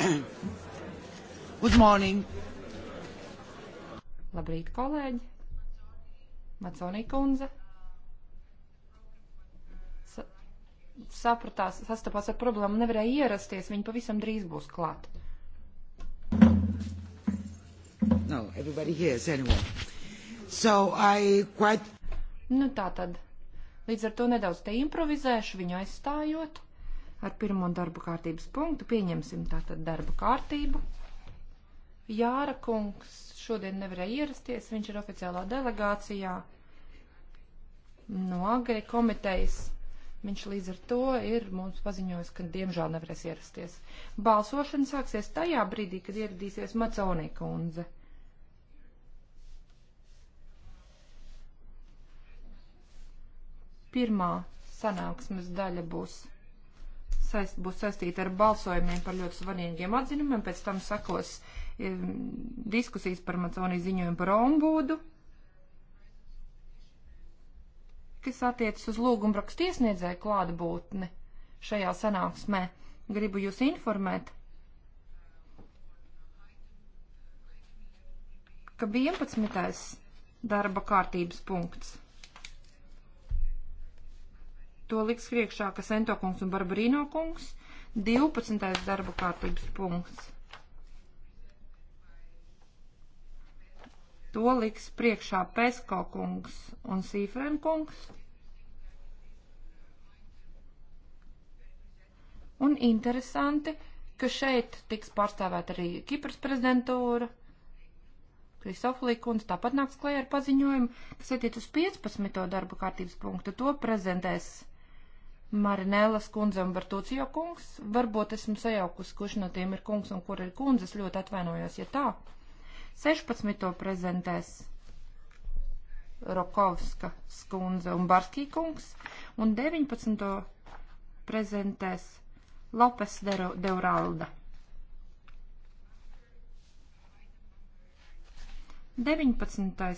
Good morning. Labrīt, kolēģi. Maconī kundze. Sa sapratās, sastapās ar problēmu, nevarēja ierasties. Viņa pavisam drīz būs klāt. No, everybody hears anyway. So I quite... Nu tā tad. Līdz ar to nedaudz te improvizēšu viņu aizstājot ar pirmo darba kārtības punktu. Pieņemsim tātad darba kārtību. Jāra kungs šodien nevarēja ierasties, viņš ir oficiālā delegācijā no Agri komitejas. Viņš līdz ar to ir mums paziņojis, ka diemžēl nevarēs ierasties. Balsošana sāksies tajā brīdī, kad ieradīsies Maconī kundze. Pirmā sanāksmes daļa būs saist, būs saistīta ar balsojumiem par ļoti svarīgiem atzinumiem, pēc tam sakos e, eh, diskusijas par Maconijas ziņojumu par ombudu, kas attiecas uz lūgumrakstu iesniedzēju klātbūtni šajā sanāksmē. Gribu jūs informēt, ka 11. darba kārtības punkts to liks priekšā Kasento kungs un Barbarino kungs. 12. darba kārtības punkts. To liks priekšā Pesko kungs un Sīfren kungs. Un interesanti, ka šeit tiks pārstāvēt arī Kipras prezidentūra. Kristoflī kundze tāpat nāks klajā ar paziņojumu, kas attiec uz 15. darba kārtības punktu. To prezentēs Marinēlas kundze un Bartucijo kungs. Varbūt esmu sajaukus, kurš no tiem ir kungs un kur ir kundzes. Ļoti atvainojos, ja tā. 16. prezentēs Rokovska skundze un Barskī kungs. Un 19. prezentēs Lopes Deuralda. 19.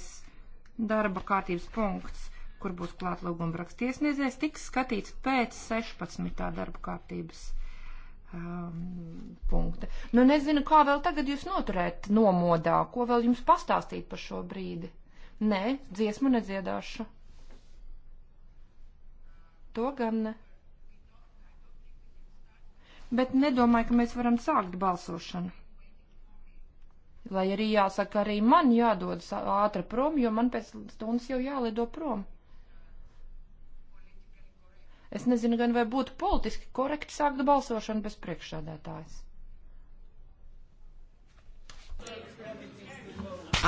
darba kārtības punkts kur būs klāt lūguma rakstiesniedzējs, tiks skatīts pēc 16. darba kārtības um, punkta. Nu, nezinu, kā vēl tagad jūs noturēt nomodā, ko vēl jums pastāstīt par šo brīdi. Nē, dziesmu nedziedāšu. To gan ne. Bet nedomāju, ka mēs varam sākt balsošanu. Lai arī jāsaka, arī man jādodas ātri prom, jo man pēc stundas jau jālido prom. Es nezinu gan, vai būtu politiski korekti sākt balsošanu bez priekšsādātājas.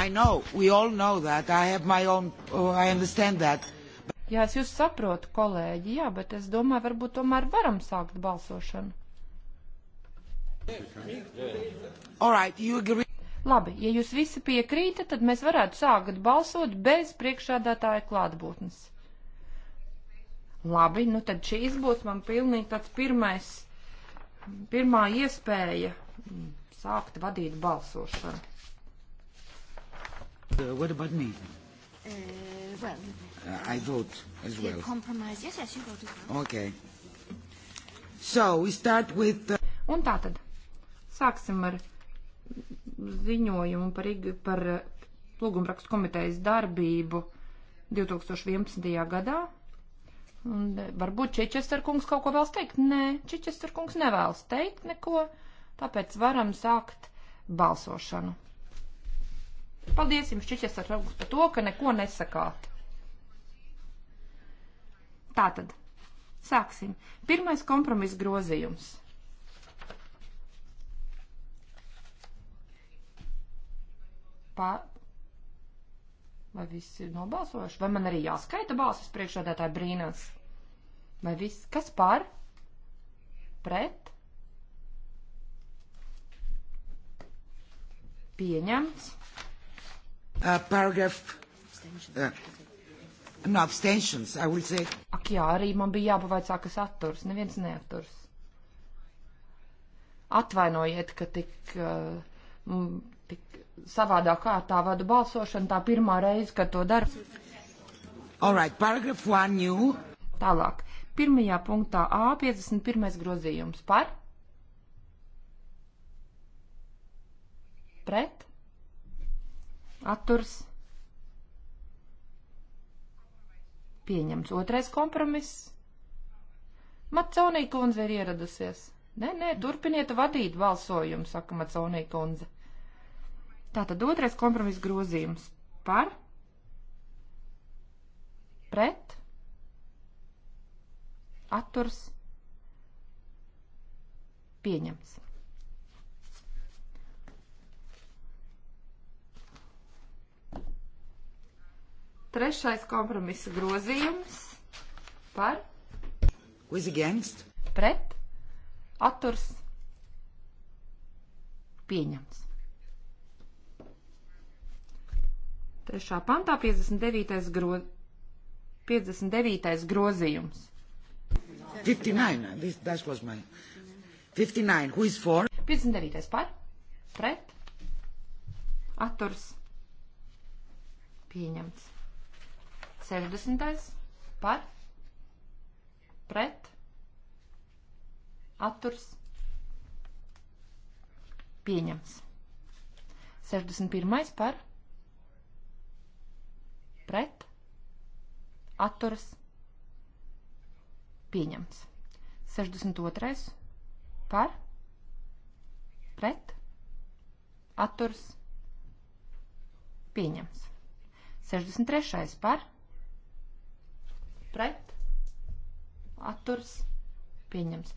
I know, we all know that. I have my own, oh, I understand that. Jā, es jūs saprotu, kolēģi, jā, bet es domāju, varbūt tomēr varam sākt balsošanu. All right, you agree. Labi, ja jūs visi piekrītat, tad mēs varētu sākt balsot bez priekšādātāja klātbūtnes. Labi, nu tad šīs būs man pilnīgi tāds pirmais, pirmā iespēja sākt vadīt balsošanu. Uh, what about me? Uh, well, uh, I vote as well. Compromise. Yes, yes, you vote as well. Okay. So we start with. Uh... Un tā tad sāksim ar ziņojumu par, par uh, lūgumrakstu komitejas darbību 2011. gadā. Un e, varbūt Čičester kungs kaut ko vēlas teikt? Nē, Čičester kungs nevēlas teikt neko, tāpēc varam sākt balsošanu. Paldies jums, Čičester kungs, par to, ka neko nesakāt. Tātad, sāksim. Pirmais kompromiss grozījums. Pa, Vai viss ir nobalsojuši? Vai man arī jāskaita balsis priekšādātāji brīnās? Vai viss? Kas par? Pret? Pieņemts. Uh, paragraph. Uh, no abstentions, I will say. Ak jā, arī man bija jāpavaicā, kas atturs. Neviens neaturs. Atvainojiet, ka tik. Uh, tik savādā kārtā vadu balsošanu, tā pirmā reize, kad to daru. Alright, paragraf 1 new. Tālāk. Pirmajā punktā A 51. grozījums par. Pret. Atturs. Pieņemts otrais kompromiss. Macaunī kundze ir ieradusies. Nē, nē, turpiniet vadīt balsojumu, saka Macaunī kundze. Tātad otrais kompromiss grozījums par, pret, atturs, pieņems. Trešais kompromisa grozījums par With against. pret, atturs, pieņems. 3. pantā 59. Gro... 59. grozījums. 59. This, that was my... 59. Who is for? 59. par. Pret. Atturs. Pieņemts. 60. par. Pret. Atturs. Pieņemts. 61. par pret, atturas, pieņemts. 62. par, pret, atturas, pieņemts. 63. par, pret, atturas, pieņemts.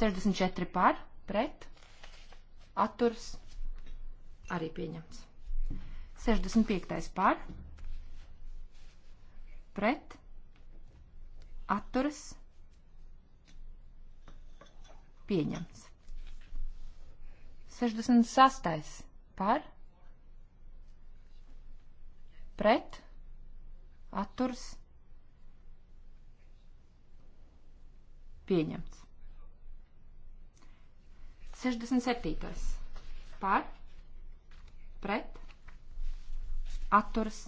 64 par, pret, atturas, Arī pieņemts. 65. par. Pret. Atturas. Pieņemts. 66. par. Pret. Atturas. Pieņemts. 67. par pret, atturas,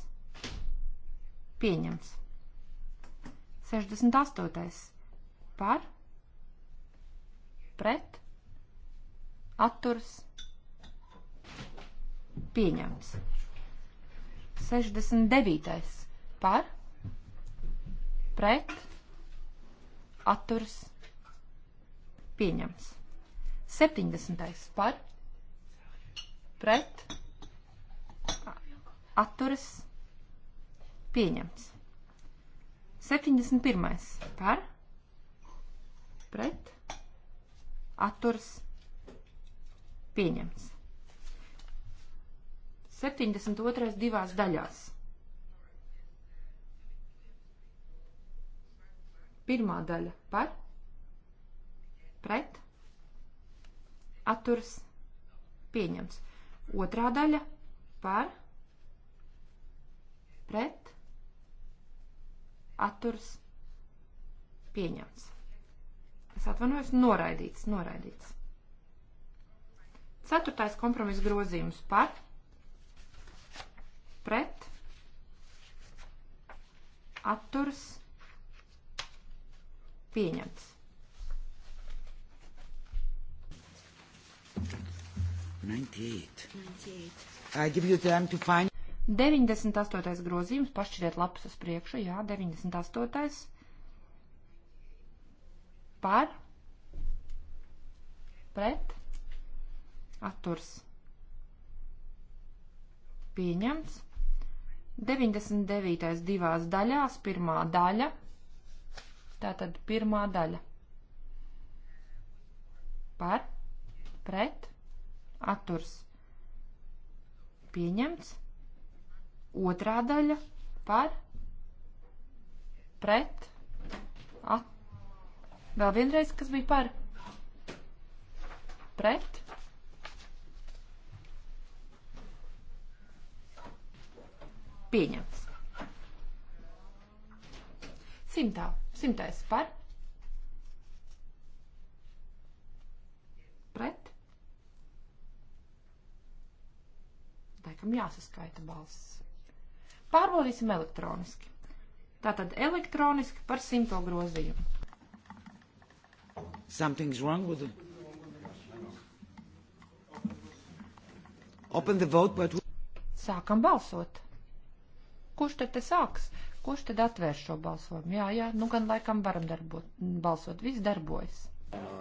pieņemts. 68. par, pret, atturas, pieņemts. 69. par, pret, atturas, pieņemts. 70. par, pret, atturas pieņemts. 71. par pret atturas pieņemts. 72. divās daļās. Pirmā daļa par pret atturas pieņemts. Otrā daļa par pret pret, atturs, pieņemts. Es atvainojos, noraidīts, noraidīts. Ceturtais kompromis grozījums par, pret, atturs, pieņemts. Ninety-eight. Ninety-eight. I give you time to find. 98. grozījums, pašķiriet lapas uz priekšu, jā, 98. Par, pret, atturs, pieņemts. 99. divās daļās, pirmā daļa, tātad pirmā daļa. Par, pret, atturs, pieņemts. Otrā daļa par, pret, at, vēl vienreiz, kas bija par, pret. Pieņemts. Simtā, simtais par, pret. Laikam jāsaskaita balss. Pārbaudīsim elektroniski. Tātad elektroniski par simto grozījumu. Something's wrong with it. Open the vote, but... Sākam balsot. Kurš tad te sāks? Kurš tad atvērs šo balsojumu? Jā, jā, nu gan laikam varam darbot, balsot. Viss darbojas.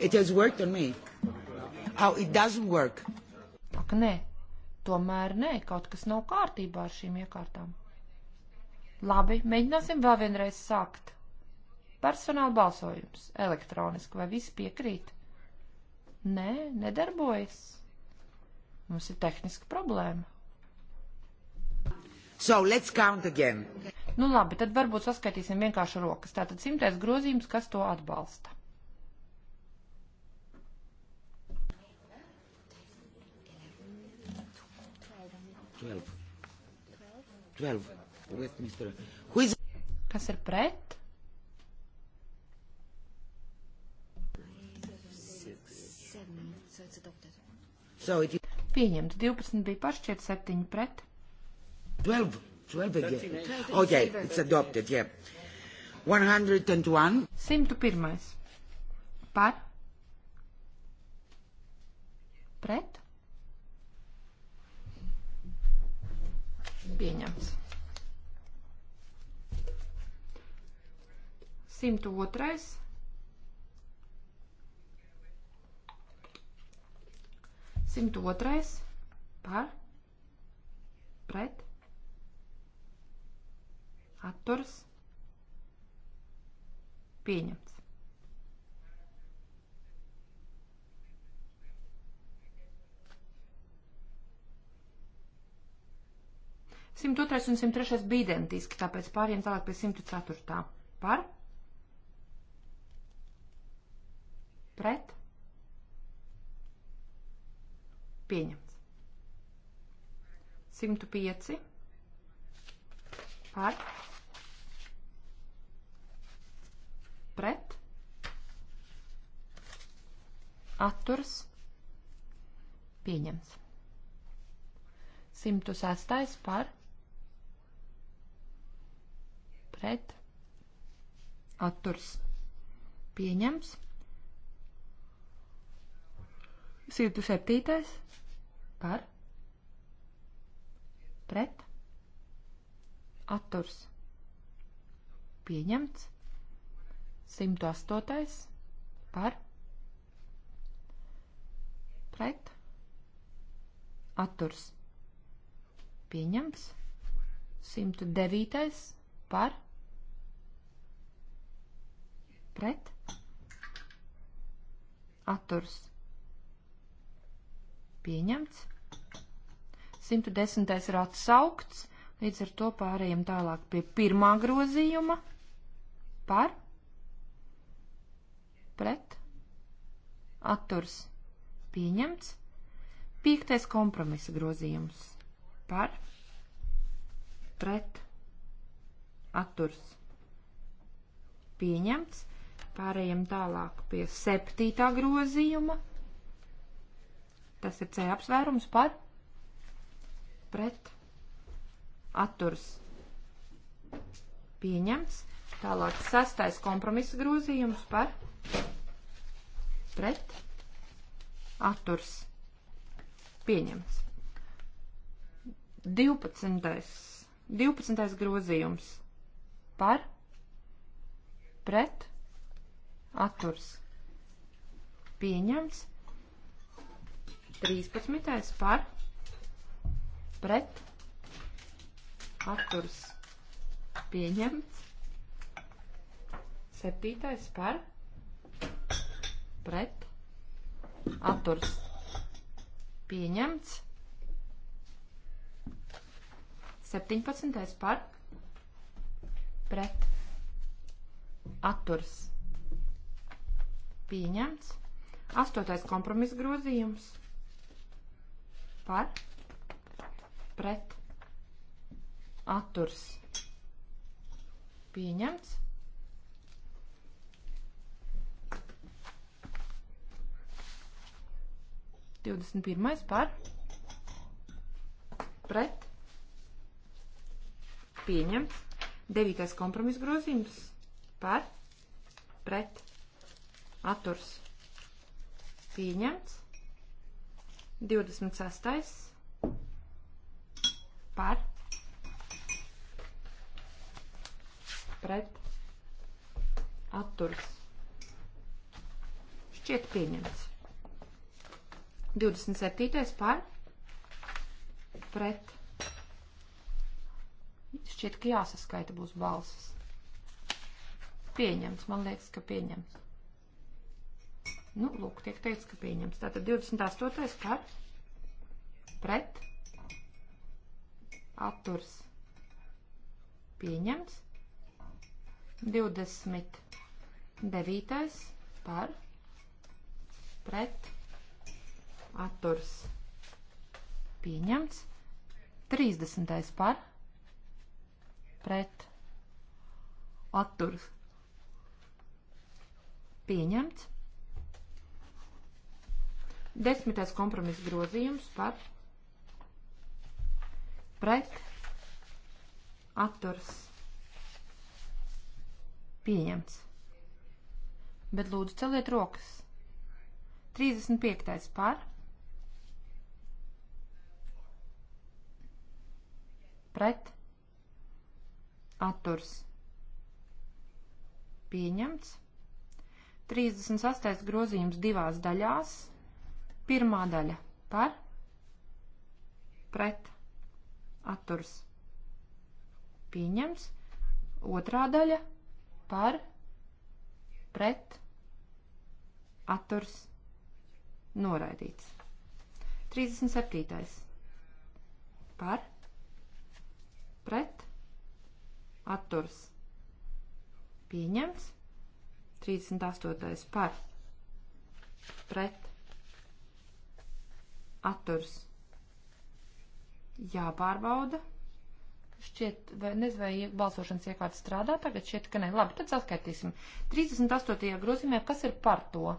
It has worked on me. How oh, it doesn't work. Ak, nē. Tomēr nē, kaut kas nav kārtībā ar šīm iekārtām. Labi, mēģināsim vēl vienreiz sākt. Personāla balsojums elektroniski, vai visi piekrīt? Nē, nedarbojas. Mums ir tehniska problēma. So, let's count again. Nu labi, tad varbūt saskaitīsim vienkārši rokas. Tātad simtais grozījums, kas to atbalsta. Twelve. Twelve. Kas ir pret? Pieņemts. 12 bija pašķiet, 7 pret. 12. 12 again. Okay, it's adopted, yeah. 101. 101. Par. Pret. Pieņemts. 102. Simt otrais par pret atturs pieņemts. Simt otrais un simt trešais bija identiski, tāpēc pāriem tālāk pie simt ceturtā par pret. Pieņemts. 105 par pret atturs pieņems. 106 par pret atturs pieņems. 107 par pret atturs pieņemts 108. par pret atturs pieņemts 109. par pret atturs pieņemts 110. ir atsaukts, līdz ar to pārējiem tālāk pie pirmā grozījuma par, pret, atturs, pieņemts, piektais kompromisa grozījums par, pret, atturs, pieņemts, pārējiem tālāk pie septītā grozījuma, tas ir C apsvērums par, pret, pret atturs pieņemts. Tālāk sastais kompromisa grozījums par pret atturs pieņemts. 12. 12. grozījums par pret atturs pieņemts. 13. par pret pret, atturs pieņemts, septītais par, pret, atturs pieņemts, septiņpadsmitais par, pret, atturs pieņemts, astotais kompromiss grozījums par, pret, pret atturs pieņemts. Divdesmit pirmais par pret pieņemts. Devītais kompromis grozījums par pret atturs pieņemts. 26 par pret atturs. Šķiet pieņemts. 27. par pret. Šķiet, ka jāsaskaita būs balsas. Pieņemts, man liekas, ka pieņemts. Nu, lūk, tiek teikts, ka pieņemts. Tātad 28. par pret atturs pieņemts. 29. par pret atturs pieņemts. 30. par pret atturs pieņemts. Desmitais kompromiss grozījums par pret pret, atturs, pieņemts. Bet lūdzu celiet rokas. 35. par, pret, atturs, pieņemts. 38. grozījums divās daļās. Pirmā daļa par, pret, atturs pieņems. Otrā daļa par pret atturs noraidīts. 37. par pret atturs pieņems. 38. par pret atturs pieņems jāpārbauda. Šķiet, vai nezinu, vai balsošanas iekārta strādā tagad, šķiet, ka nē. Labi, tad saskaitīsim. 38. grozījumā, kas ir par to?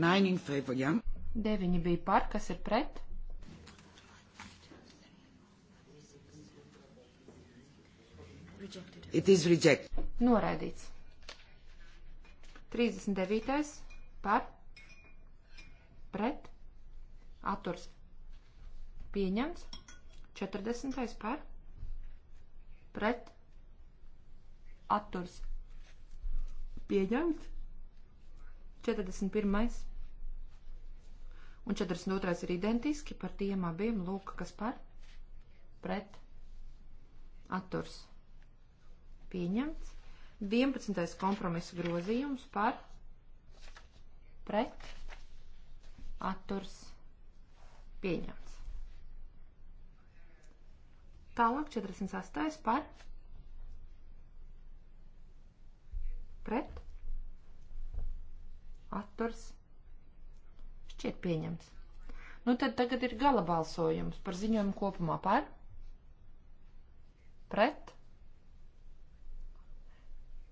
Nine in favor, jā. Ja. Deviņi bija par, kas ir pret? It is rejected. Noraidīts. 39. par pret atturs pieņemts. 40. par pret atturs pieņemts. 41. un 42. ir identiski par tiem abiem lūk, kas par pret atturs pieņemts. 11. kompromisa grozījums par pret atturs pieņemts. Tālāk 48. par pret atturs šķiet pieņemts. Nu tad tagad ir gala balsojums par ziņojumu kopumā par pret atturs.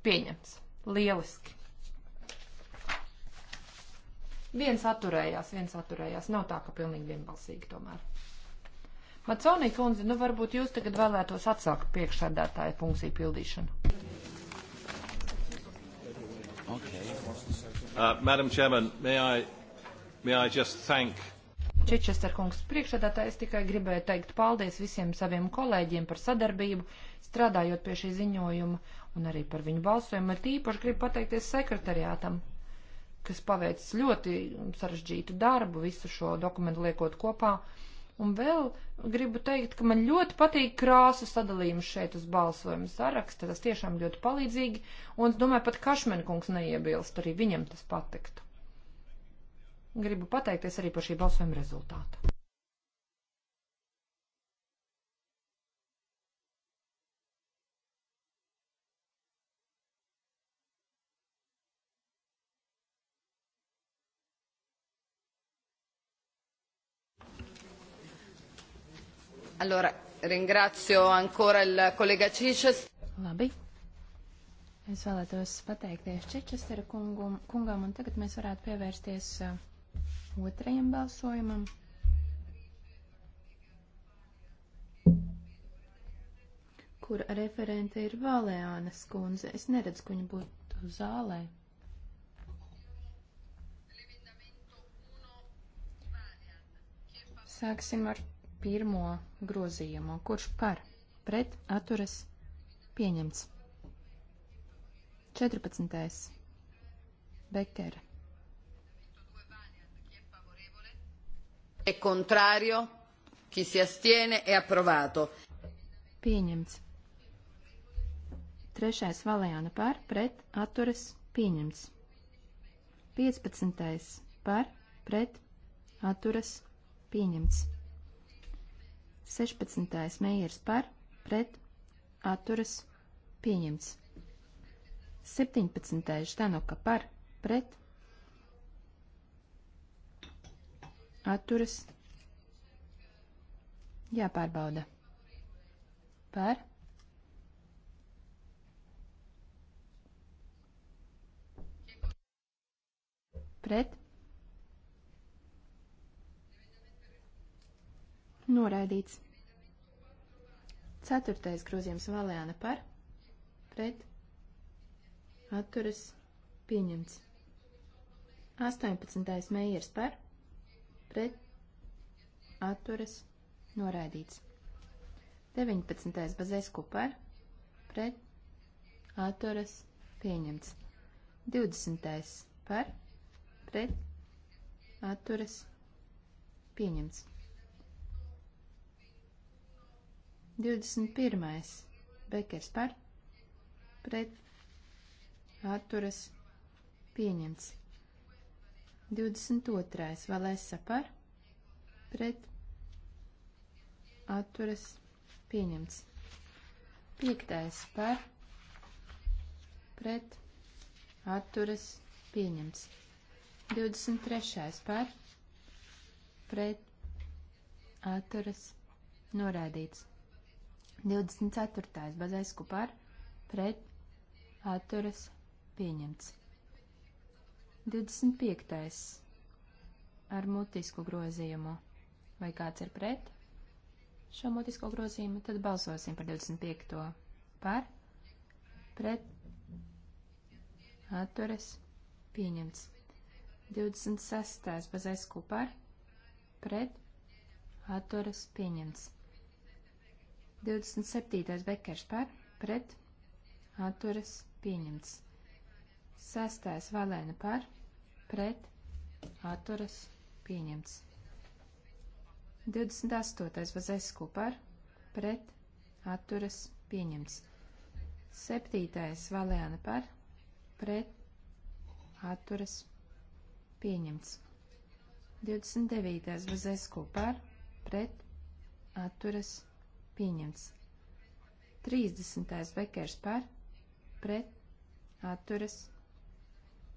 Pieņemts. Lieliski. Viens atturējās, viens atturējās. Nav tā, ka pilnīgi vienbalsīgi tomēr. Maconī kundze, nu varbūt jūs tagad vēlētos atsākt priekšsēdētāja funkciju pildīšanu. Okay. Uh, Madam Chairman, may I, may I just thank Čečester kungs priekšsēdētājs tikai gribēja teikt paldies visiem saviem kolēģiem par sadarbību, strādājot pie šī ziņojuma un arī par viņu balsojumu. Ir tīpaši gribu pateikties sekretariātam, kas paveic ļoti sarežģītu darbu visu šo dokumentu liekot kopā. Un vēl gribu teikt, ka man ļoti patīk krāsu sadalījums šeit uz balsojumu saraksta. Tas tiešām ļoti palīdzīgi, un es domāju, pat Kašmenkungs neiebilst, arī viņam tas patiktu. Gribu pateikties arī par šī balsojuma rezultātu. Allora, ringrazio ancora il kolēģa Čičes. Labi. Es vēlētos pateikties Čičestera kungum, kungam, un tagad mēs varētu pievērsties uh, otrajam balsojumam. kur referente ir Valēāna skundze. Es neredzu, ka viņa būtu zālē. Sāksim ar pirmo grozījumu. Kurš par? Pret atturas pieņemts. 14. Bekera. È contrario? Chi si astiene è approvato. Pieņemts. Trešais valējāna par, pret, atturas, pieņemts. 15. par, pret, atturas, pieņemts. 16. Meijers par, pret, atturas, pieņemts. 17. Ždanoka par, pret, atturas, jāpārbauda. Par. Pret. Noraidīts. Ceturtais grozījums Valēna par, pret, atturas, pieņemts. 18. Meijers par, pret, atturas, noraidīts. 19. Bazesku par, pret, atturas, pieņemts. 20. par, pret, atturas, pieņemts. 21. Bekers par pret atturas pieņemts. 22. Valēsa par pret atturas pieņemts. 5. par pret atturas pieņemts. 23. par pret atturas norādīts. 24. bazaisku par pret atturas pieņemts. 25. ar mutisku grozījumu. Vai kāds ir pret šo mutisko grozījumu, tad balsosim par 25. par pret atturas pieņemts. 26. bazaisku par pret atturas pieņemts. 27. bekers par, pret, atturas, pieņemts. 6. valēna par, pret, atturas, pieņemts. 28. vazesku par, pret, atturas, pieņemts. 7. valēna par, pret, atturas, pieņemts. 29. vazesku par, pret, atturas, pieņemts. 29. vazesku par, pret, atturas, pieņemts pieņemts. 30. bekers par, pret, atturas,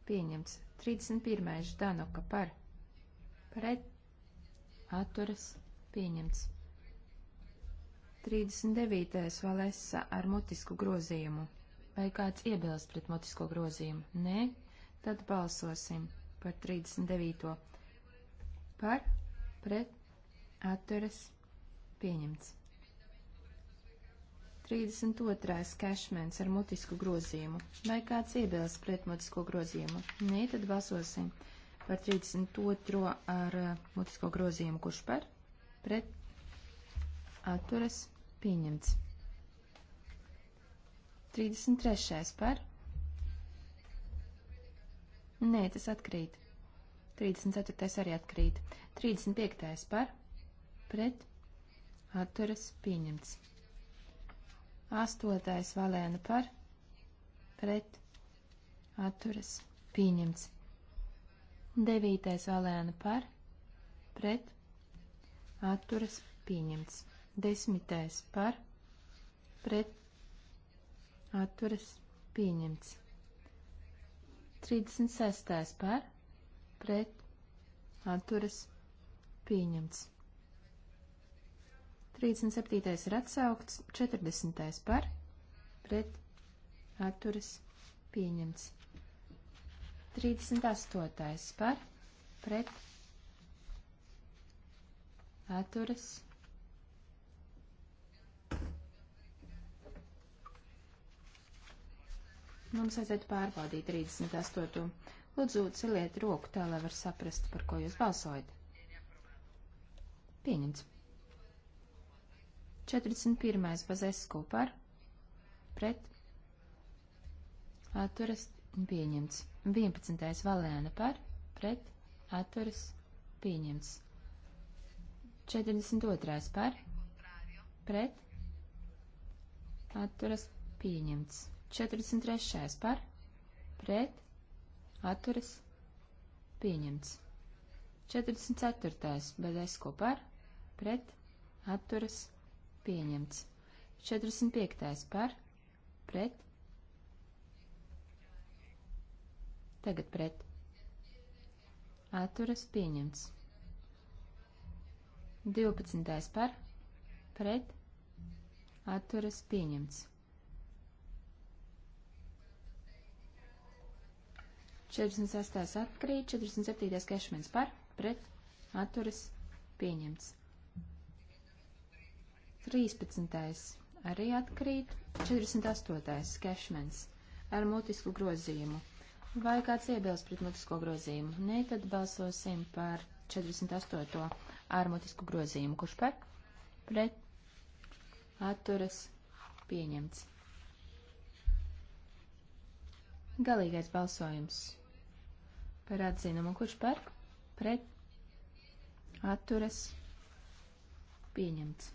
pieņemts. 31. ždanoka par, pret, atturas, pieņemts. 39. valesa ar mutisku grozījumu. Vai kāds iebilst pret mutisko grozījumu? Nē, tad balsosim par 39. par, pret, atturas, pieņemts. 32. kešmens ar mutisku grozījumu. Vai kāds iebilst pret mutisko grozījumu? Nē, tad balsosim par 32. ar uh, mutisko grozījumu. Kurš par? Pret? Atturas? Pieņemts. 33. par? Nē, tas atkrīt. 34. arī atkrīt. 35. par? Pret? Atturas? Pieņemts. Astotais valēna par, pret, atturas, pieņemts. Devītais valēna par, pret, atturas, pieņemts. Desmitais par, pret, atturas, pieņemts. 36. par, pret, atturas, pieņemts. 37. ir atsaukts, 40. par, pret, atturas, pieņemts. 38. par, pret, atturas. Mums vajadzētu pārbaudīt 38. Lūdzu, celiet roku tā, lai var saprast, par ko jūs balsojat. Pieņemts. 41. Bazesku par pret atturas pieņemts. 11. Valēna par pret atturas pieņemts. 42. par pret atturas pieņemts. 43. par pret atturas pieņemts. 44. Bazesku par pret atturas pieņemts pieņemts. 45. par, pret, tagad pret, atturas pieņemts. 12. par, pret, atturas pieņemts. 46. atkrīt, 47. kešmens par, pret, atturas pieņemts. 13. arī atkrīt, 48. kešmens ar mutisku grozījumu. Vai kāds iebilst pret mutisko grozījumu? Nē, tad balsosim par 48. ar mutisku grozījumu. Kurš par? Pret. Atturas. Pieņemts. Galīgais balsojums. Par atzinumu. Kurš par? Pret. Atturas. Pieņemts.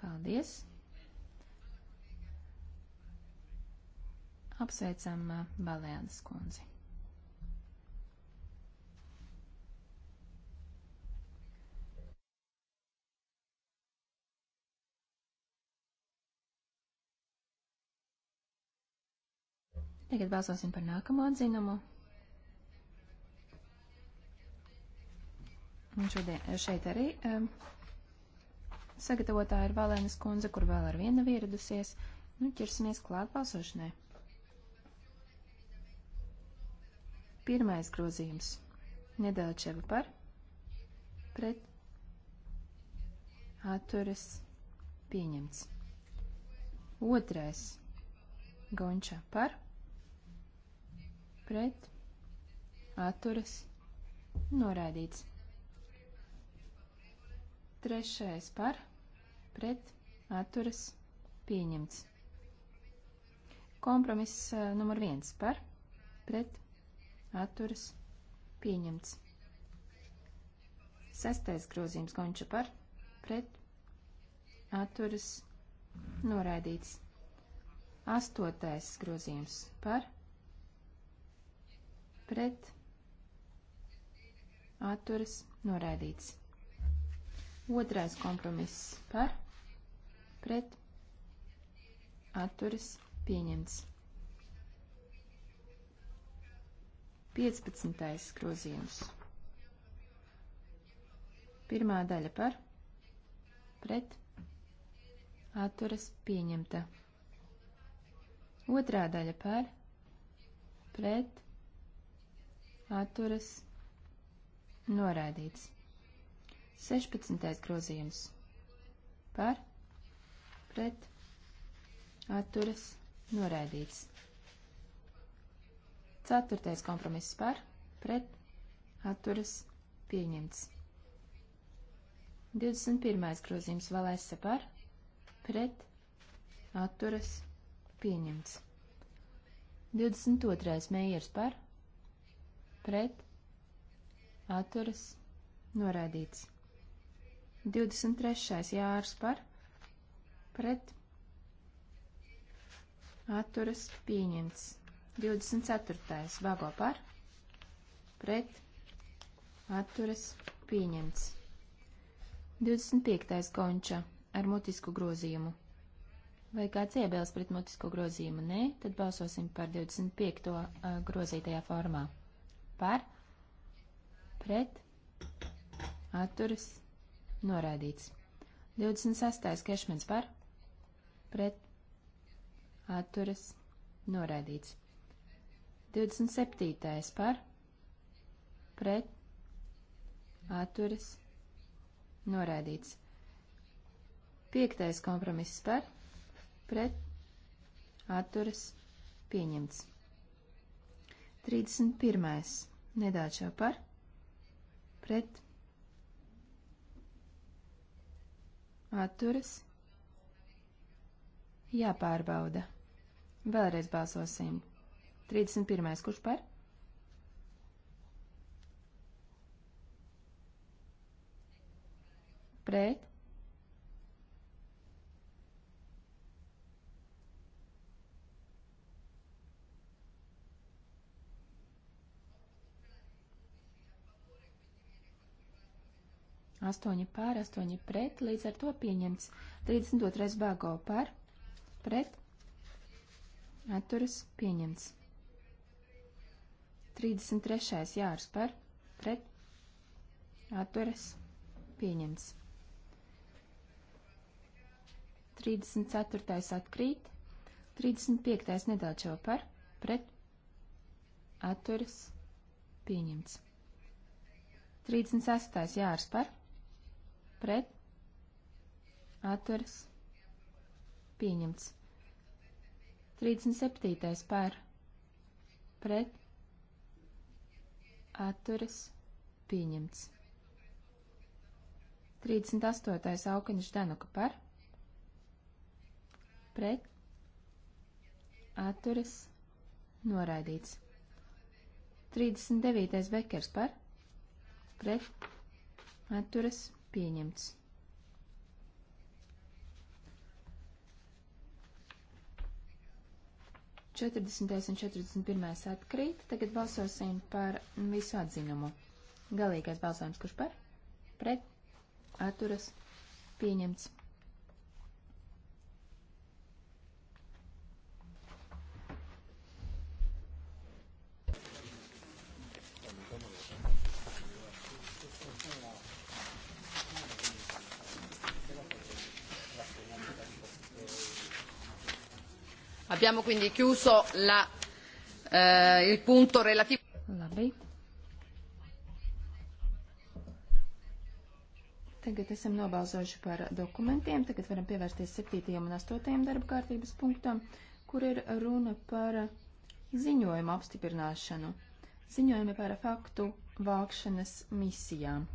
Paldies! Apsveicam Balēnas uh, kundzi. Tagad balsosim par nākamo atzinumu. Un šodien, šeit arī um, Sagatavotāja ir Valēnas kundze, kur vēl ar vienu ieradusies. Nu, ķersimies klāt balsošanai. Pirmais grozījums. Nedēļčeva par, pret, atturas, pieņemts. Otrais. Gonča par, pret, atturas, noraidīts. Trešais par, pret, atturas, pieņemts. Kompromiss eh, numur viens par, pret, atturas, pieņemts. Sestais grozījums gonča par, pret, atturas, noraidīts. Astotais grozījums par, pret, atturas, noraidīts. Otrais kompromiss par, pret, atturas, pieņemts. 15. grozījums. Pirmā daļa par, pret, atturas, pieņemta. Otrā daļa par, pret, atturas, noraidīts. 16. grozījums par pret atturas noraidīts. 4. kompromiss par pret atturas pieņemts. 21. grozījums valēsa par pret atturas pieņemts. 22. mējers par pret atturas noraidīts. 23. jārs par pret atturas pieņemts. 24. vago par pret atturas pieņemts. 25. gonča ar mutisku grozījumu. Vai kāds iebilst pret mutisko grozījumu? Nē, tad balsosim par 25. grozītajā formā. Par, pret, atturas, pieņemts Norādīts. 26. kešmens par, pret, atturas, norādīts. 27. par, pret, atturas, norādīts. 5. kompromiss par, pret, atturas, pieņemts. 31. nedāčā par, pret, atturas atturas, jāpārbauda. Vēlreiz balsosim. 31. kurš par? Pret, 8 pār, 8 pret, līdz ar to pieņemts 32. bāgo par, pret, atturas pieņemts. 33. jārs par, pret, atturas pieņemts. 34. atkrīt, 35. nedaudz jau par, pret, atturas pieņemts. 36. jārs par, pret, pret, atturas, pieņemts. 37. par, pret, atturas, pieņemts. 38. aukaņš Danuka par, pret, atturas, noraidīts. 39. bekers par, pret, atturas, pieņemts. Pieņemts. Četrdesmitais un četrdesmit pirmais atkrīt. Tagad balsosim par visu atzinumu. Galīgais balsojums, kurš par? Pret? Atturas? Pieņemts. Abbiamo quindi chiuso la, eh, il punto relativo. Labi. Tagad esam nobalsojuši par dokumentiem. Tagad varam pievērsties 7. un 8. darba kārtības punktam, kur ir runa par ziņojumu apstiprināšanu. Ziņojumi par faktu vākšanas misijām.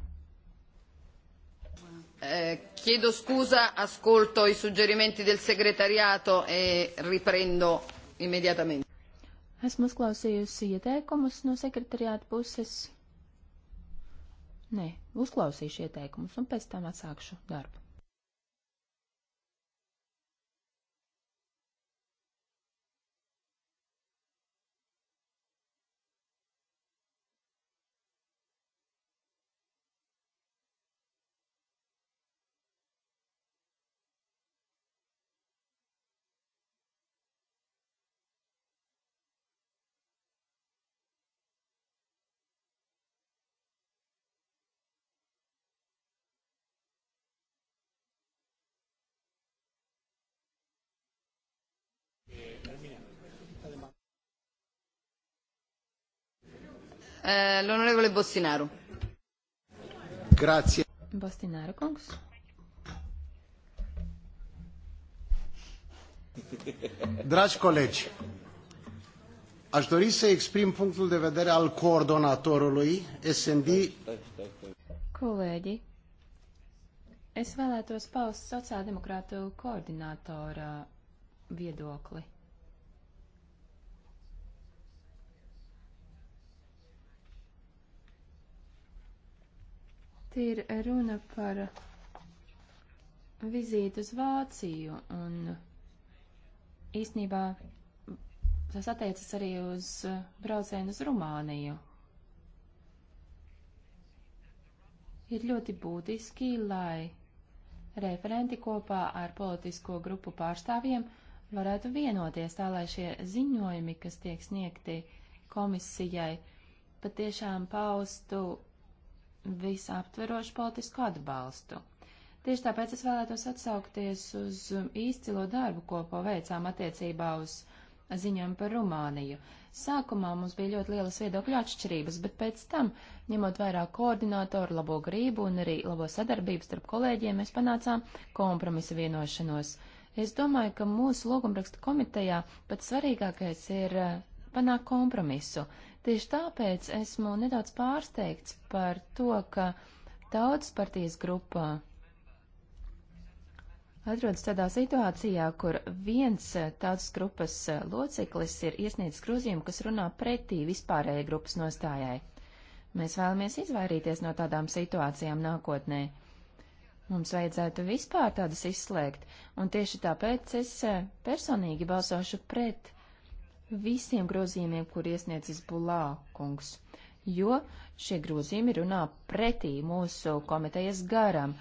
Eh, chiedo scusa, ascolto i suggerimenti del segretariato e riprendo immediatamente. Esmu uzklausījusi ieteikumus no sekretariāta puses. Nē, uzklausīšu ieteikumus un pēc tam atsākšu darbu. Eh, l'onorevole Bostināru. Grazie. Bostināru kungs. Dragi colegi, aș dori să exprim punctul de vedere al coordonatorului SND. Colegi, es vēlētos paust sociāldemokrātu koordinātora viedokli. Te ir runa par vizīti uz Vāciju un īsnībā tas attiecas arī uz braucienu uz Rumāniju. Ir ļoti būtiski, lai referenti kopā ar politisko grupu pārstāvjiem varētu vienoties tā, lai šie ziņojumi, kas tiek sniegti komisijai, patiešām paustu visaptverošu politisku atbalstu. Tieši tāpēc es vēlētos atsaukties uz īstilo darbu, ko paveicām attiecībā uz ziņojumu par Rumāniju. Sākumā mums bija ļoti lielas viedokļu atšķirības, bet pēc tam, ņemot vairāk koordinātoru, labo grību un arī labo sadarbību starp kolēģiem, mēs panācām kompromisa vienošanos. Es domāju, ka mūsu logumrakstu komitejā pats svarīgākais ir panākt kompromisu. Tieši tāpēc esmu nedaudz pārsteigts par to, ka tautas partijas grupā atrodas tādā situācijā, kur viens tautas grupas loceklis ir iesniedzis grozījumu, kas runā pretī vispārējai grupas nostājai. Mēs vēlamies izvairīties no tādām situācijām nākotnē. Mums vajadzētu vispār tādas izslēgt, un tieši tāpēc es personīgi balsošu pret visiem grozījumiem, kur iesniedzis Bulā kungs, jo šie grozījumi runā pretī mūsu komitejas garam,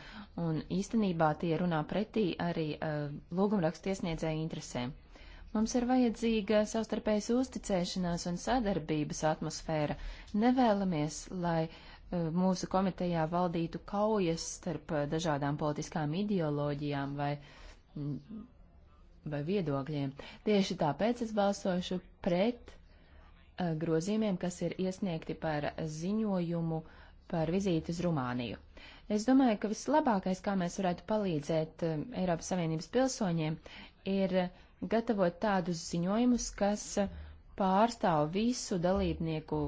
un īstenībā tie runā pretī arī uh, lūgumrakstu iesniedzēju interesēm. Mums ir vajadzīga savstarpējas uzticēšanās un sadarbības atmosfēra. Nevēlamies, lai uh, mūsu komitejā valdītu kaujas starp uh, dažādām politiskām ideoloģijām vai mm, vai viedokļiem. Tieši tāpēc es balsošu pret uh, grozījumiem, kas ir iesniegti par ziņojumu par vizīti uz Rumāniju. Es domāju, ka vislabākais, kā mēs varētu palīdzēt uh, Eiropas Savienības pilsoņiem, ir gatavot tādus ziņojumus, kas pārstāv visu dalībnieku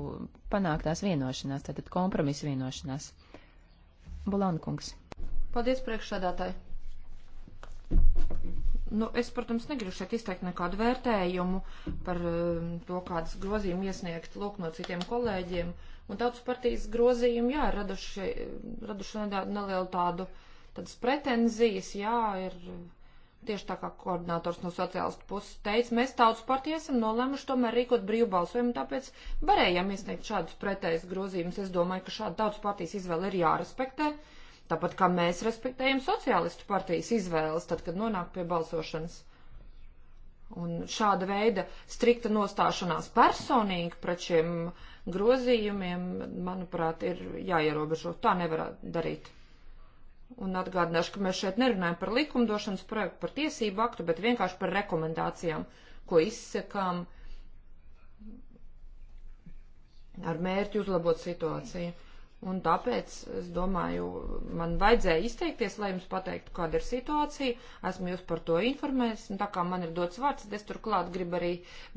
panāktās vienošanās, tātad kompromisu vienošanās. Bulankungs. Paldies, priekšsādātāji. Nu, es, protams, negribu šeit izteikt nekādu vērtējumu par um, to, kādas grozījumi iesniegt lūk no citiem kolēģiem. Un tautas partijas grozījumi, jā, raduši, raduši nelielu tādu, tādas pretenzijas, jā, ir tieši tā kā koordinators no sociālistu puses teica, mēs tautas partija esam nolēmuši tomēr rīkot brīvbalsojumu, tāpēc varējām iesniegt šādus pretējus grozījumus. Es domāju, ka šāda tautas partijas izvēle ir jārespektē. Uh, Tāpat kā mēs respektējam sociālistu partijas izvēles, tad, kad nonāk pie balsošanas. Un šāda veida strikta nostāšanās personīgi pret šiem grozījumiem, manuprāt, ir jāierobežo. Tā nevar darīt. Un atgādināšu, ka mēs šeit nerunājam par likumdošanas projektu, par tiesību aktu, bet vienkārši par rekomendācijām, ko izsekām ar mērķi uzlabot situāciju. Mm. Un tāpēc, es domāju, man vajadzēja izteikties, lai jums pateiktu, kāda ir situācija. Esmu jūs par to informējis, un tā kā man ir dots vārds, es turklāt gribu arī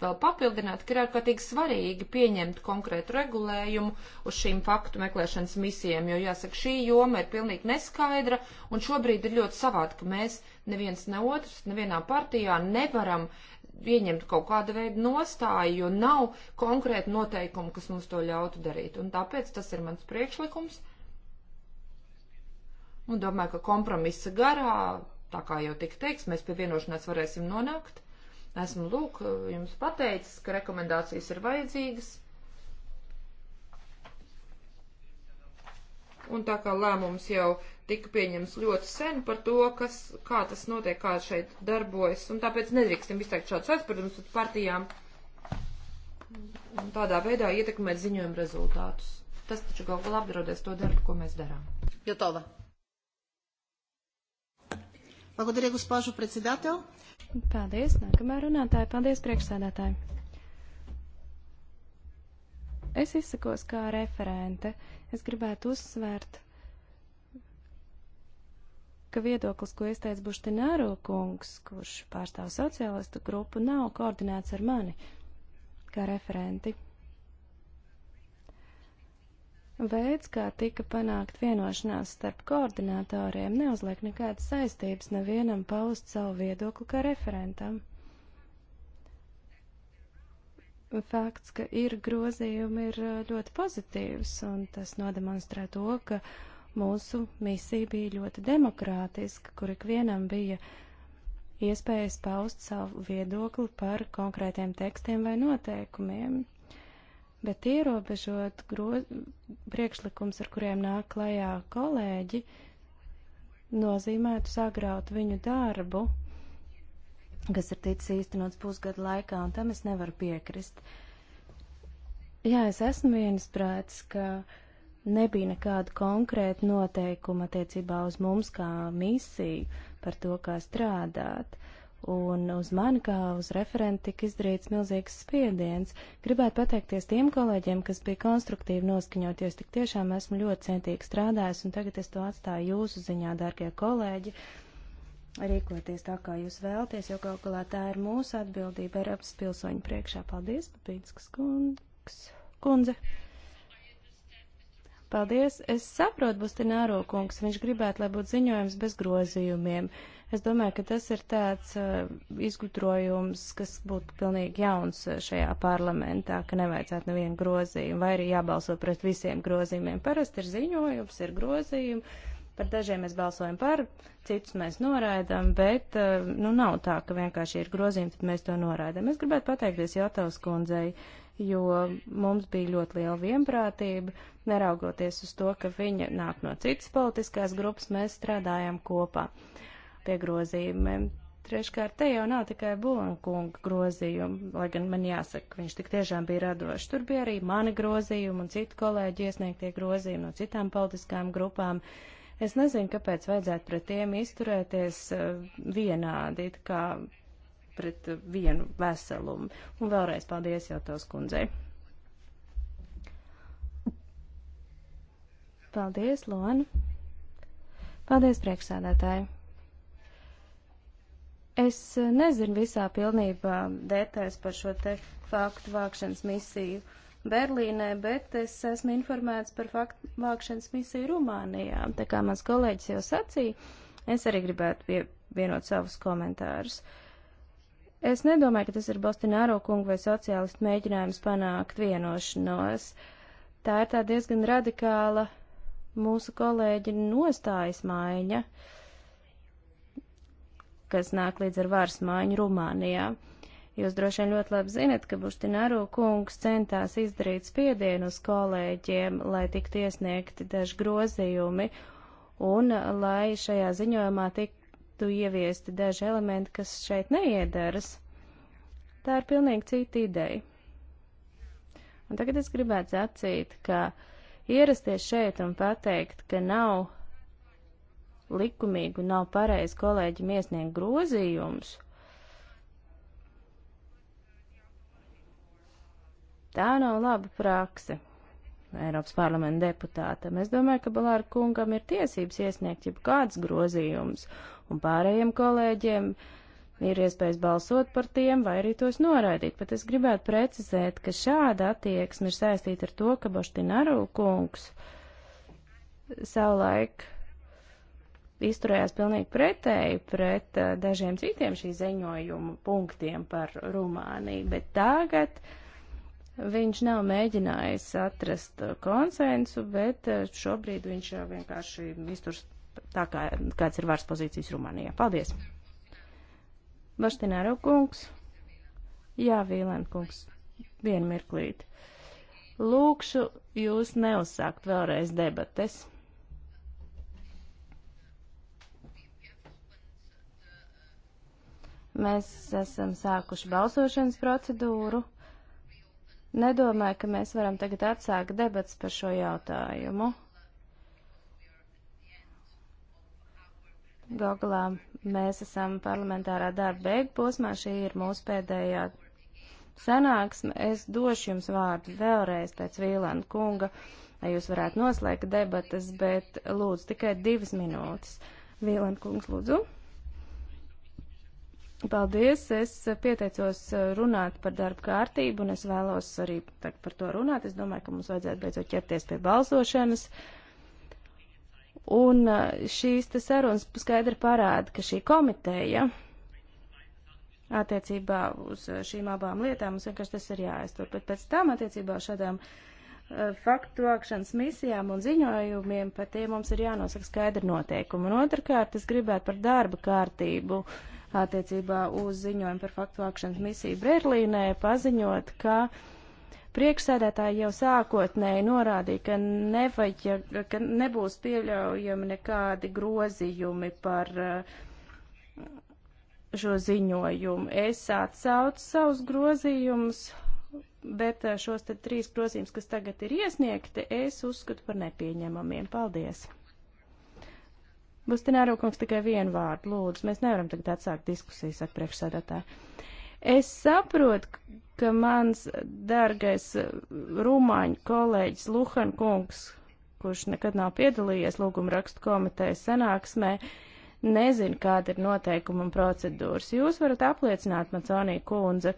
vēl papildināt, ka ir ārkārtīgi svarīgi pieņemt konkrētu regulējumu uz šīm faktu meklēšanas misijām, jo, jāsaka, šī joma ir pilnīgi neskaidra, un šobrīd ir ļoti savādi, ka mēs neviens ne otrs, nevienā partijā nevaram uh, ieņemt kaut kādu veidu nostāju, jo nav konkrēti noteikumi, kas mums to ļautu darīt. Un tāpēc tas ir mans priekšlikums. Un domāju, ka kompromisa garā, tā kā jau tika teiks, mēs pie vienošanās varēsim nonākt. Esmu lūk, jums pateicis, ka rekomendācijas ir vajadzīgas. un tā kā lēmums jau tika pieņems ļoti sen par to, kas, kā tas notiek, kā šeit darbojas, un tāpēc nedrīkstam izteikt šādus aizspriedumus uz partijām un tādā veidā ietekmēt ziņojumu rezultātus. Tas taču gal galā apdraudēs to darbu, ko mēs darām. Jotova. Благодаря, госпожо председател. Paldies, nākamā runātāja. Paldies, priekšsēdētāji. Es izsakos kā referente. Uh, Es gribētu uzsvērt, ka viedoklis, ko izteica Buštināro kungs, kurš pārstāv sociālistu grupu, nav koordinēts ar mani kā referenti. Veids, kā tika panākt vienošanās starp koordinatoriem, neuzliek nekādas saistības nevienam paust savu viedokli kā referentam fakts, ka ir grozījumi, ir uh, ļoti pozitīvs, un tas nodemonstrē to, ka mūsu misija bija ļoti demokrātiska, kur ikvienam bija iespējas paust savu viedokli par konkrētiem tekstiem vai noteikumiem. Bet ierobežot groz... priekšlikums, ar kuriem nāk klajā kolēģi, nozīmētu sagraut viņu darbu kas ir ticis īstenots pusgadu laikā, un tam es nevaru piekrist. Jā, es esmu viensprāts, ka nebija nekāda konkrēta noteikuma attiecībā uz mums kā misiju par to, kā strādāt. Un uz mani kā uz referenti tika izdarīts milzīgs spiediens. Gribētu pateikties tiem kolēģiem, kas bija konstruktīvi noskaņoties. Tik tiešām esmu ļoti centīgi strādājis, un tagad es to atstāju jūsu ziņā, dārgie kolēģi, rīkoties tā, kā jūs vēlaties, jo kaut galā tā ir mūsu atbildība Eiropas pilsoņu priekšā. Paldies, Babīnskas kungs, kundze. Paldies. Es saprotu, Bustināro kungs, viņš gribētu, lai būtu ziņojums bez grozījumiem. Es domāju, ka tas ir tāds uh, izgudrojums, kas būtu pilnīgi jauns uh, šajā parlamentā, ka nevajadzētu nevienu grozījumu, vai arī jābalso pret visiem grozījumiem. Parasti ir ziņojums, ir grozījumi Par dažiem mēs balsojam par, citus mēs noraidām, bet eh, nu, nav tā, ka vienkārši ir grozījumi, tad mēs to noraidām. Es gribētu pateikties Jotavas kundzei, jo mums bija ļoti liela vienprātība, neraugoties uz to, ka viņa nāk no citas politiskās grupas, mēs strādājam kopā pie grozījumiem. Treškārt, te jau nav tikai Bulankunga grozījumi, lai gan man jāsaka, viņš tik tiešām bija radošs. Tur bija arī mani grozījumi un citu kolēģi iesniegtie grozījumi no citām politiskām grupām. Uh, Es nezinu, kāpēc vajadzētu pret tiem izturēties eh, vienādi, kā pret vienu veselumu. Un vēlreiz paldies jau tos kundzei. Paldies, Lona. Paldies, priekšsādātāji. Es eh, nezinu visā pilnībā detaļas par šo te faktu vākšanas misiju. Uh, Berlīnē, bet es esmu informēts par faktu vākšanas misiju Rumānijā. Tā kā mans kolēģis jau sacīja, es arī gribētu vienot savus komentārus. Es nedomāju, ka tas ir Bostināro kungu vai sociālistu mēģinājums panākt vienošanos. Tā ir tā diezgan radikāla mūsu kolēģi nostājas maiņa, kas nāk līdz ar vārs maiņu Rumānijā. Uh, Jūs droši vien ļoti labi zinat, ka Buštināru kungs centās izdarīt spiedienu uz kolēģiem, lai tiktu iesniegti daži grozījumi un lai šajā ziņojumā tiktu ieviesti daži elementi, kas šeit neiedaras. Tā ir pilnīgi cita ideja. Un tagad es gribētu sacīt, ka ierasties šeit un pateikt, ka nav likumīgi un nav pareizi kolēģim iesniegt grozījumus, Tā nav laba prakse. Eiropas parlamenta deputātam. Es domāju, ka Balāra kungam ir tiesības iesniegt jau kāds grozījums, un pārējiem kolēģiem ir iespējas balsot par tiem vai arī tos noraidīt, bet es gribētu precizēt, ka šāda attieksme ir saistīta ar to, ka Boštināru kungs savulaik izturējās pilnīgi pretēji pret eh, dažiem citiem šī ziņojumu punktiem par Rumāniju, bet tagad. Uh, Viņš nav mēģinājis atrast uh, konsensu, bet uh, šobrīd viņš uh, vienkārši izturs tā, kā, kāds ir vairs pozīcijas Rumānijā. Paldies! Baštināro kungs. Jā, Vīlēn kungs. Vienu mirklīti. Lūkšu jūs neuzsākt vēlreiz debates. Mēs esam sākuši balsošanas procedūru. Nedomāju, ka mēs varam tagad atsākt debats par šo jautājumu. Gogalā mēs esam parlamentārā darba beigu posmā, šī ir mūsu pēdējā sanāksme. Es došu jums vārdu vēlreiz pēc Vīlanda kunga, lai jūs varētu noslēgt debatas, bet lūdzu tikai divas minūtes. Vīlanda kungs, lūdzu. Paldies! Es pieteicos eh, runāt par darba kārtību, un es vēlos arī par to runāt. Es domāju, ka mums vajadzētu beidzot ķerties pie balsošanas. Un eh, šīs te sarunas skaidri parāda, ka šī komiteja attiecībā uz eh, šīm abām lietām mums vienkārši tas ir jāaiztur. Bet pēc tam attiecībā uz šādām faktu vākšanas misijām un ziņojumiem, par tiem mums ir jānosaka skaidri noteikumi. Un otrkārt, es gribētu par darba kārtību. Uh, attiecībā uz ziņojumu par faktu vākšanas misiju Berlīnē, paziņot, ka priekšsēdētāji jau sākotnēji norādīja, ka, nevajag, ka nebūs pieļaujami nekādi grozījumi par eh, šo ziņojumu. Es atsaucu savus grozījumus bet eh, šos trīs grozījumus, kas tagad ir iesniegti, es uzskatu par nepieņemamiem. Paldies! Bustināro kungs tikai vienu vārdu, lūdzu, mēs nevaram tagad atsākt diskusiju, saka priekšsēdētāji. Es saprotu, ka mans dargais rumāņu kolēģis Luhan kungs, kurš nekad nav piedalījies lūguma rakstu komitejas sanāksmē, nezina, kāda ir noteikuma un procedūras. Jūs varat apliecināt, Maconī kundze,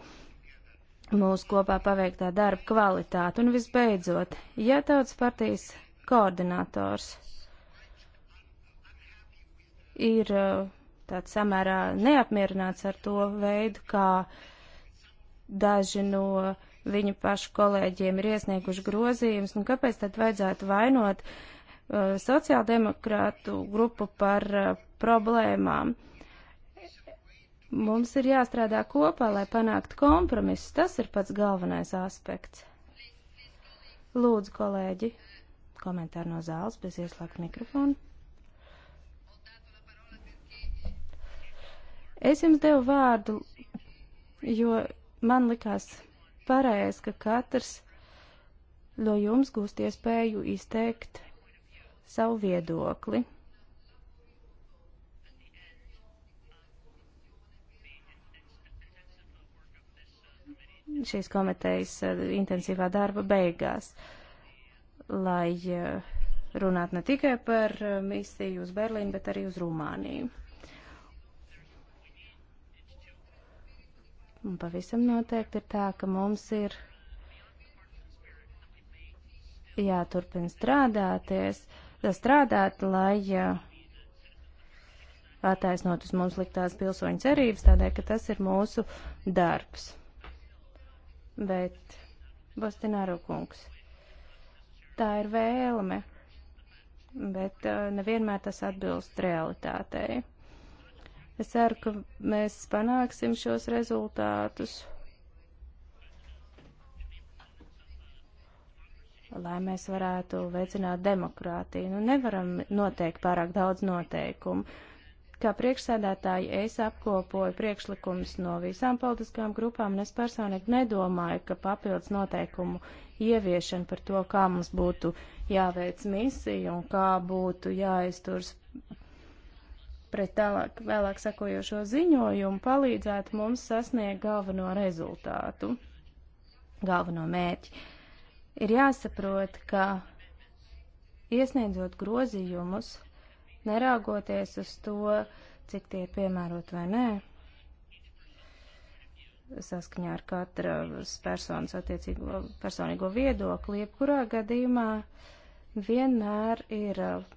mūsu kopā paveiktā darba kvalitāti. Un visbeidzot, ja tautas partijas koordinators ir uh, tāds samērā neapmierināts ar to veidu, kā daži no viņu pašu kolēģiem ir iesnieguši grozījumus, un kāpēc tad vajadzētu vainot uh, sociāldemokrātu grupu par uh, problēmām? Mums ir jāstrādā kopā, lai panāktu kompromisus. Tas ir pats galvenais aspekts. Lūdzu, kolēģi, komentāri no zāles bez ieslēgta mikrofona. Es jums devu vārdu, jo man likās pareizi, ka katrs no jums gūst iespēju izteikt savu viedokli. šīs komitejas eh, intensīvā darba beigās, lai eh, runātu ne tikai par eh, misiju uz Berlīnu, bet arī uz Rumāniju. Un pavisam noteikti ir tā, ka mums ir jāturpina strādāties, strādāt, lai attaisnot uz mums liktās pilsoņu cerības, tādēļ, ka tas ir mūsu darbs. Bet, Bostināro kungs, tā ir vēlme, bet uh, nevienmēr tas atbilst realitātei. Es ceru, ka mēs panāksim šos rezultātus. lai mēs varētu veicināt demokrātiju. Nu, nevaram noteikt pārāk daudz noteikumu. Kā priekšsēdētāji, es apkopoju priekšlikumus no visām politiskām grupām, un es personīgi nedomāju, ka papildus noteikumu ieviešana par to, kā mums būtu jāveic misija un kā būtu jāizturs pret tālāk, vēlāk sakojošo ziņojumu palīdzētu mums sasniegt galveno rezultātu, galveno mērķi. Ir jāsaprot, ka iesniedzot grozījumus, neraugoties uz to, cik tie ir piemērot vai nē, saskaņā ar katras personas attiecīgo personīgo viedokli, jebkurā gadījumā vienmēr ir uh,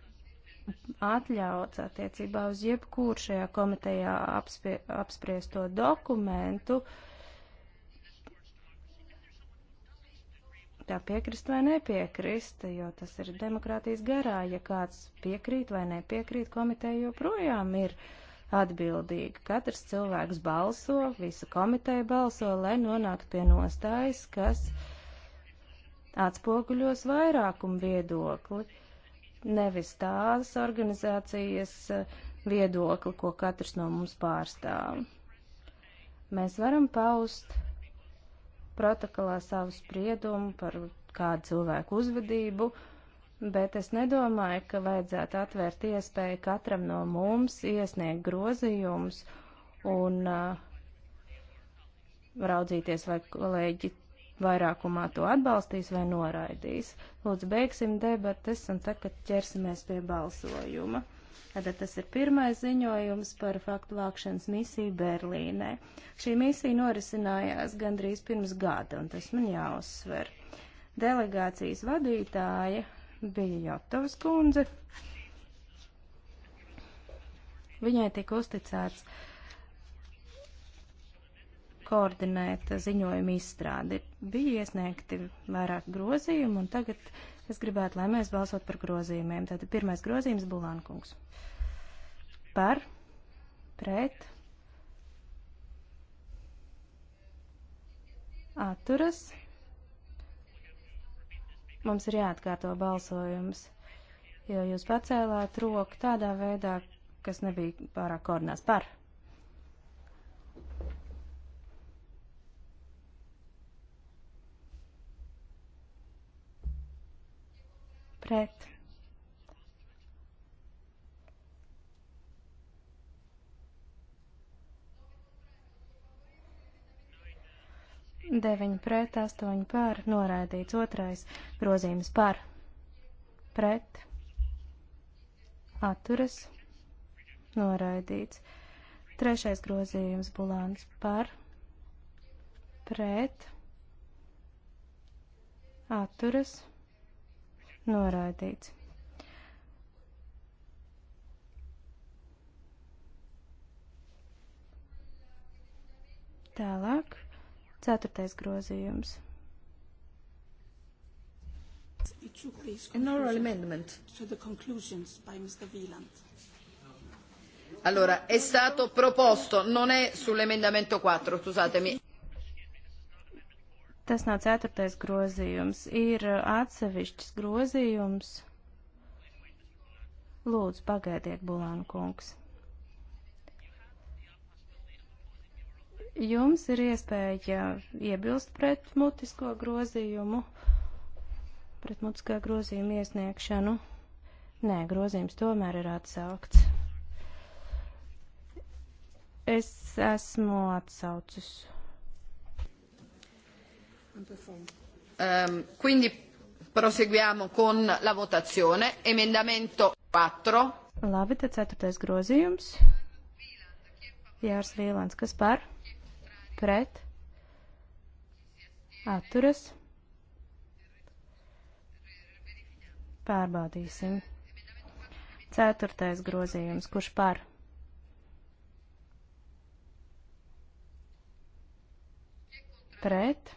atļauts attiecībā uz jebkuru šajā komitejā apspie, apspriesto dokumentu. Tā piekrist vai nepiekrist, jo tas ir demokrātijas garā. Ja kāds piekrīt vai nepiekrīt, komiteja joprojām ir atbildīga. Katrs cilvēks balso, visa komiteja balso, lai nonāktu pie nostājas, kas atspoguļos vairākumu viedokli nevis tās organizācijas eh, viedokli, ko katrs no mums pārstāv. Mēs varam paust protokolā savu spriedumu par kādu cilvēku uzvedību, bet es nedomāju, ka vajadzētu atvērt iespēju katram no mums iesniegt grozījumus un uh, raudzīties, vai kolēģi vairākumā to atbalstīs vai noraidīs. Lūdzu, beigsim debates un tagad ķersimies pie balsojuma. Tātad tas ir pirmais ziņojums par faktu vākšanas misiju Berlīnē. Šī misija norisinājās gandrīz pirms gada, un tas man jāuzsver. Delegācijas vadītāja bija Jotovs kundze. Viņai tika uzticēts uh, koordinēt ziņojumu izstrādi. Bija iesniegti vairāk grozījumu, un tagad es gribētu, lai mēs balsot par grozījumiem. Tātad pirmais grozījums - Bulankungs. Par, pret, atturas. Mums ir jāatkārto balsojums, jo jūs pacēlāt roku tādā veidā, kas nebija pārāk koordinās par. Pret. Deviņi pret, astoņi pār, noraidīts otrais grozījums par, pret, atturas, noraidīts. Trešais grozījums bulāns par, pret, atturas, noraidīts Noraidīts. Tālāk, ceturtais grozījums. An oral amendment. To the conclusions by Mr. Wieland. Allora, è stato proposto, non è sull'emendamento 4, scusatemi. Tas nav ceturtais grozījums. Ir atsevišķs grozījums. Lūdzu, pagaidiet, Bulāna kungs. Jums ir iespēja iebilst pret mutisko grozījumu, pret mutiskā grozījuma iesniegšanu. Nē, grozījums tomēr ir atsaukts. Es esmu atsaucis. Um, quindi proseguiamo con la votazione. Emendamento 4. Labi, tad ceturtais grozījums. Jārs Vīlāns, kas par? Pret? Atturas? Pārbaudīsim. Ceturtais grozījums, kurš par? Pret?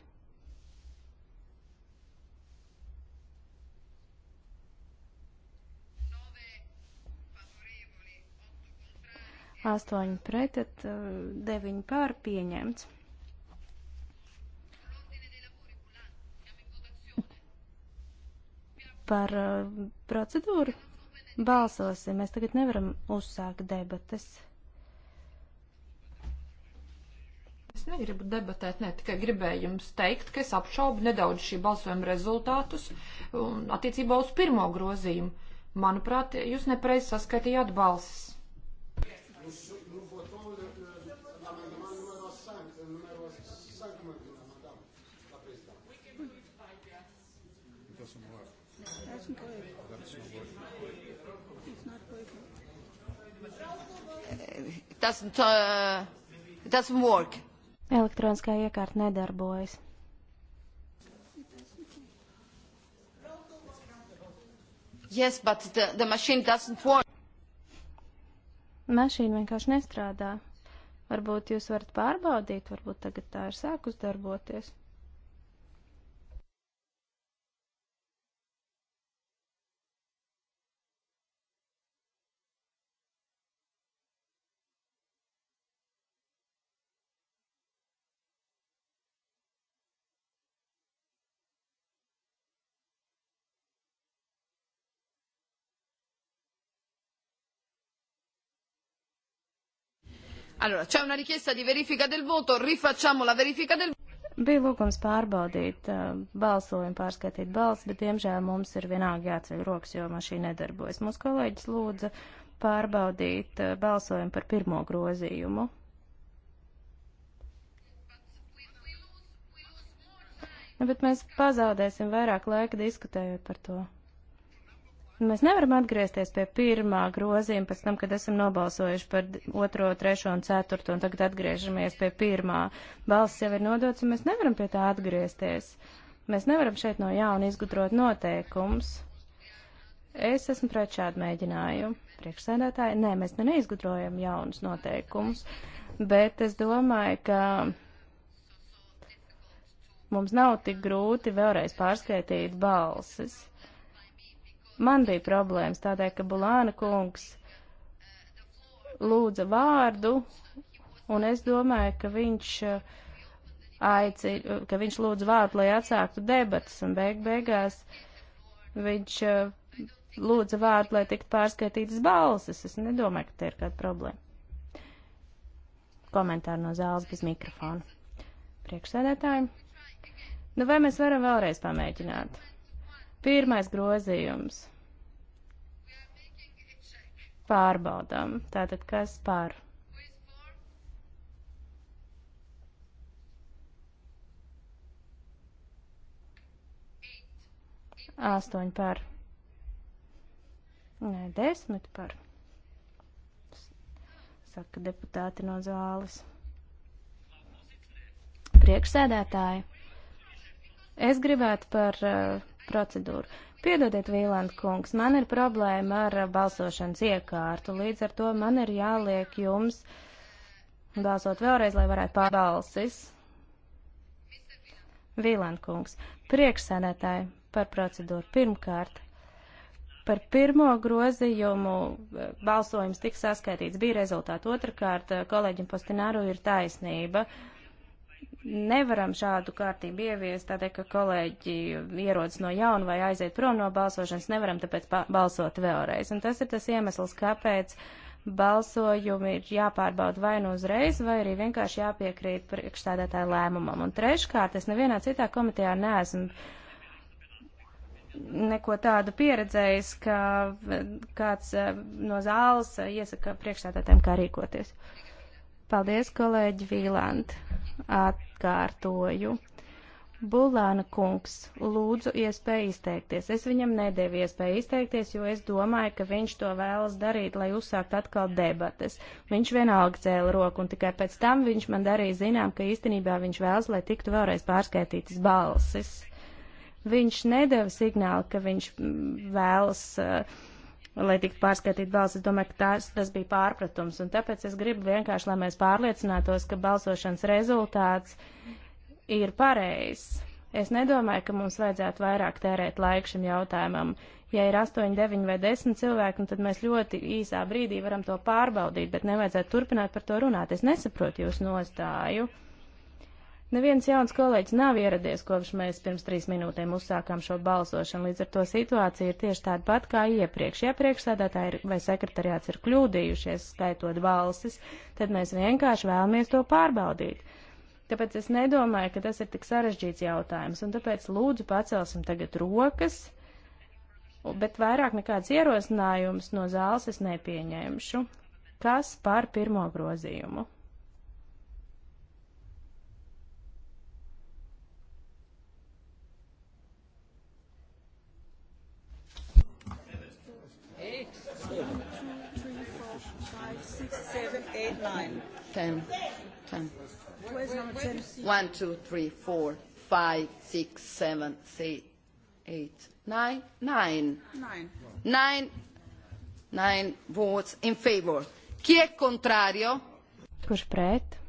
8 pret, 9 uh, pār pieņemts. Par uh, procedūru balsosim. Mēs tagad nevaram uzsākt debates. Es negribu debatēt, ne tikai gribēju jums teikt, ka es apšaubu nedaudz šī balsojuma rezultātus un attiecībā uz pirmo grozījumu. Manuprāt, jūs nepareizi saskaitījāt balsis. Nous, nous votons l'amendement numéro 5, le numéro 5 maintenant, madame la présidente. It doesn't work. It doesn't work. That's not working. It's not working. It doesn't, uh, it doesn't work. Elektroniskā iekārta nedarbojas. Yes, but the, the machine doesn't work mašīna vienkārši nestrādā. Varbūt jūs varat pārbaudīt, varbūt tagad tā ir sākus darboties. Allora, c'è una richiesta di verifica del voto, rifacciamo la verifica del voto. Bija lūgums pārbaudīt eh, balsojumu, pārskatīt balsi, bet, diemžēl, mums ir vienalga jāceļ rokas, jo mašīna nedarbojas. Mūsu kolēģis lūdza pārbaudīt eh, balsojumu par pirmo grozījumu. Nu, bet mēs pazaudēsim vairāk laika diskutējot par to. Mēs nevaram atgriezties pie pirmā grozījuma pēc tam, kad esam nobalsojuši par otro, trešo un ceturto, un tagad atgriežamies pie pirmā. Balsts jau ir nodots, un mēs nevaram pie tā atgriezties. Mēs nevaram šeit no jauna izgudrot noteikums. Es esmu pret šādu mēģinājumu. Priekšsēdētāji, nē, mēs ne neizgudrojam jaunus noteikumus, bet es domāju, ka mums nav tik grūti vēlreiz pārskaitīt balsis man bija problēmas, tādēļ, ka Bulāna kungs lūdza vārdu, un es domāju, ka viņš eh, aici, eh, ka viņš lūdza vārdu, lai atsāktu debatas, un beig beigās viņš eh, lūdza vārdu, lai tiktu pārskaitītas balsis. Es nedomāju, ka te ir kāda problēma. Komentāri no zāles bez mikrofona. Priekšsēdētāji. Nu, vai mēs varam vēlreiz pamēģināt? Pirmais grozījums. Pārbaudām. Tātad kas par? Astoņi par. Nē, desmit par. Saka deputāti no zāles. Priekšsēdētāji. Es gribētu par uh, procedūru. Piedodiet, Vīland kungs, man ir problēma ar balsošanas iekārtu, līdz ar to man ir jāliek jums balsot vēlreiz, lai varētu pārbalsis. Vīland kungs, priekšsēdētāji par procedūru pirmkārt. Par pirmo grozījumu eh, balsojums tika saskaitīts, bija rezultāti. Otrakārt, eh, kolēģim Postināru ir taisnība. Uh, nevaram šādu kārtību ieviest, tādēļ, ka kolēģi ierodas no jauna vai aiziet prom no balsošanas, nevaram tāpēc balsot vēlreiz. Un tas ir tas iemesls, kāpēc balsojumi ir jāpārbauda vai nu uzreiz, vai arī vienkārši jāpiekrīt priekšstādātāja lēmumam. Un treškārt, es nevienā citā komitejā neesmu neko tādu pieredzējis, ka kāds eh, no zāles eh, iesaka priekšstādātājiem, kā rīkoties. Paldies, kolēģi Vīlanti! atkārtoju. Bulāna kungs lūdzu iespēju izteikties. Es viņam nedēvu iespēju izteikties, jo es domāju, ka viņš to vēlas darīt, lai uzsākt atkal debates. Viņš vienalga cēla roku, un tikai pēc tam viņš man darīja zinām, ka īstenībā viņš vēlas, lai tiktu vēlreiz pārskaitītas balsis. Viņš nedēva signālu, ka viņš mm, vēlas uh, lai tiktu pārskatīt balsis. Es domāju, ka tās, tas bija pārpratums, un tāpēc es gribu vienkārši, lai mēs pārliecinātos, ka balsošanas rezultāts ir pareizs. Es nedomāju, ka mums vajadzētu vairāk tērēt laiku šim jautājumam. Ja ir 8, 9 vai 10 cilvēki, nu, tad mēs ļoti īsā brīdī varam to pārbaudīt, bet nevajadzētu turpināt par to runāt. Es nesaprotu jūsu nostāju. Uh, Neviens jauns kolēģis nav ieradies, kopš mēs pirms trīs minūtēm uzsākām šo balsošanu, līdz ar to situācija ir tieši tāda pat kā iepriekš. Ja priekšsēdētāji vai sekretariāts ir kļūdījušies skaitot valstis, tad mēs vienkārši vēlamies to pārbaudīt. Tāpēc es nedomāju, ka tas ir tik sarežģīts jautājums, un tāpēc lūdzu pacelsim tagad rokas, bet vairāk nekāds ierosinājums no zāles es nepieņemšu. Kas par pirmo grozījumu? 10, 10. One, two, three, four, five, six, seven, eight, eight, nine, nine. Nine. Nine, nine votes in favor. Chi è contrario? Kurš pret?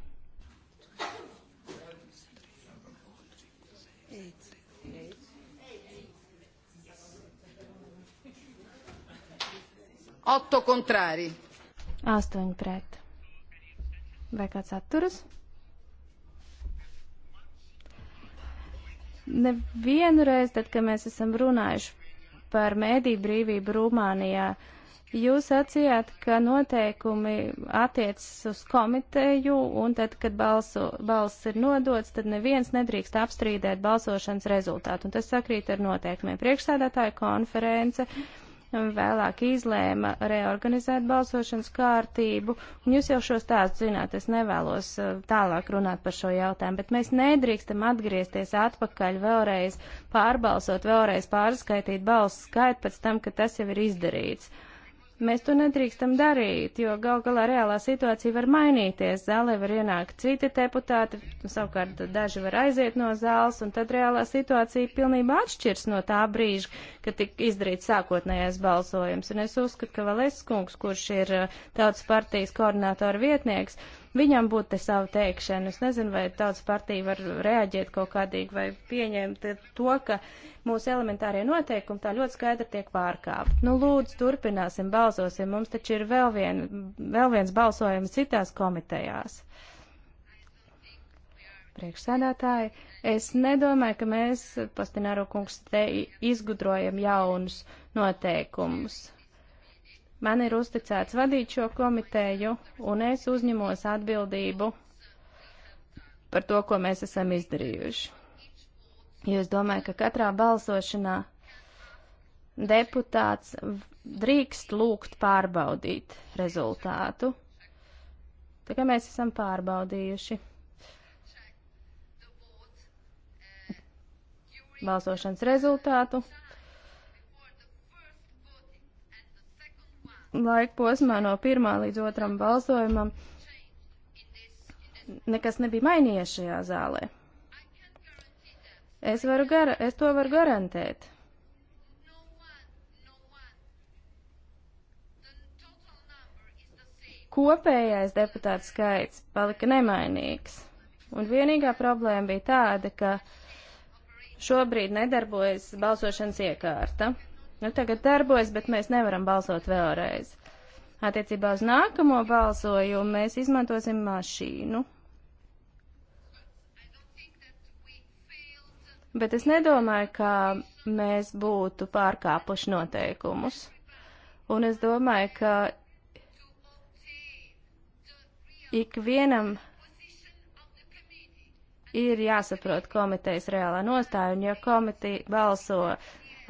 Otto contrari. Astoņi pret. Vai kāds atturas? Nevienu reizi, tad, kad mēs esam runājuši par mēdī brīvību Rumānijā, jūs sacījāt, ka noteikumi attiecas uz komiteju, un tad, kad balsu, balss ir nodots, tad neviens nedrīkst apstrīdēt balsošanas rezultātu, un tas sakrīt ar noteikumiem. Priekšsēdētāja konference. Uh, vēlāk izlēma reorganizēt balsošanas kārtību. Un jūs jau šo stāstu zināt, es nevēlos uh, tālāk runāt par šo jautājumu, bet mēs nedrīkstam atgriezties atpakaļ vēlreiz, pārbalsot, vēlreiz pārskaitīt balsu skaitu pēc tam, kad tas jau ir izdarīts. Uh, Mēs to nedrīkstam darīt, jo gal galā reālā situācija var mainīties. Zālē var ienākt citi deputāti, savukārt daži var aiziet no zāles, un tad reālā situācija pilnībā atšķirs no tā brīža, kad tika izdarīts sākotnējais balsojums. Un es uzskatu, ka Valēs Kungs, kurš ir eh, Tautas partijas koordinātora vietnieks, uh, Viņam būtu te savu teikšanu. Es nezinu, vai tautas partija var reaģēt kaut kādīgi vai pieņemt to, ka mūsu elementārie noteikumi tā ļoti skaidri tiek pārkāpt. Nu, lūdzu, turpināsim, balsosim. Mums taču ir vēl, vien, vēl viens balsojums citās komitejās. Priekšsēdētāji, es nedomāju, ka mēs, Pastināro kungs, te izgudrojam jaunus noteikumus Man ir uzticēts vadīt šo komiteju, un es uzņemos atbildību par to, ko mēs esam izdarījuši. Jo es domāju, ka katrā balsošanā deputāts drīkst lūgt pārbaudīt rezultātu. Tā kā mēs esam pārbaudījuši balsošanas rezultātu, laika posmā no pirmā līdz otram balsojumam nekas nebija mainījies šajā zālē. Es, varu gar, es to varu garantēt. Kopējais deputāts skaits palika nemainīgs. Un vienīgā problēma bija tāda, ka šobrīd nedarbojas balsošanas iekārta nu tagad darbojas, bet mēs nevaram balsot vēlreiz. Attiecībā uz nākamo balsojumu mēs izmantosim mašīnu. Bet es nedomāju, ka mēs būtu pārkāpuši noteikumus. Un es domāju, ka ikvienam ir jāsaprot komitejas reālā nostāja, un ja komiteja balso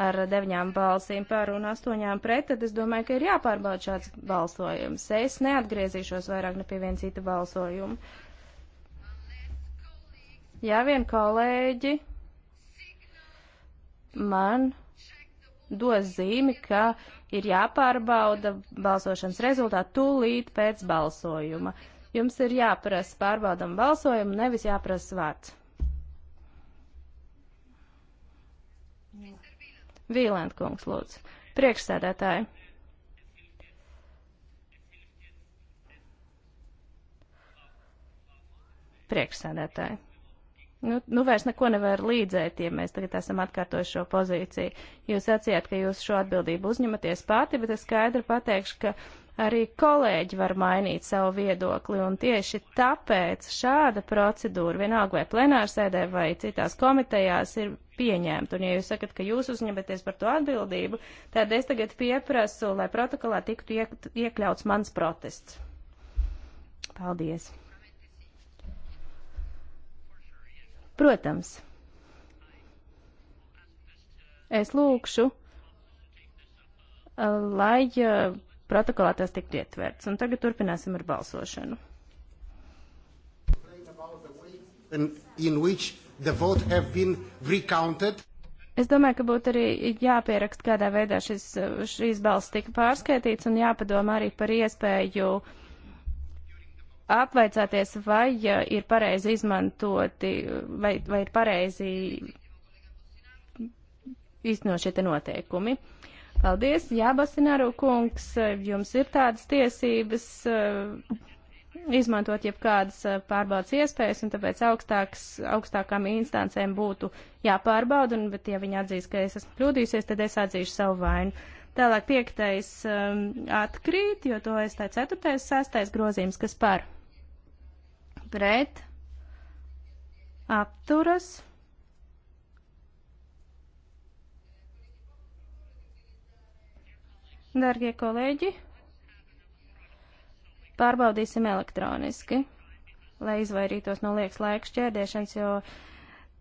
ar deviņām balsīm par un astoņām pret, tad es domāju, ka ir jāpārbauda šāds balsojums. Es neatgriezīšos vairāk ne pie viena cita balsojuma. Jā, vien kolēģi man dos zīmi, ka ir jāpārbauda balsošanas rezultāti tūlīt pēc balsojuma. Jums ir jāprasa pārbaudam balsojumu, nevis jāprasa vārds. Vīlēnt kungs, lūdzu. Priekšsēdētāji. Priekšsēdētāji. Nu, nu vairs neko nevar līdzēt, ja mēs tagad esam atkārtojuši šo pozīciju. Jūs sacījāt, ka jūs šo atbildību uzņematies pati, bet es skaidri pateikšu, ka arī kolēģi var mainīt savu viedokli, un tieši tāpēc šāda procedūra, vienalga vai plenārsēdē vai citās komitejās, ir pieņemta. Un ja jūs sakat, ka jūs uzņematies par to atbildību, tad es tagad pieprasu, lai protokolā tiktu iek iekļauts mans protests. Paldies! Protams, es lūkšu, lai protokolā tas tiktu ietverts. Un tagad turpināsim ar balsošanu. Es domāju, ka būtu arī jāpierakst, kādā veidā šis, šīs balss tika pārskaitīts un jāpadomā arī par iespēju apvaicāties, vai ir pareizi izmantoti, vai, vai ir pareizi īstenot šie noteikumi. Uh, Paldies, jā, Basināru kungs, jums ir tādas tiesības eh, izmantot jebkādas eh, pārbaudas iespējas, un tāpēc augstāks, augstākām instancēm būtu jāpārbauda, un, bet ja viņi atzīs, ka es esmu kļūdījusies, tad es atzīšu savu vainu. Tālāk piektais um, atkrīt, jo to es tā ceturtais, sastais grozījums, kas par pret apturas Dargie kolēģi, pārbaudīsim elektroniski, lai izvairītos no liekas laika šķērdēšanas, jo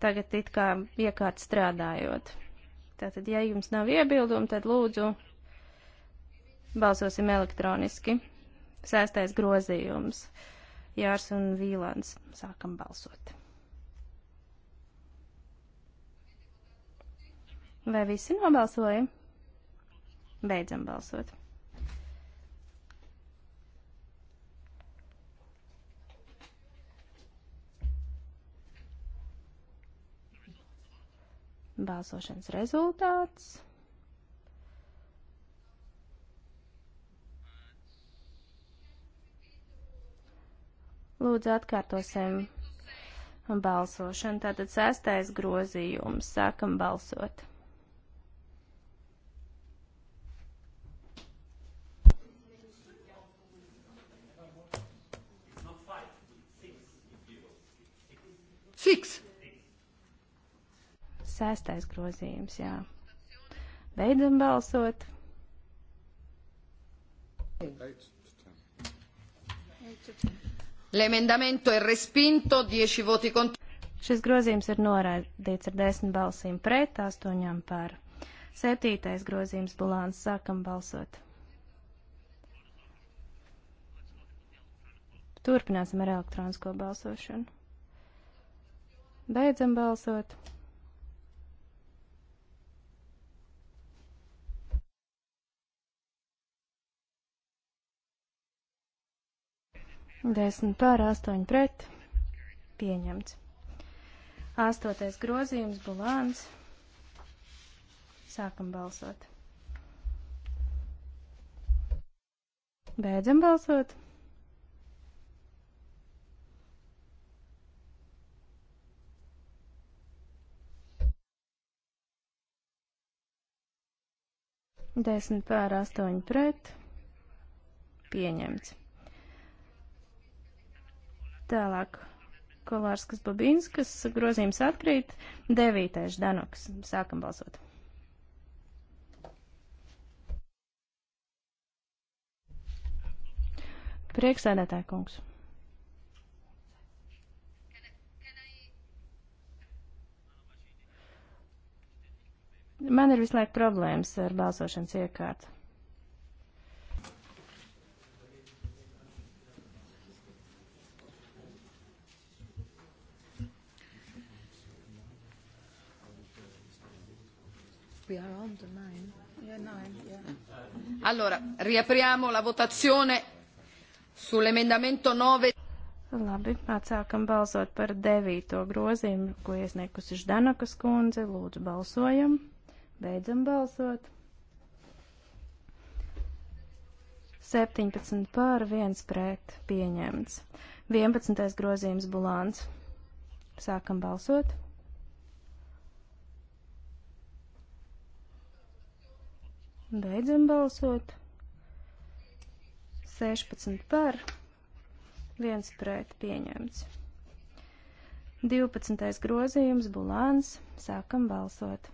tagad it kā iekārt strādājot. Tātad, ja jums nav iebildumi, tad lūdzu balsosim elektroniski. Sēstais grozījums. Jārs un Vīlāns sākam balsot. Vai visi nobalsoja? Beidzam balsot. Balsošanas rezultāts. Lūdzu, atkārtosim balsošanu. Tātad sestais grozījums. Sākam balsot. Siks. Sēstais grozījums, jā. Beidzam balsot. L'emendamento è respinto, 10 voti contro. Šis grozījums ir noraidīts ar 10 balsīm pret, 8 par. Septītais grozījums Bulāns sākam balsot. Turpināsim ar elektronisko balsošanu. Beidzam balsot. Desmit pār astoņi pret. Pieņemts. Astotais grozījums Bulāns. Sākam balsot. Beidzam balsot. 10 pār 8 pret. Pieņemts. Tālāk. Kolārskas Babīnskas grozījums atkrīt. 9. Danoks. Sākam balsot. Prieksēdētāja kungs. Man ir visu laiku problēmas ar balsošanas iekārtu. Allora, riapriamo la votazione sull'emendamento 9. Labi, atsākam balsot par devīto grozījumu, ko iesniegusi Ždanakas kundze. Lūdzu, balsojam. Beidzam balsot. 17 pār 1 pret pieņemts. 11. grozījums Bulāns. Sākam balsot. Beidzam balsot. 16 par, 1 pret pieņemts. 12. grozījums Bulāns. Sākam balsot.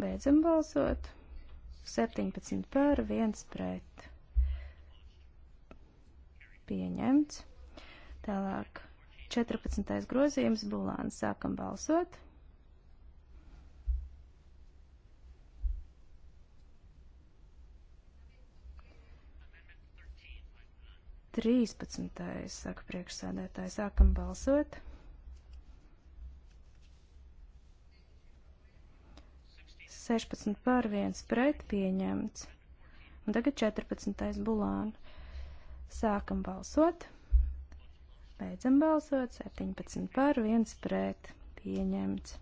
Beidzam balsot. 17 par, 1 pret. Pieņemts. Tālāk 14. grozījums Bulāns. Sākam balsot. Trīspadsmitais, saka priekšsēdētāji, sākam balsot. 16 par 1 pret pieņemts. Un tagad 14. bulāna. Sākam balsot. Beidzam balsot. 17 par 1 pret pieņemts.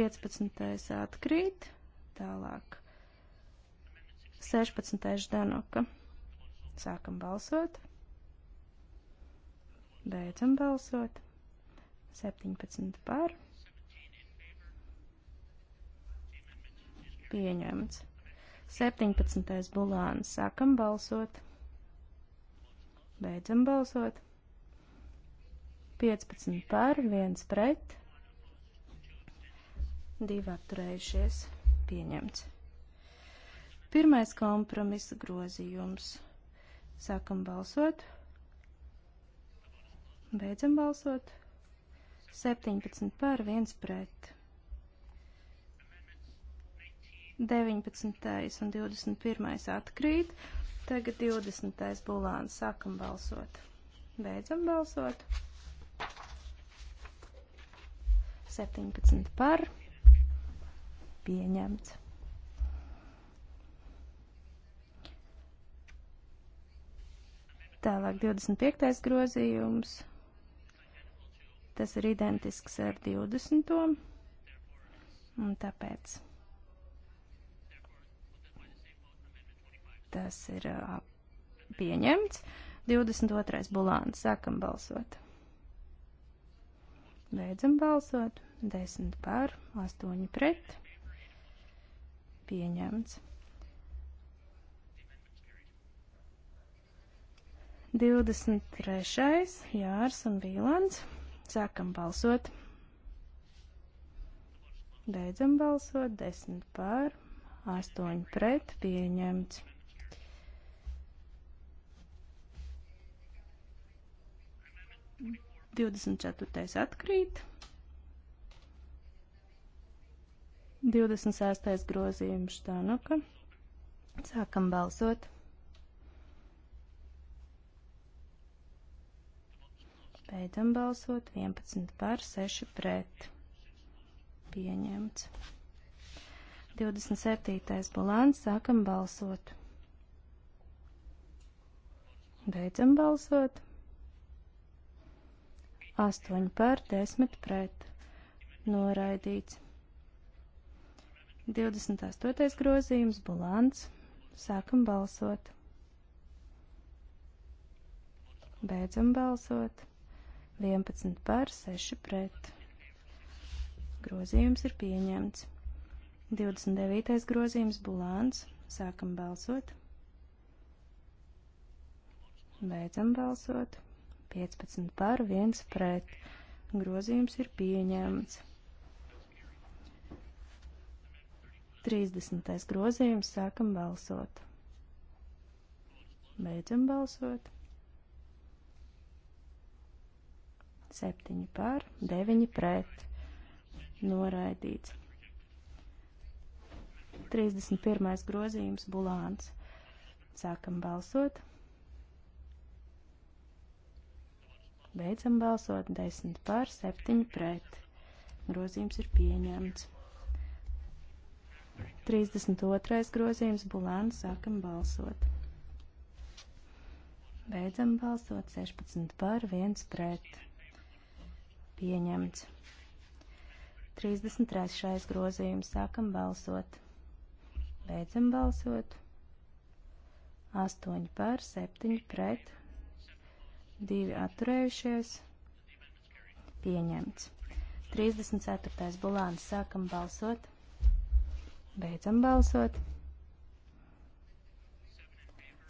15. atkrīt. Tālāk. 16. Danuka. Sākam balsot. Beidzam balsot. 17 par 1. pieņemts. 17. bulāns sākam balsot, beidzam balsot. 15 par, 1 pret, 2 atturējušies, pieņemts. Pirmais kompromisa grozījums. Sākam balsot, beidzam balsot, 17 par, 1 pret, 19. un 21. atkrīt. Tagad 20. bulāns. Sākam balsot. Beidzam balsot. 17 par. Pieņemts. Tālāk 25. grozījums. Tas ir identisks ar 20. Un tāpēc Tas ir uh, pieņemts. 22. bulāns. Sākam balsot. Beidzam balsot. 10 pār, 8 pret. Pieņemts. 23. Jārs un Vīlants. Sākam balsot. Beidzam balsot. 10 pār, 8 pret. Pieņemts. 24. atkrīt. 26. grozījums Štānuka. Sākam balsot. Beidzam balsot 11 pār 6 pret. Pieņemts. 27. bulāns. Sākam balsot. Beidzam balsot 8 par, 10 pret, noraidīts. 28. grozījums, bulants, sākam balsot. Beidzam balsot. 11 par, 6 pret. Grozījums ir pieņemts. 29. grozījums bulāns. Sākam balsot. Beidzam balsot. 15 par, 1 pret. Grozījums ir pieņemts. 30. grozījums sākam balsot. Beidzam balsot. 7 par, 9 pret. Noraidīts. 31. grozījums Bulāns. Sākam balsot. Beidzam balsot 10 par, 7 pret. Grozījums ir pieņemts. 32. grozījums Bulāns sākam balsot. Beidzam balsot 16 par, 1 pret. Pieņemts. 33. grozījums sākam balsot. Beidzam balsot 8 par, 7 pret divi atturējušies, pieņemts. 34. bulāns sākam balsot, beidzam balsot.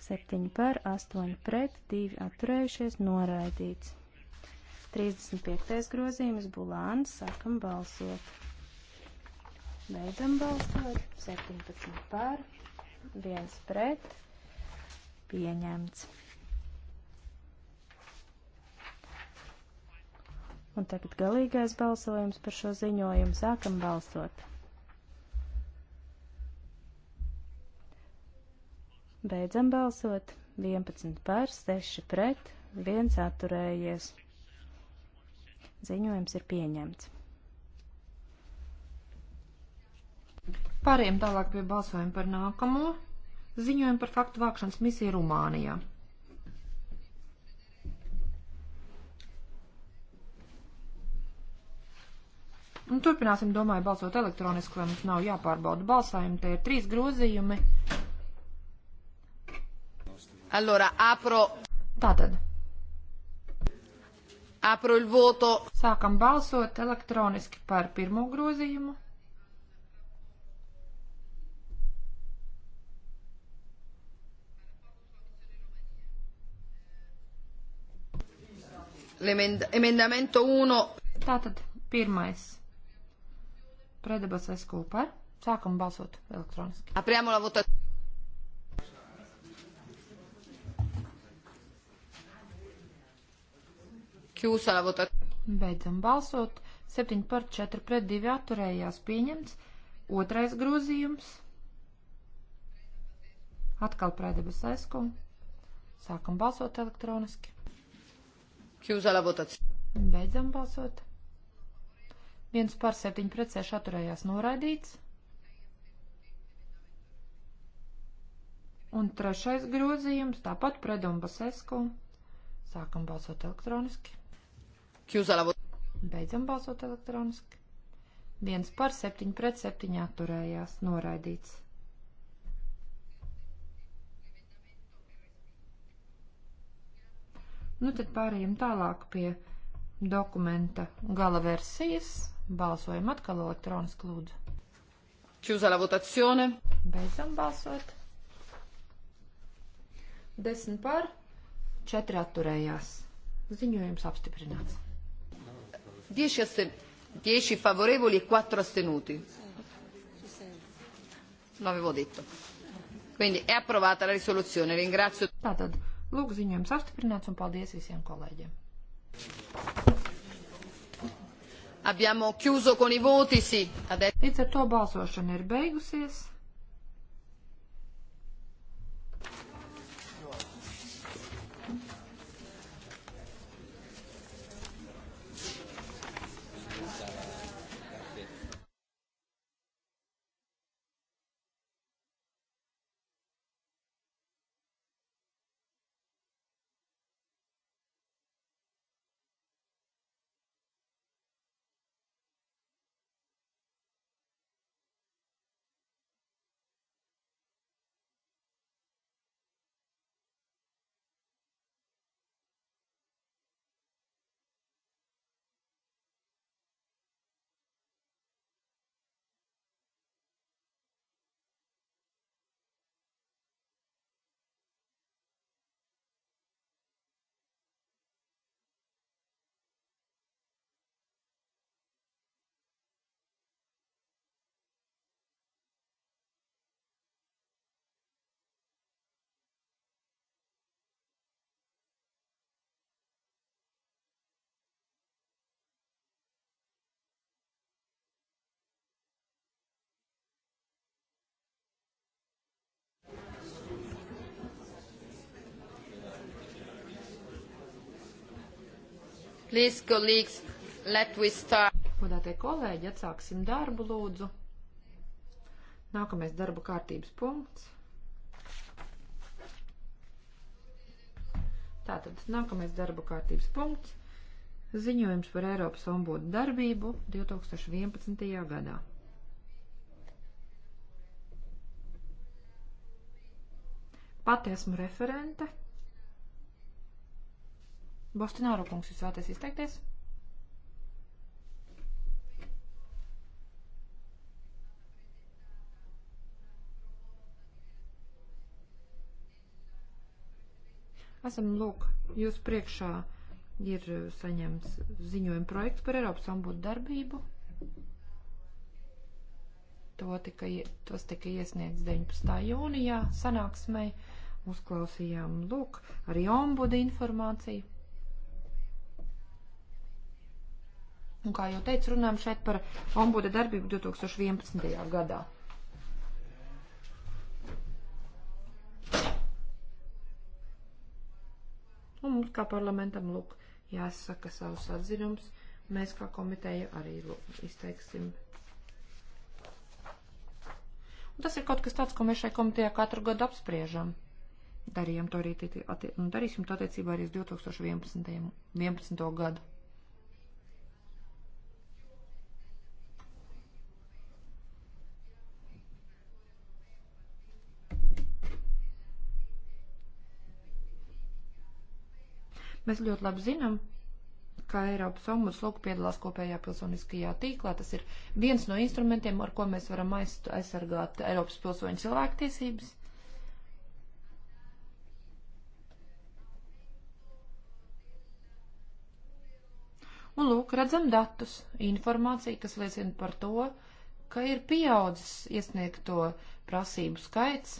7 par, 8 pret, 2 atturējušies, noraidīts. 35. grozījums bulāns sākam balsot. Beidzam balsot, 17 par, 1 pret, pieņemts. Un tagad galīgais balsojums par šo ziņojumu. Sākam balsot. Beidzam balsot. 11 par, 6 pret, 1 atturējies. Ziņojums ir pieņemts. Pārējiem tālāk pie balsojuma par nākamo ziņojumu par faktu vākšanas misiju Rumānijā. Un turpināsim, domāju, balsot elektroniski, lai mums nav jāpārbauda balsājumi. Te ir trīs grozījumi. Allora, apro. Tātad. Apro il voto. Sākam balsot elektroniski par pirmo grozījumu. L'emendamento 1. Tātad pirmais Predebasesku par. Sākam balsot elektroniski. Apriamo la votazione. Chiusa la votazione. Beidzam balsot. 7 par 4 pret 2 atturējās pieņemts. Otrais grozījums. Atkal prēdebas aizskumu. Sākam balsot elektroniski. Chiusa la votazione. Beidzam balsot. 1 pār 7 pret 6 atturējās noraidīts. Un trešais grozījums, tāpat Predumba Sesku. Sākam balsot elektroniski. Beidzam balsot elektroniski. 1 pār 7 pret 7 atturējās noraidīts. Nu, tad pārējiem tālāk pie dokumenta gala versijas. Balsojam atkal elektroniski lūdzu. Čūza la votazione. Beidzam balsot. 10 par, 4 atturējās. Ziņojums apstiprināts. 10 favorevoli e 4 astenuti. Lo avevo detto. Quindi è approvata la risoluzione. Ringrazio. Tātad, lūk, ziņojums apstiprināts un paldies visiem kolēģiem. Abbiamo chiuso con i voti, sì. Adesso... Līdz ar to balsošana ir beigusies. Please, colleagues, let we start. Godātie kolēģi, atsāksim darbu, lūdzu. Nākamais darba kārtības punkts. Tātad nākamais darba kārtības punkts - ziņojums par Eiropas ombudu darbību 2011. gadā. Pati esmu referente Bostināru kungs, jūs vēlaties izteikties? Esam, lūk, jūs priekšā ir saņemts ziņojuma projekts par Eiropas ombudu darbību. To tika, tos tika iesniegts 19. jūnijā sanāksmei. Uzklausījām, lūk, arī ombuda informāciju. Un kā jau teicu, runājam šeit par ombuda darbību 2011. gadā. Un mums kā parlamentam, lūk, jāsaka savus atzinums. Mēs kā komiteja arī lūk, izteiksim. Un tas ir kaut kas tāds, ko mēs šai komitejā katru gadu apspriežam. Darījām to arī, darīsim to attiecībā arī uz 2011. 11. gadu. Mēs ļoti labi zinām, kā Eiropas ombuds lūk piedalās kopējā pilsoniskajā tīklā. Tas ir viens no instrumentiem, ar ko mēs varam aizsargāt Eiropas pilsoņu cilvēktiesības. Un lūk, redzam datus, informāciju, kas liecina par to, ka ir pieaudzis iesniegto prasību skaits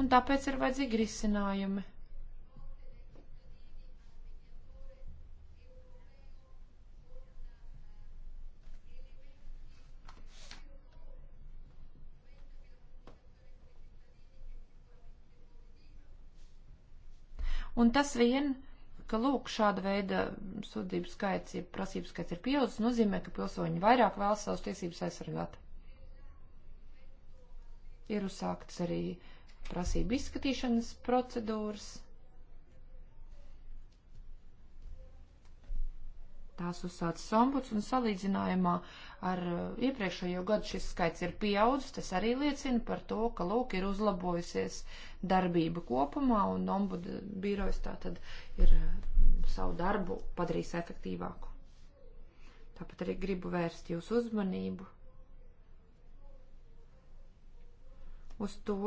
un tāpēc ir vajadzīgi risinājumi. Un tas vien, ka lūk, šāda veida sūdzību skaits, ja prasības skaits ir pieaudzis, nozīmē, ka pilsoņi vairāk vēlas savas tiesības aizsargāt. Ir uzsāktas arī prasību izskatīšanas procedūras. Tās uzsācis ombuds un salīdzinājumā ar uh, iepriekšējo gadu šis skaits ir pieaudzis. Tas arī liecina par to, ka lūk ir uzlabojusies darbība kopumā un ombuda birojas tātad ir uh, savu darbu padarījis efektīvāku. Tāpat arī gribu vērst jūsu uzmanību uz to,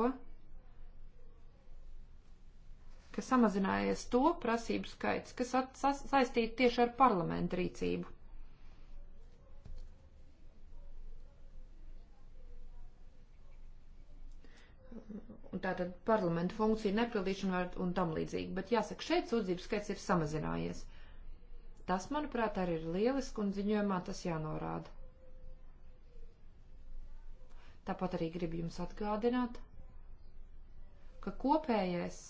ka samazinājies to prasību skaits, kas saistīti tieši ar parlamentu rīcību. Un tātad parlamentu funkcija nepildīšana un tam līdzīgi, bet jāsaka, šeit sūdzības skaits ir samazinājies. Tas, manuprāt, arī ir lieliski un ziņojumā tas jānorāda. Tāpat arī gribu jums atgādināt, ka kopējais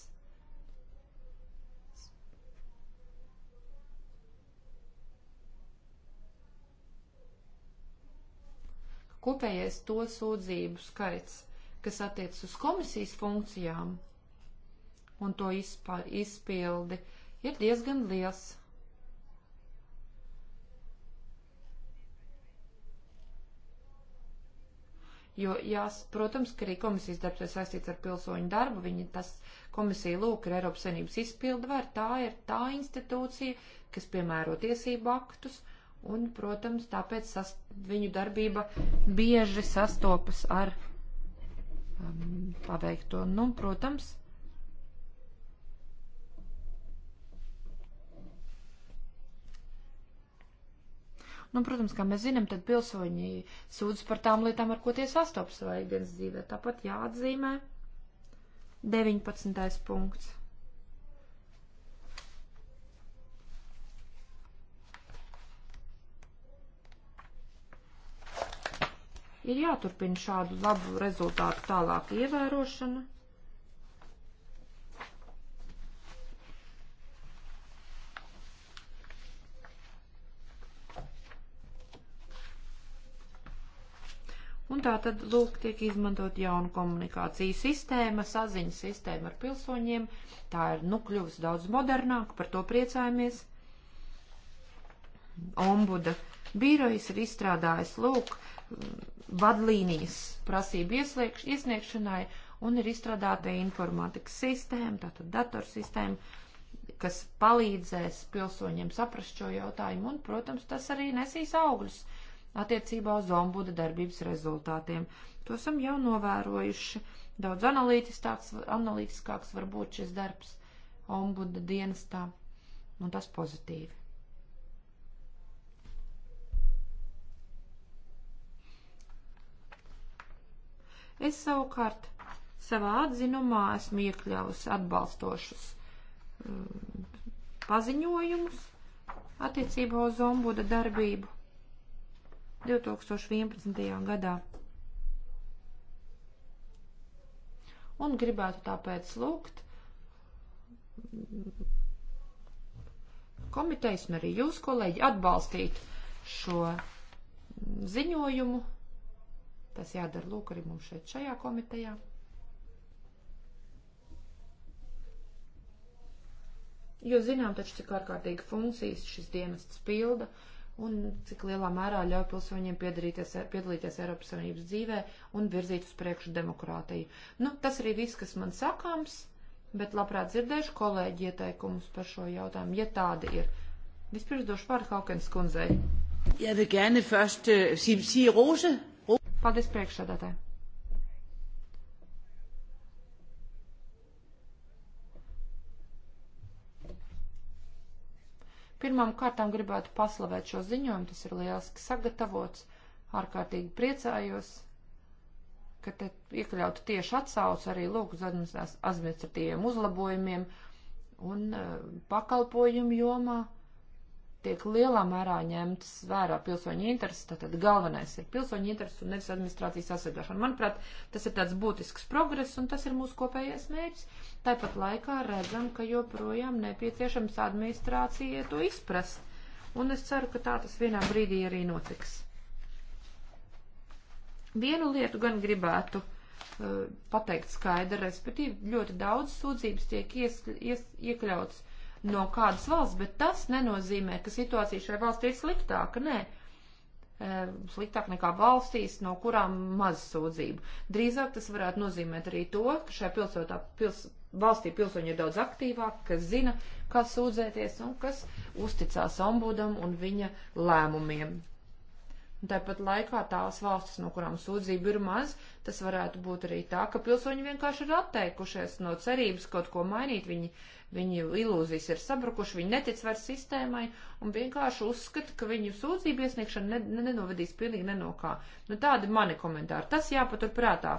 kopējais to sūdzību skaits, kas attiecas uz komisijas funkcijām un to izpā, izpildi, ir diezgan liels. Jo, jās, protams, ka arī komisijas darbs ir saistīts ar pilsoņu darbu, viņa tas komisija lūk ir Eiropas Savienības izpildvar, tā ir tā institūcija, kas piemēro tiesību aktus, uh, Un, protams, tāpēc sas, viņu darbība bieži sastopas ar um, paveikto. Nu, protams, Nu, protams, kā mēs zinām, tad pilsoņi sūdz par tām lietām, ar ko tie sastopas savā ikdienas dzīvē. Tāpat jāatzīmē 19. punkts. Ir jāturpina šādu labu rezultātu tālāk ievērošana. Un tā tad, lūk, tiek izmantot jauna komunikācija sistēma, saziņas sistēma ar pilsoņiem. Tā ir, nu, kļuvusi daudz modernāka, par to priecājamies. Ombuda birojs ir izstrādājis, lūk, vadlīnijas prasību iesliekš, iesniegšanai un ir izstrādāta informātikas sistēma, tātad datorsistēma, kas palīdzēs pilsoņiem saprast šo jautājumu un, protams, tas arī nesīs augļus attiecībā uz ombuda darbības rezultātiem. To esam jau novērojuši. Daudz analītiskāks var būt šis darbs ombuda dienestā, un tas pozitīvi. Es savukārt savā atzinumā esmu iekļāvis atbalstošus mm, paziņojumus attiecībā uz ombuda darbību 2011. gadā. Un gribētu tāpēc lūgt komitejas un arī jūs, kolēģi, atbalstīt šo ziņojumu Tas jādara lūk arī mums šeit šajā komitejā. Jo zinām taču, cik ārkārtīgi funkcijas šis dienests pilda un cik lielā mērā ļauj pilsoņiem piedalīties Eiropas Savienības dzīvē un virzīt uz priekšu demokrātiju. Nu, tas arī viss, kas man sakāms, bet labprāt dzirdēšu kolēģi ieteikumus par šo jautājumu, ja tādi ir. Vispirms došu vārdu Haukens kundzei. Jeg vil gerne først uh, øh, sige Rose, Paldies priekšsēdētāji. Pirmām kārtām gribētu paslavēt šo ziņojumu, tas ir lieliski sagatavots, ārkārtīgi priecājos, ka te iekļautu tieši atsauc arī lūk uz administratīviem uzlabojumiem un eh, pakalpojumu jomā tiek lielā mērā ņemtas vērā pilsoņu intereses, tātad galvenais ir pilsoņu intereses un nevis administrācijas aizsargāšana. Manuprāt, tas ir tāds būtisks progress un tas ir mūsu kopējais mērķis. Tāpat laikā redzam, ka joprojām nepieciešams administrācijai to izprast. Un es ceru, ka tā tas vienā brīdī arī notiks. Vienu lietu gan gribētu uh, pateikt skaidri, respektīvi ļoti daudz sūdzības tiek ies, ies, iekļauts no kādas valsts, bet tas nenozīmē, ka situācija šajā valstī ir sliktāka. Nē, ehm, sliktāk nekā valstīs, no kurām maz sūdzību. Drīzāk tas varētu nozīmēt arī to, ka šajā pilsotā, pils, valstī pilsoņi ir daudz aktīvāki, kas zina, kā sūdzēties un kas uzticās ombudam un viņa lēmumiem. Un tāpat laikā tās valstis, no kurām sūdzība ir maz, tas varētu būt arī tā, ka pilsoņi vienkārši ir atteikušies no cerības kaut ko mainīt. Viņi uh, Viņu ilūzijas ir sabrukuši, viņi netic vairs sistēmai un vienkārši uzskata, ka viņu sūdzību iesniegšana ne, nenovedīs pilnīgi nenokā. Nu, tādi mani komentāri. Tas jāpaturprātā.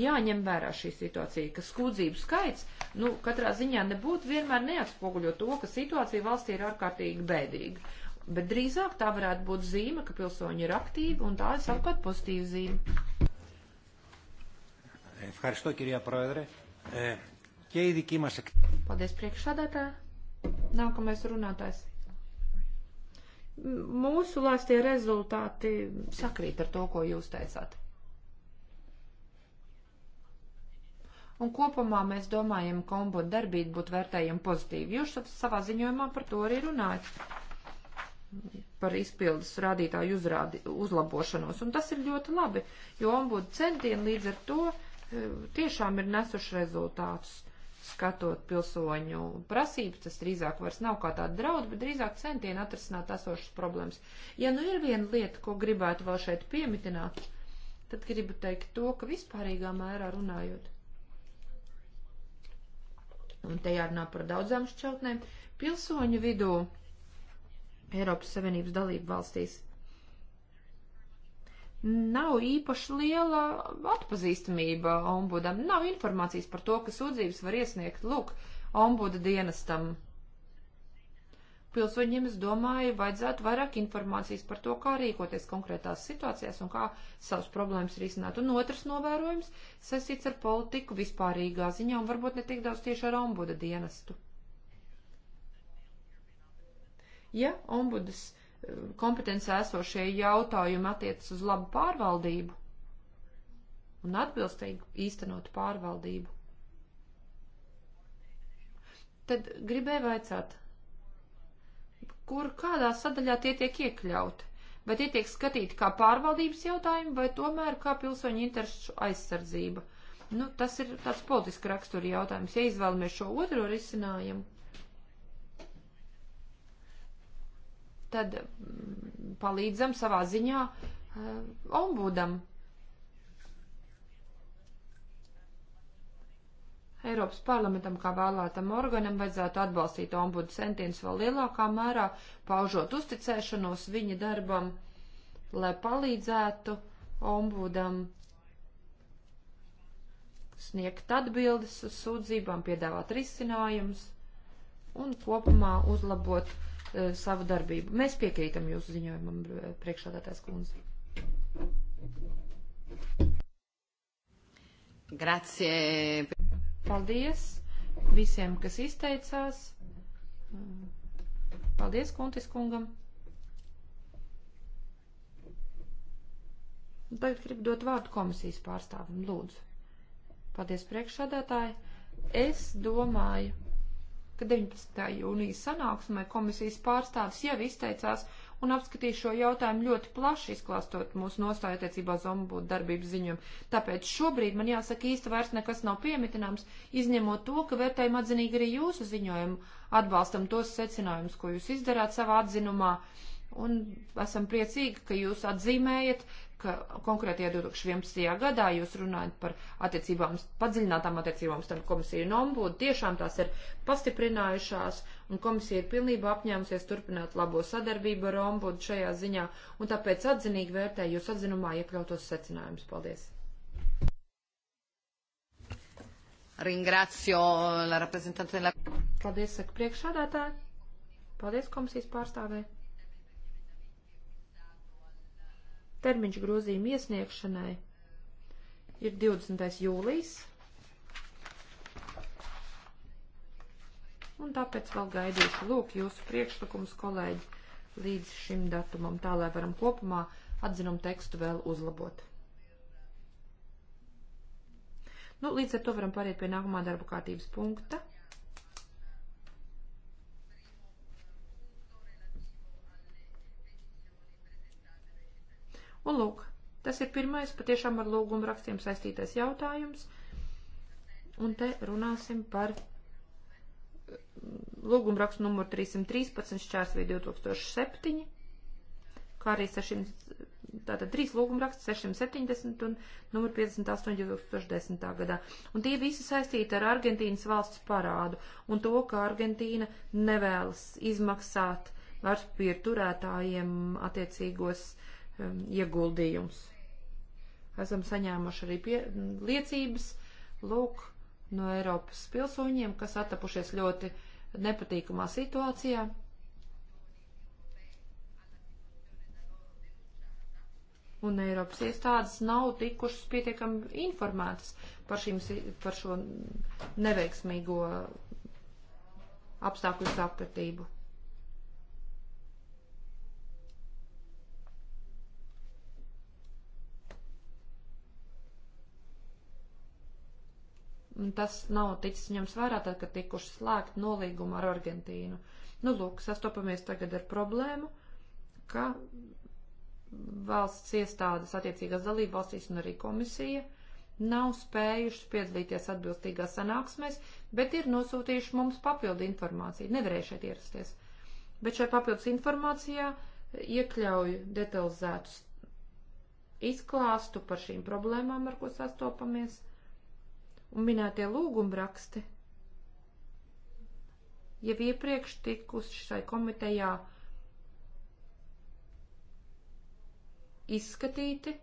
Jāņem vērā šī situācija, ka skūdzību skaits, nu, katrā ziņā nebūtu vienmēr neatspoguļo to, ka situācija valstī ir ārkārtīgi bēdīga bet drīzāk tā varētu būt zīme, ka pilsoņi ir aktīvi, un tā ir savukārt pozitīva zīme. Ευχαριστώ κυρία Πρόεδρε. Ε, και η δική μας εκτίμηση. Paldies priekšsādātā. Nākamais runātājs. Mūsu lāstie rezultāti sakrīt ar to, ko jūs teicāt. un kopumā mēs domājam, ka ombudu darbību būtu vērtējama pozitīvi. Jūs savā ziņojumā par to arī runājat, par izpildes rādītāju uzrādi, uzlabošanos, un tas ir ļoti labi, jo ombudu centieni līdz ar to eh, tiešām ir nesuši rezultātus skatot pilsoņu prasības, tas drīzāk vairs nav kā tāda draud, bet drīzāk centieni atrasināt esošas problēmas. Ja nu ir viena lieta, ko gribētu vēl šeit piemitināt, tad gribu teikt to, ka vispārīgā mērā runājot. Un te jārunā par daudzām šķautnēm. Pilsoņu vidū Eiropas Savienības dalību valstīs nav īpaši liela atpazīstamība ombudam. Nav informācijas par to, ka sūdzības var iesniegt, lūk, ombuda dienestam. Pilsoņiem, es domāju, vajadzētu vairāk informācijas par to, kā rīkoties konkrētās situācijās un kā savas problēmas risināt. Un otrs novērojums saistīts ar politiku vispārīgā ziņā un varbūt ne tik daudz tieši ar ombuda dienestu. Ja ombudas uh, kompetencē esošie jautājumi attiecas uz labu pārvaldību un atbilstīgu īstenotu pārvaldību. Tad gribēju vaicāt, kur kādā sadaļā tie tiek iekļauti? Vai tie tiek skatīti kā pārvaldības jautājumi, vai tomēr kā pilsoņu interesu aizsardzība? Nu, tas ir tāds politiski rakstura jautājums. Ja izvēlamies šo otro risinājumu, tad mm, palīdzam savā ziņā eh, ombudam. Eiropas parlamentam kā vēlētam organam vajadzētu atbalstīt ombudu centienus vēl lielākā mērā, paužot uzticēšanos viņa darbam, lai palīdzētu ombudam sniegt atbildes uz sūdzībām, piedāvāt risinājumus un kopumā uzlabot Eh, savu darbību. Mēs piekrītam jūsu ziņojumam, eh, priekšādātājs kundze. Grazie. Paldies visiem, kas izteicās. Paldies Kuntis kungam. Tagad gribu dot vārdu komisijas pārstāvim, lūdzu. Paldies priekšsādātāji. Es domāju, ka 19. jūnijas sanāksmē komisijas pārstāvis jau izteicās un apskatīja šo jautājumu ļoti plaši izklāstot mūsu nostāju attiecībā uz ombudu darbības ziņojumu. Tāpēc šobrīd man jāsaka īsti vairs nekas nav piemitināms, izņemot to, ka vērtējam atzinīgi arī jūsu ziņojumu, atbalstam tos secinājumus, ko jūs izdarāt savā atzinumā. Un esam priecīgi, ka jūs atzīmējat ka konkrētajā 2011. gadā jūs runājat par attiecībām, padziļinātām attiecībām starp komisiju un ombudu. Tiešām tās ir pastiprinājušās, un komisija ir pilnībā apņēmusies turpināt labo sadarbību ar ombudu šajā ziņā, un tāpēc atzinīgi vērtēju jūs atzinumā iekļautos secinājumus. Paldies! Ringrazio la rappresentante della... Paldies, saka priekšādātāji. Paldies komisijas pārstāvēji. Termiņš grozījuma iesniegšanai ir 20. jūlijas. Un tāpēc vēl gaidīšu lūk jūsu priekšlikumus, kolēģi, līdz šim datumam, tā lai varam kopumā atzinumu tekstu vēl uzlabot. Nu, līdz ar to varam pāriet pie nākamā darba kārtības punkta. Un lūk, tas ir pirmais patiešām ar lūgumu rakstiem saistītais jautājums. Un te runāsim par mm, lūgumu rakstu numuru 313 šķērsvī 2007, kā arī 600, tātad trīs lūgumu rakstu 670 un numuru 58 2010. gadā. Un tie visi saistīti ar Argentīnas valsts parādu un to, ka Argentīna nevēlas izmaksāt vairs pieturētājiem attiecīgos uh, um, ieguldījums. Esam saņēmuši arī pie, liecības, lūk, no Eiropas pilsoņiem, kas attapušies ļoti nepatīkamā situācijā. Un Eiropas iestādes nav tikušas pietiekami informētas par, šīm, par šo neveiksmīgo apstākļu sapratību. tas nav ticis ņems vērā, tad, kad tikuši slēgt nolīgumu ar Argentīnu. Nu, lūk, sastopamies tagad ar problēmu, ka valsts iestādes attiecīgās dalība valstīs un arī komisija nav spējušas piedalīties atbilstīgās sanāksmēs, bet ir nosūtījuši mums papildu informāciju. Nevarēju šeit ierasties. Bet šajā papildus informācijā iekļauju detalizētus izklāstu par šīm problēmām, ar ko sastopamies – un minētie lūgumraksti jau iepriekš tikusi šai komitejā izskatīti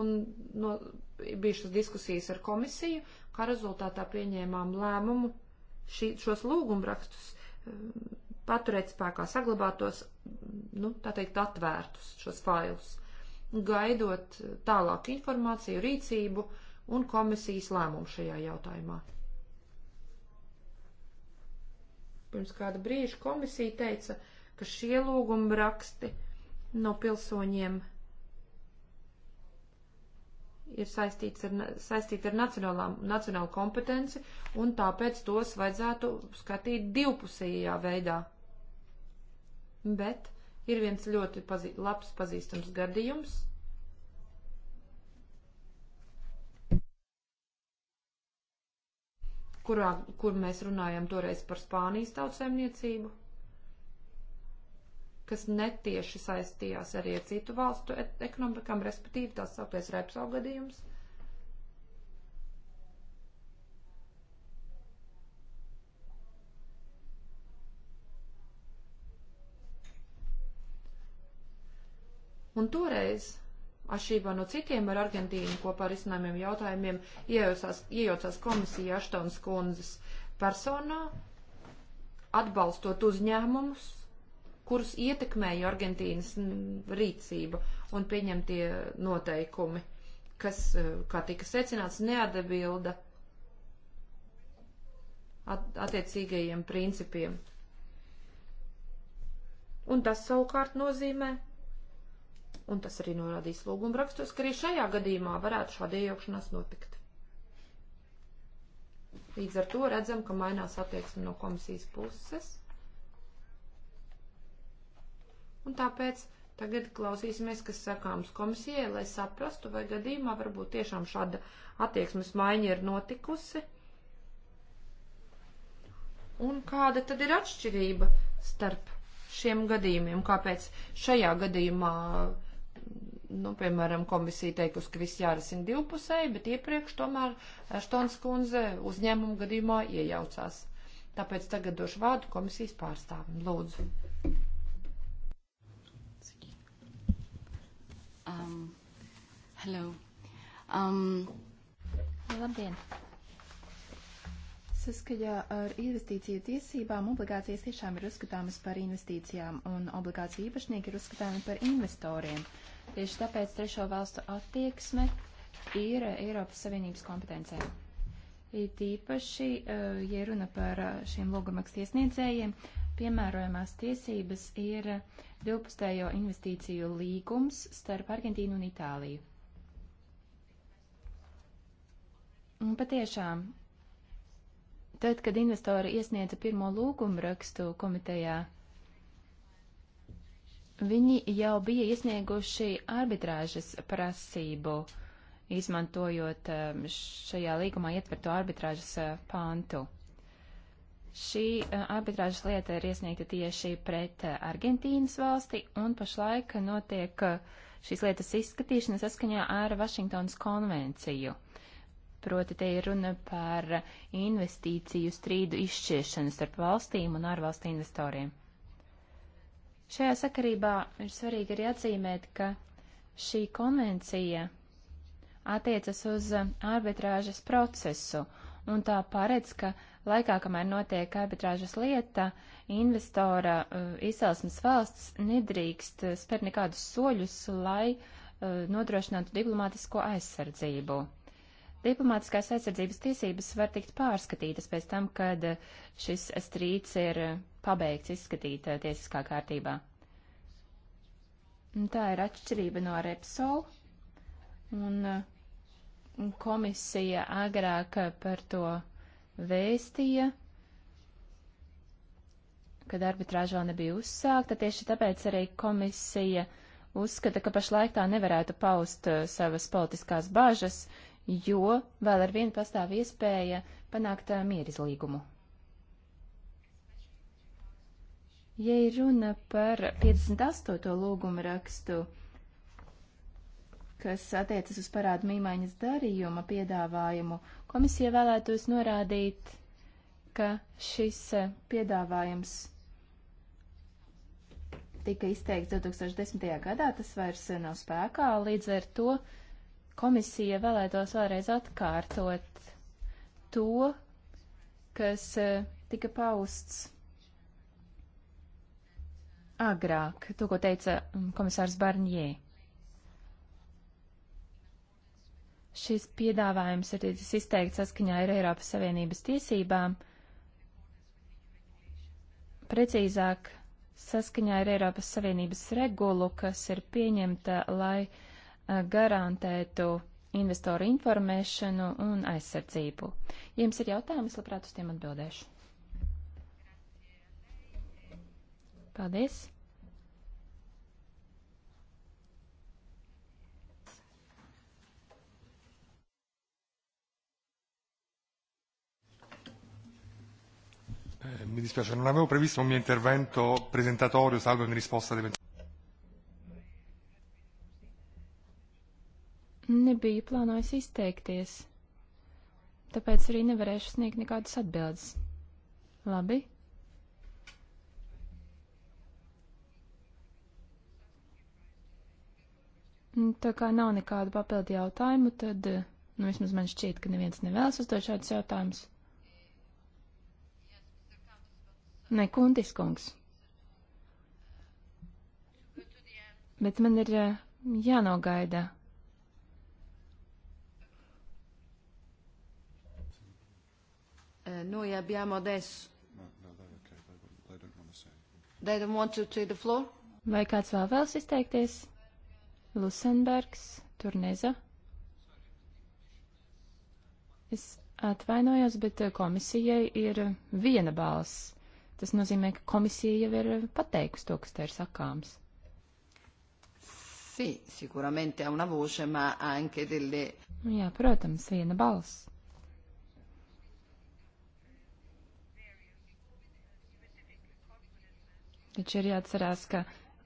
un no, bija šas diskusijas ar komisiju, kā rezultātā pieņēmām lēmumu šī, šos lūgumrakstus um, paturēt spēkā, saglabātos, nu, tā teikt, atvērtus šos failus gaidot tālāku informāciju, rīcību un komisijas lēmumu šajā jautājumā. Pirms kāda brīža komisija teica, ka šie lūguma raksti no pilsoņiem ir saistīts ar, saistīti ar nacionālu kompetenci, un tāpēc tos vajadzētu skatīt divpusējā veidā. Bet Ir viens ļoti pazī labs pazīstams gadījums. Kurā, kur mēs runājam toreiz par Spānijas tautsēmniecību, kas netieši saistījās arī ar citu valstu e-, ekonomikām, respektīvi tās sauktais Repsol gadījums. Un toreiz, atšķirībā no citiem ar Argentīnu kopā ar izcinājumiem jautājumiem, iejaucās, iejaucās komisija Aštons kundzes personā, atbalstot uzņēmumus, kurus ietekmēja Argentīnas rīcība un pieņemtie noteikumi, kas, e, kā tika secināts, neatbilda attiecīgajiem principiem. Un tas savukārt nozīmē, un tas arī norādīs lūguma rakstos, ka arī šajā gadījumā varētu šāda iejaukšanās notikt. Līdz ar to redzam, ka mainās attieksme no komisijas puses. Un tāpēc tagad klausīsimies, kas sakāms komisijai, lai saprastu, vai gadījumā varbūt tiešām šāda attieksmes maiņa ir notikusi. Un kāda tad ir atšķirība starp šiem gadījumiem, kāpēc šajā gadījumā uh, nu, piemēram, komisija teikusi, ka viss jārisina divpusēji, bet iepriekš tomēr Štons kundze uzņēmumu gadījumā iejaucās. Tāpēc tagad došu vārdu komisijas pārstāvim. Lūdzu. Um, hello. Um, labdien. Saskaļā ar investīciju tiesībām obligācijas tiešām ir uzskatāmas par investīcijām, un obligāciju īpašnieki ir uzskatāmi par investoriem. Uh, Tieši tāpēc trešo valstu attieksme ir Eiropas Savienības kompetencē. It īpaši, eh, ja runa par eh, šiem logumrakstu iesniedzējiem, piemērojamās tiesības ir divpustējo investīciju līgums starp Argentīnu un Itāliju. Un patiešām, tad, kad investori iesniedza pirmo lūgumu rakstu komitejā, Viņi jau bija iesnieguši arbitrāžas prasību, izmantojot um, šajā līgumā ietverto arbitrāžas uh, pāntu. Šī uh, arbitrāžas lieta ir iesniegta tieši pret uh, Argentīnas valsti, un pašlaik notiek šīs lietas izskatīšana saskaņā ar Vašingtonas konvenciju. Proti te ir runa par investīciju strīdu izšķiešanu starp valstīm un ārvalstu investoriem. Šajā sakarībā ir svarīgi arī atzīmēt, ka šī konvencija attiecas uz arbitrāžas procesu un tā paredz, ka laikā, kamēr notiek arbitrāžas lieta, investora uh, izcelsmes valsts nedrīkst spērt nekādus soļus, lai uh, nodrošinātu diplomātisko aizsardzību. Diplomātiskās aizsardzības tiesības var tikt pārskatītas pēc tam, kad eh, šis strīds ir eh, pabeigts izskatīt eh, tiesiskā kārtībā. Tā ir atšķirība no Repsol, un komisija agrāk par to vēstīja, kad arbitrāža vēl nebija uzsākta, tieši tāpēc arī komisija uzskata, ka pašlaik tā nevarētu paust savas politiskās bažas, jo vēl ar vienu pastāv iespēja panākt uh, mierizlīgumu. Ja ir runa par 58. lūgumu rakstu, kas attiecas uz parādu mīmaiņas darījuma piedāvājumu, komisija vēlētos norādīt, ka šis uh, piedāvājums tika izteikts 2010. gadā, tas vairs uh, nav spēkā, līdz ar to uh, Komisija vēlētos vēlreiz atkārtot to, kas e, tika pausts agrāk, to, ko teica komisārs Barņē. Šis piedāvājums ir ticis izteikts saskaņā ar Eiropas Savienības tiesībām, precīzāk saskaņā ar Eiropas Savienības regulu, kas ir pieņemta, lai garantētu investoru informēšanu un aizsardzību. Ja jums ir jautājumi, es labprāt uz tiem atbildēšu. Paldies! Eh, mi dispiace, non avevo previsto un mio intervento presentatorio, salvo in risposta alle 20. nebiju plānojis izteikties, tāpēc arī nevarēšu sniegt nekādas atbildes. Labi? Nu, tā kā nav nekādu papildu jautājumu, tad, nu, vismaz man šķiet, ka neviens nevēlas uzdot šādus jautājumus. Nē, Kuntis kungs. Bet man ir jānogaida Eh, noi abbiamo adesso... No, no, they're okay. they, they don't want to say. They don't want to take the floor? Vai kāds vēl vēlas izteikties? Lusenbergs, Turneza. Es atvainojos, bet eh, komisijai ir viena balss. Tas nozīmē, ka komisija jau ir eh, pateikusi to, kas te ir sakāms. Sì, sicuramente ha una voce, ma ha anche delle... Jā, protams, viena balss. Taču ir jāatcerās, ka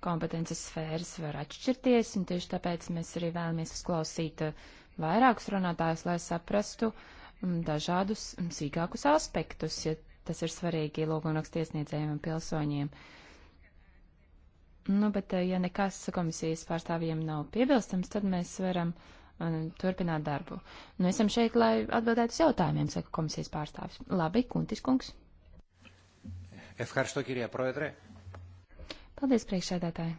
kompetences sfēras var atšķirties, un tieši tāpēc mēs arī vēlamies uzklausīt eh, vairākus runātājus, lai saprastu mm, dažādus mm, sīkākus aspektus, ja tas ir svarīgi lūgumrakstu iesniedzējiem un pilsoņiem. Nu, bet eh, ja nekas komisijas pārstāvjiem nav piebilstams, tad mēs varam un, mm, turpināt darbu. Nu, esam šeit, lai atbildētu uz jautājumiem, saka komisijas pārstāvis. Labi, Kuntis kungs. Efkārsto, kirjā proedrē. Paldies, priekšsēdētāji!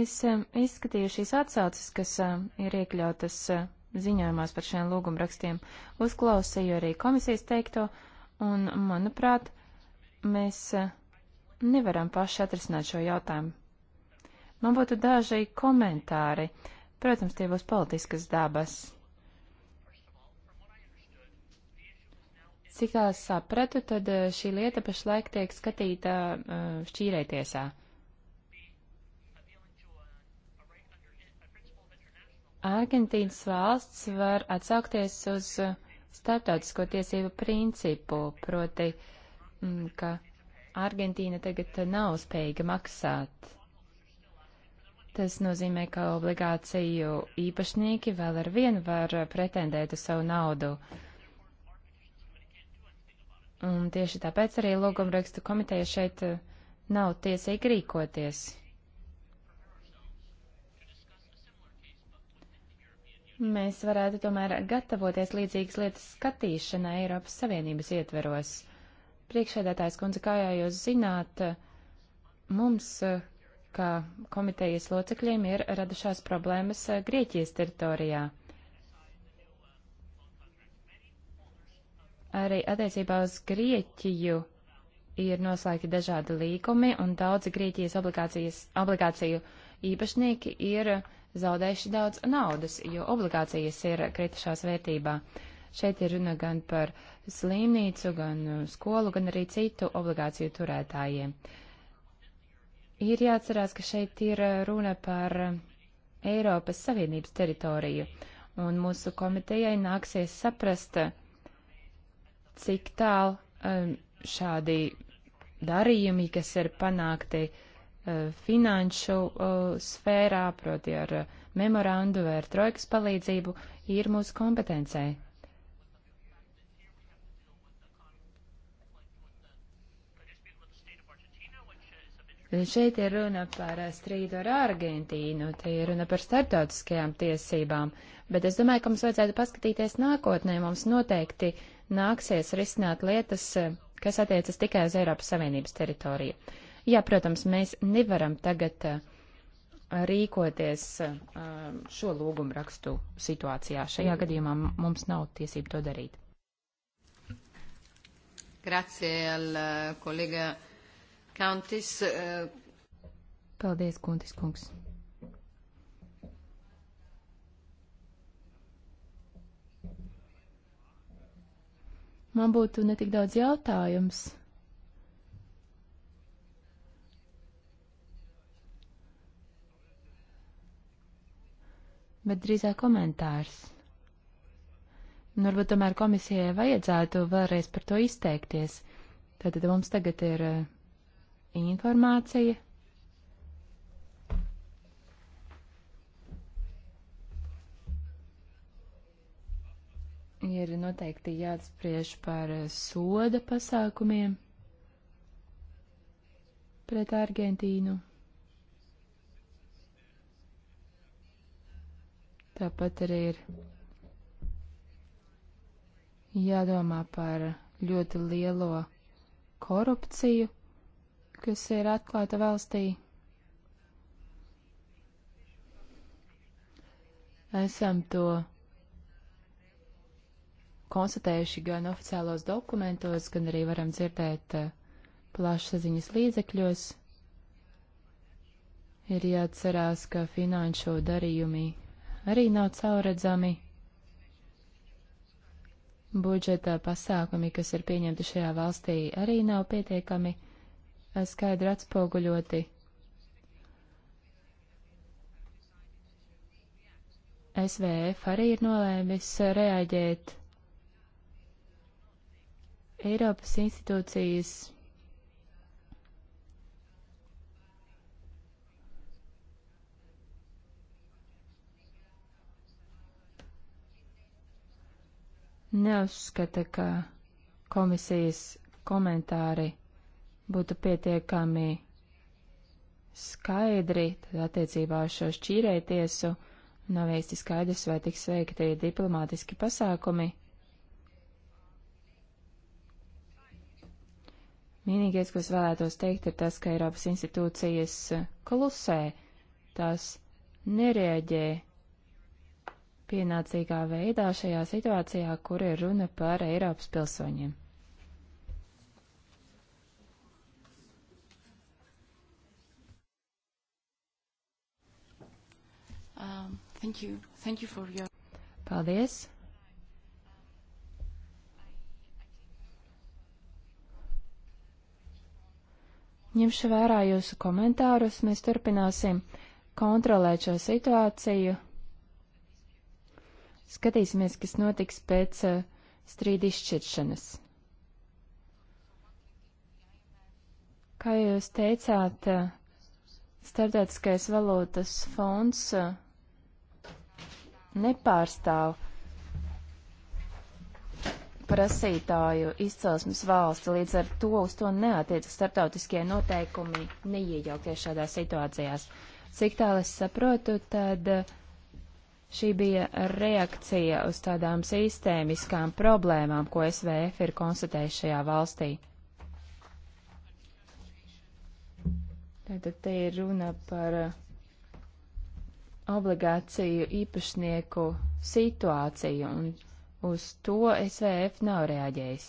Es um, izskatīju šīs atsauces, kas um, ir iekļautas uh, ziņojumās par šiem lūgumrakstiem, uzklausīju arī komisijas teikto, un, manuprāt, mēs uh, nevaram paši atrisināt šo jautājumu. Man būtu daži komentāri, protams, tie būs politiskas dabas. Cik tā sapratu, tad eh, šī lieta pašlaik tiek skatīta eh, šķīrētiesā. Argentīnas valsts var atsaukties uz eh, starptautisko tiesību principu, proti, mm, ka Argentīna tagad nav spējīga maksāt. Tas nozīmē, ka obligāciju īpašnieki vēl ar vienu var pretendēt uz savu naudu. Uh, Un tieši tāpēc arī lūgumrakstu komiteja šeit eh, nav tiesīgi rīkoties. Mēs varētu tomēr gatavoties līdzīgas lietas skatīšanai Eiropas Savienības ietveros. Priekšēdētājs kundze, kā jau jūs zināt, mums, eh, kā komitejas locekļiem, ir radušās problēmas eh, Grieķijas teritorijā. Arī attiecībā uz Grieķiju ir noslēgti dažādi līgumi, un daudzi Grieķijas obligāciju īpašnieki ir zaudējuši daudz naudas, jo obligācijas ir kritušās vērtībā. Šeit ir runa gan par slimnīcu, gan uh, skolu, gan arī citu obligāciju turētājiem. Ir jāatcerās, ka šeit ir uh, runa par uh, Eiropas Savienības teritoriju, un mūsu komitejai nāksies saprast, cik tālu um, šādi darījumi, kas ir panākti uh, finanšu uh, sfērā, proti ar uh, memorandu vai ar trojkas palīdzību, ir mūsu kompetencē. Šeit ir runa par uh, strīdu ar Argentīnu, te ir runa par starptautiskajām tiesībām, bet es domāju, ka mums vajadzētu paskatīties nākotnē, mums noteikti uh, nāksies risināt lietas, eh, kas attiecas tikai uz Eiropas Savienības teritoriju. Jā, protams, mēs nevaram tagad eh, rīkoties eh, šo lūgumu rakstu situācijā. Šajā gadījumā mums nav tiesību to darīt. Grazie al kolega Kantis. Paldies, Kuntis kungs. Man būtu netik daudz jautājums. Bet drīzāk komentārs. Un nu, varbūt tomēr komisijai vajadzētu vēlreiz par to izteikties. Tātad mums tagad ir eh, informācija ir noteikti jāatspriež par soda pasākumiem pret Argentīnu. Tāpat arī ir jādomā par ļoti lielo korupciju, kas ir atklāta valstī. Esam to konstatējuši gan oficiālos dokumentos, gan arī varam dzirdēt eh, plašsaziņas līdzekļos. Ir jāatcerās, ka finanšu darījumi arī nav cauredzami. Budžeta pasākumi, kas ir pieņemti šajā valstī, arī nav pietiekami eh, skaidri atspoguļoti. SVF arī ir nolēmis reaģēt Eiropas institūcijas neuzskata, ka komisijas komentāri būtu pietiekami skaidri attiecībā uz šo šķīrētiesu, nav īsti skaidrs, vai tiks veikti diplomātiski pasākumi. Vienīgais, ko es vēlētos teikt, ir tas, ka Eiropas institūcijas eh, klusē, tās nereaģē pienācīgā veidā šajā situācijā, kur ir runa par Eiropas pilsoņiem. Um, thank you. Thank you for your... Paldies! Ņemšu vērā jūsu komentārus, mēs turpināsim kontrolēt šo situāciju. Skatīsimies, kas notiks pēc uh, strīda izšķiršanas. Kā jūs teicāt, uh, Startautiskais valūtas fonds uh, nepārstāv prasītāju izcelsmes valsti, līdz ar to uz to neatiecas starptautiskie noteikumi neiejaukties šādās situācijās. Cik tālu es saprotu, tad eh, šī bija reakcija uz tādām sistēmiskām problēmām, ko SVF ir konstatējuši šajā valstī. Tātad te ir runa par eh, obligāciju īpašnieku situāciju un Uz to SVF nav reaģējis.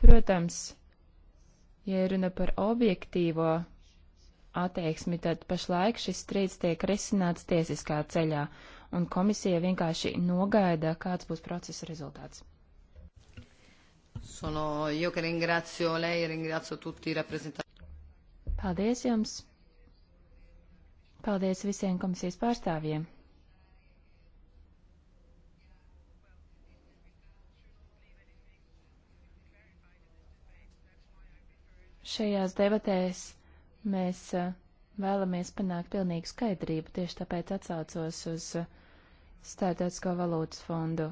Protams, ja runa par objektīvo attieksmi, tad pašlaik šis strīds tiek risināts tiesiskā ceļā, un komisija vienkārši nogaida, kāds būs procesa rezultāts. Sono, io che ringrazio lei, e ringrazio tutti i rappresentanti. Paldies jums! Paldies visiem komisijas pārstāvjiem! Šajās debatēs mēs uh, vēlamies panākt pilnīgu skaidrību, tieši tāpēc atsaucos uz uh, Startautisko valūtas fondu.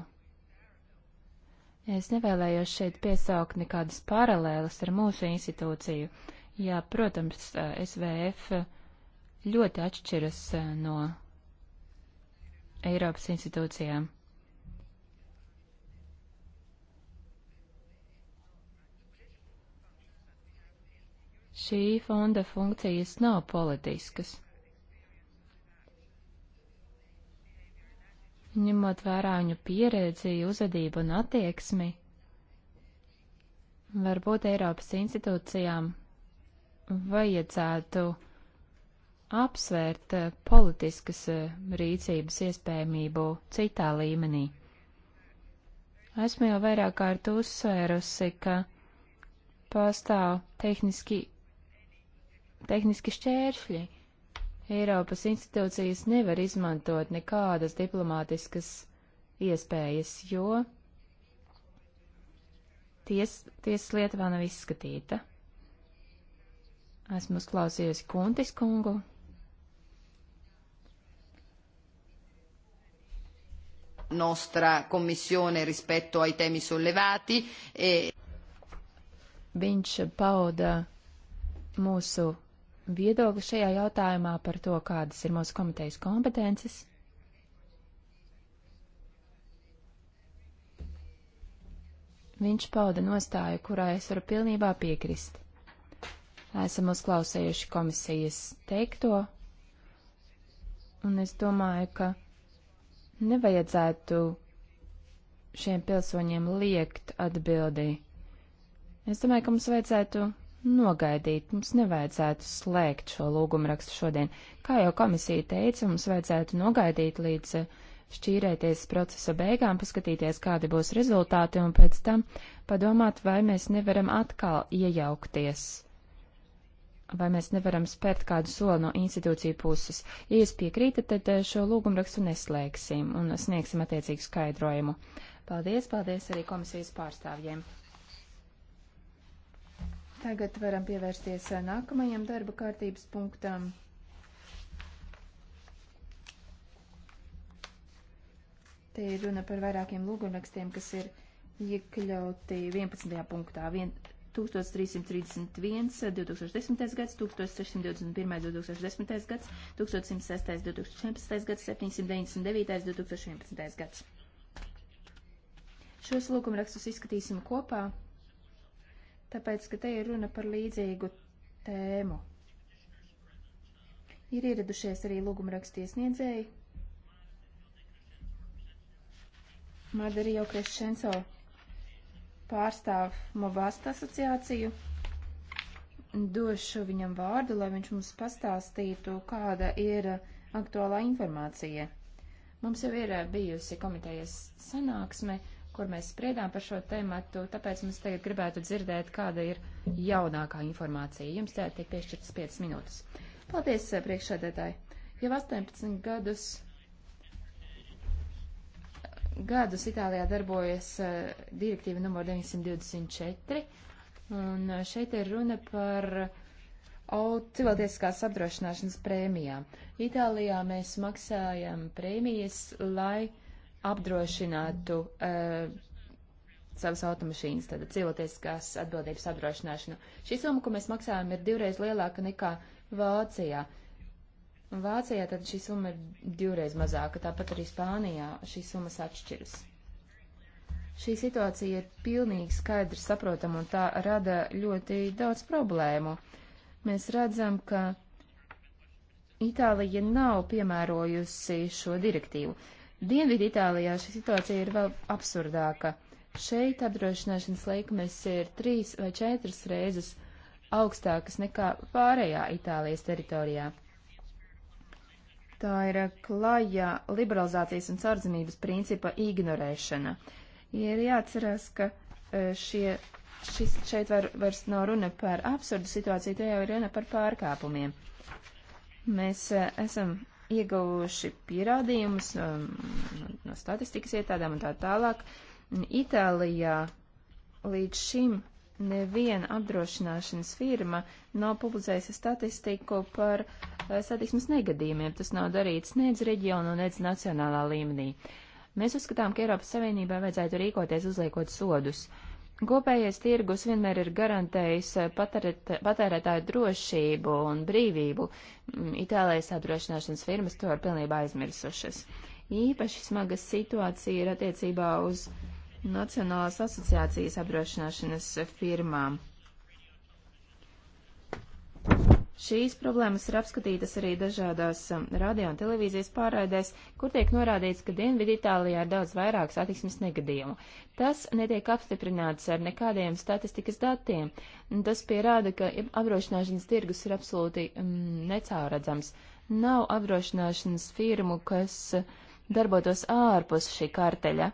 Es nevēlējos šeit piesaukt nekādas paralēlas ar mūsu institūciju. Jā, protams, uh, SVF ļoti atšķiras no Eiropas institūcijām. Šī fonda funkcijas nav politiskas. Ņemot vērā viņu pieredzi, uzvedību un attieksmi, varbūt Eiropas institūcijām vajadzētu apsvērt eh, politiskas eh, rīcības iespējamību citā līmenī. Esmu jau vairāk kārt uzsvērusi, ka pastāv tehniski tehniski šķēršļi. Eiropas institūcijas nevar izmantot nekādas diplomātiskas iespējas, jo ties, tiesas lieta vēl nav izskatīta. Esmu uzklausījusi Kuntis kungu. nostra commissione rispetto ai temi sollevati e viņš pauda mūsu viedokli šajā jautājumā par to, kādas ir mūsu komitejas kompetences. Viņš pauda nostāju, kurā es varu pilnībā piekrist. Esam uzklausējuši komisijas teikto, un es domāju, ka nevajadzētu šiem pilsoņiem liekt atbildi. Es domāju, ka mums vajadzētu nogaidīt. Mums nevajadzētu slēgt šo lūgumrakstu šodien. Kā jau komisija teica, mums vajadzētu nogaidīt līdz eh, šķīrēties procesa beigām, paskatīties, kādi būs rezultāti, un pēc tam padomāt, vai mēs nevaram atkal iejaukties. Vai mēs nevaram spērt kādu soli no institūciju puses. Ja jūs piekrītat, tad eh, šo lūgumrakstu neslēgsim un sniegsim attiecīgu skaidrojumu. Paldies, paldies arī komisijas pārstāvjiem. Tagad varam pievērsties nākamajam darba kārtības punktam. Te ir runa par vairākiem lūgumrakstiem, kas ir iekļauti 11. punktā. 1331, 2010. gads, 1621, 2010. gads, 1106, 2014. gads, 799, 2011. gads. Šos lūgumrakstus izskatīsim kopā tāpēc, ka te ir runa par līdzīgu tēmu. Ir ieradušies arī lūgumrakstiesniedzēji. Madarija Krešenso pārstāv Movasta asociāciju. Došu viņam vārdu, lai viņš mums pastāstītu, kāda ir aktuālā informācija. Mums jau ir bijusi komitejas sanāksme, kur mēs spriedām par šo tēmatu, tāpēc mēs tagad gribētu dzirdēt, kāda ir jaunākā informācija. Jums tā tiek piešķirtas 5 minūtes. Paldies, eh, priekšsēdētāji. Jau 18 gadus, gadus Itālijā darbojas eh, direktīva numur 924, un eh, šeit ir runa par civiltiesiskās apdrošināšanas prēmijām. Itālijā mēs maksājam prēmijas, lai apdrošinātu uh, savas automašīnas, tātad cilvēciskās atbildības apdrošināšanu. Šī summa, ko mēs maksājam, ir divreiz lielāka nekā Vācijā. Vācijā tad šī summa ir divreiz mazāka, tāpat arī Spānijā šīs summas atšķiras. Šī situācija ir pilnīgi skaidri saprotama un tā rada ļoti daudz problēmu. Mēs redzam, ka Itālija nav piemērojusi šo direktīvu. Dienvidu Itālijā šī situācija ir vēl absurdāka. Šeit apdrošināšanas likmes ir trīs vai četras reizes augstākas nekā pārējā Itālijas teritorijā. Tā ir klajā liberalizācijas un sardzinības principa ignorēšana. Ir jāatcerās, ka e, šie, šis, šeit var, vairs nav no runa par absurdu situāciju, te jau ir runa par pārkāpumiem. Mēs e, esam ieguvuši pierādījumus um, no statistikas ietādām un tā tālāk. Itālijā līdz šim neviena apdrošināšanas firma nav publicējusi statistiku par uh, satiksmes negadījumiem. Tas nav darīts nec reģionu, nec nacionālā līmenī. Mēs uzskatām, ka Eiropas Savienībai vajadzētu rīkoties uzliekot sodus. Uh, Kopējais tirgus vienmēr ir garantējis eh, patērētāju drošību un brīvību. Mm, Itālijas apdrošināšanas firmas to ir pilnībā aizmirsušas. Īpaši smaga situācija ir attiecībā uz Nacionālās asociācijas apdrošināšanas firmām. Šīs problēmas ir apskatītas arī dažādās um, radio un televīzijas pārraidēs, kur tiek norādīts, ka Dienvidu Itālijā ir daudz vairāk satiksmes negadījumu. Tas netiek apstiprināts ar nekādiem statistikas datiem. Tas pierāda, ka apdrošināšanas tirgus ir absolūti mm, necauradzams. Nav apdrošināšanas firmu, kas uh, darbotos ārpus šī karteļa.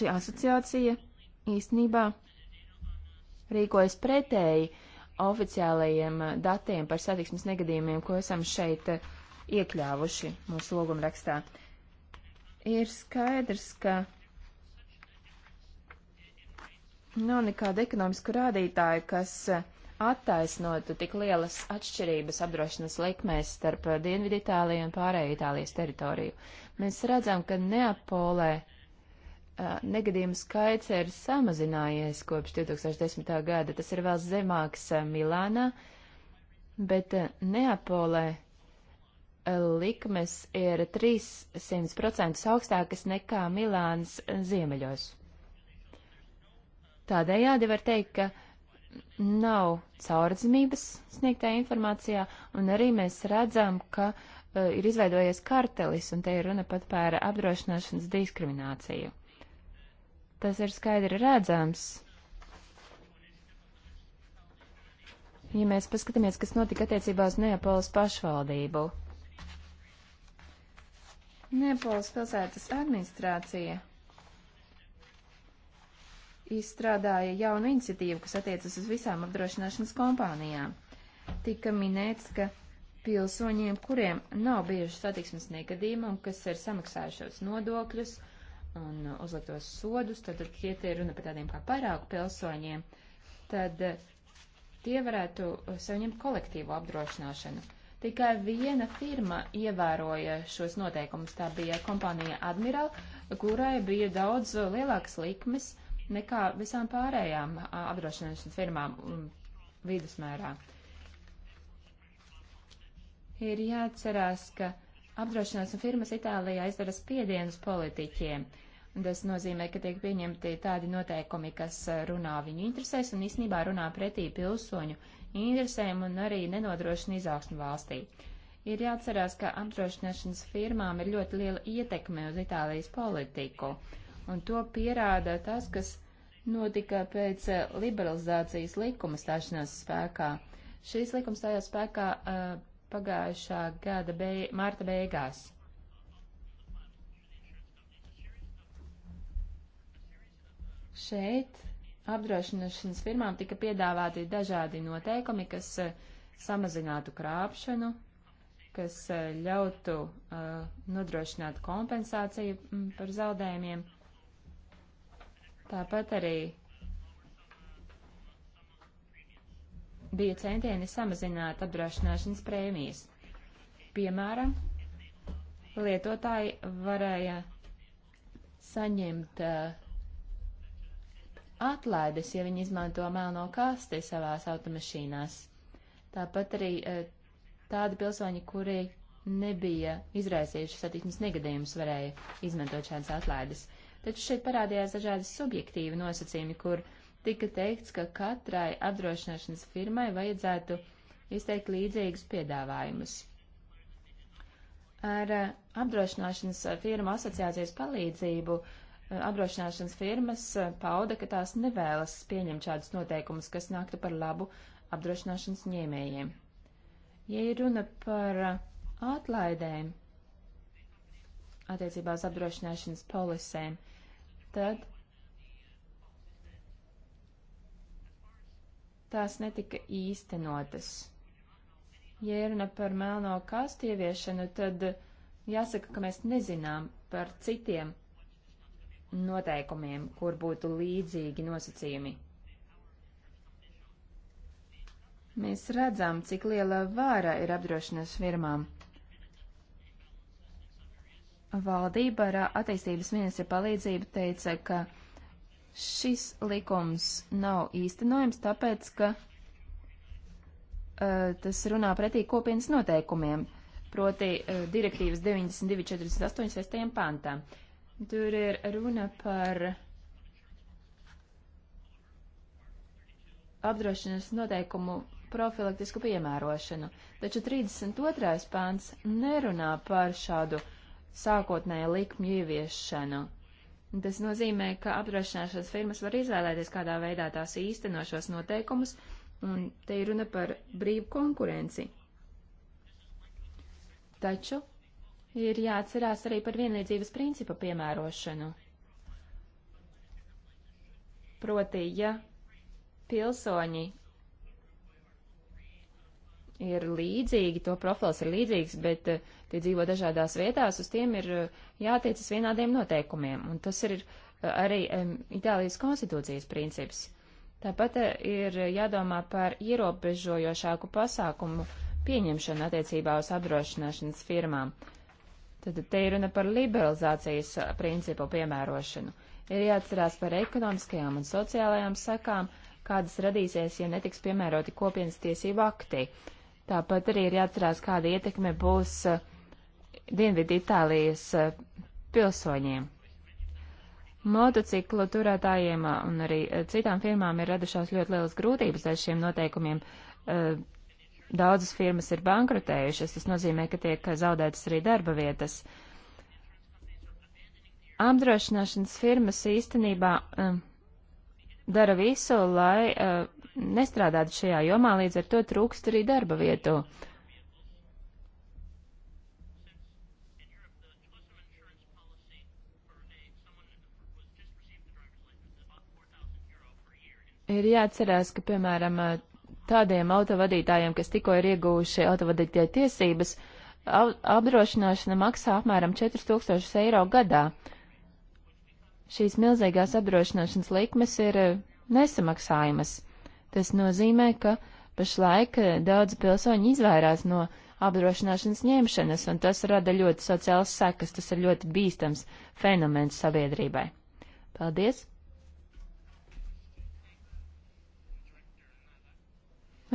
Šī asociācija īstenībā rīkojas pretēji oficiālajiem eh, datiem par satiksmes negadījumiem, ko esam šeit eh, iekļāvuši mūsu logumrakstā. Ir skaidrs, ka nav nekāda ekonomiska rādītāja, kas eh, attaisnotu tik lielas atšķirības apdrošinas likmēs starp Dienvidu Itāliju un pārēju Itālijas teritoriju. Mēs redzam, ka Neapolē negadījumu skaits ir samazinājies kopš 2010. gada. Tas ir vēl zemāks Milānā, bet Neapolē likmes ir 300% augstākas nekā Milānas ziemeļos. Tādējādi var teikt, ka nav caurdzimības sniegtā informācijā, un arī mēs redzam, ka uh, ir izveidojies kartelis, un te ir runa pat par apdrošināšanas diskrimināciju. Tas ir skaidri redzams. Ja mēs paskatāmies, kas notika attiecībā uz Neapoles pašvaldību. Neapoles pilsētas administrācija izstrādāja jaunu iniciatīvu, kas attiecas uz visām apdrošināšanas kompānijām. Tika minēts, ka pilsoņiem, kuriem nav bijuši satiksmes negadījumi un kas ir samaksājušos nodokļus, uh, un uzliktos sodus, tad, ja tie runa par tādiem kā parāku pilsoņiem, tad eh, tie varētu saņemt kolektīvu apdrošināšanu. Tikai viena firma ievēroja šos noteikumus. Tā bija kompānija Admiral, kurai bija daudz lielākas likmes nekā visām pārējām apdrošināšanas firmām mm, vidusmērā. Ir jāatcerās, ka apdrošināšanas firmas Itālijā izdara spiedienus politiķiem. Tas nozīmē, ka tiek pieņemti tādi noteikumi, kas eh, runā viņu interesēs un īstenībā runā pretī pilsoņu interesēm un arī nenodrošina izaugsmu valstī. Ir jāatcerās, ka apdrošināšanas firmām ir ļoti liela ietekme uz Itālijas politiku, un to pierāda tas, kas notika pēc eh, liberalizācijas likuma stāšanās spēkā. Šīs likums stājās spēkā uh, pagājušā gada beig marta beigās. Šeit apdrošināšanas firmām tika piedāvāti dažādi noteikumi, kas eh, samazinātu krāpšanu, kas eh, ļautu uh, nodrošināt kompensāciju mm, par zaudējumiem. Tāpat arī bija centieni samazināt apdrošināšanas prēmijas. Piemēram, lietotāji varēja saņemt uh, atlaides, ja viņi izmanto melno kasti savās automašīnās. Tāpat arī uh, tādi pilsoņi, kuri nebija izraisījuši satiksmes negadījumus, varēja izmantot šādas atlaides. Taču šeit parādījās dažādas subjektīvi nosacījumi, kur uh, tika teikts, ka katrai apdrošināšanas firmai vajadzētu izteikt līdzīgus piedāvājumus. Ar eh, apdrošināšanas firmu asociācijas palīdzību eh, apdrošināšanas firmas eh, pauda, ka tās nevēlas pieņemt šādus noteikumus, kas nāktu par labu apdrošināšanas ņēmējiem. Ja ir runa par atlaidēm attiecībā uz apdrošināšanas polisēm, tad tās netika īstenotas. Ja runa par melno kastu ieviešanu, tad jāsaka, ka mēs nezinām par citiem noteikumiem, kur būtu līdzīgi nosacījumi. Mēs redzam, cik liela vāra ir apdrošināšanas firmām. Valdība ar attīstības ministra palīdzību teica, ka Šis likums nav īstenojams, tāpēc, ka uh, tas runā pretī kopienas noteikumiem, proti uh, direktīvas 92.48. 6. pantā. Tur ir runa par apdrošināšanas noteikumu profilaktisku piemērošanu, taču 32. pāns nerunā par šādu sākotnēju likmju ieviešanu. Tas nozīmē, ka apdrošināšanas firmas var izvēlēties, kādā veidā tās īsteno šos noteikumus, un te ir runa par brīvu konkurenci. Taču ir jāatcerās arī par vienlīdzības principu piemērošanu. Proti, ja pilsoņi ir līdzīgi, to profils ir līdzīgs, bet eh, tie dzīvo dažādās vietās, uz tiem ir eh, jātiecas vienādiem noteikumiem. Un tas ir eh, arī Itālijas konstitūcijas princips. Tāpat ir jādomā par ierobežojošāku pasākumu pieņemšanu attiecībā uz apdrošināšanas firmām. Tad te ir runa par liberalizācijas principu piemērošanu. Ir jāatcerās par ekonomiskajām un sociālajām sekām, kādas radīsies, ja netiks piemēroti kopienas tiesību akti. Uh, Tāpat arī ir jāatcerās, kāda ietekme būs eh, Dienvidu Itālijas eh, pilsoņiem. Motociklu turētājiem eh, un arī citām firmām ir radušās ļoti lielas grūtības ar šiem noteikumiem. Daudzas firmas ir bankrotējušas, tas nozīmē, ka tiek zaudētas arī darba vietas. Apdrošināšanas firmas īstenībā dara visu, lai nestrādāti šajā jomā, līdz ar to trūkst arī darba vietu. Ir jāatcerās, ka, piemēram, tādiem autovadītājiem, kas tikko ir iegūši autovadītāja tiesības, apdrošināšana maksā apmēram 4000 eiro gadā. Šīs milzīgās apdrošināšanas likmes ir nesamaksājamas. Tas nozīmē, ka pašlaik eh, daudz pilsoņu izvairās no apdrošināšanas ņemšanas, un tas rada ļoti sociāls sekas, tas ir ļoti bīstams fenomens sabiedrībai. Paldies!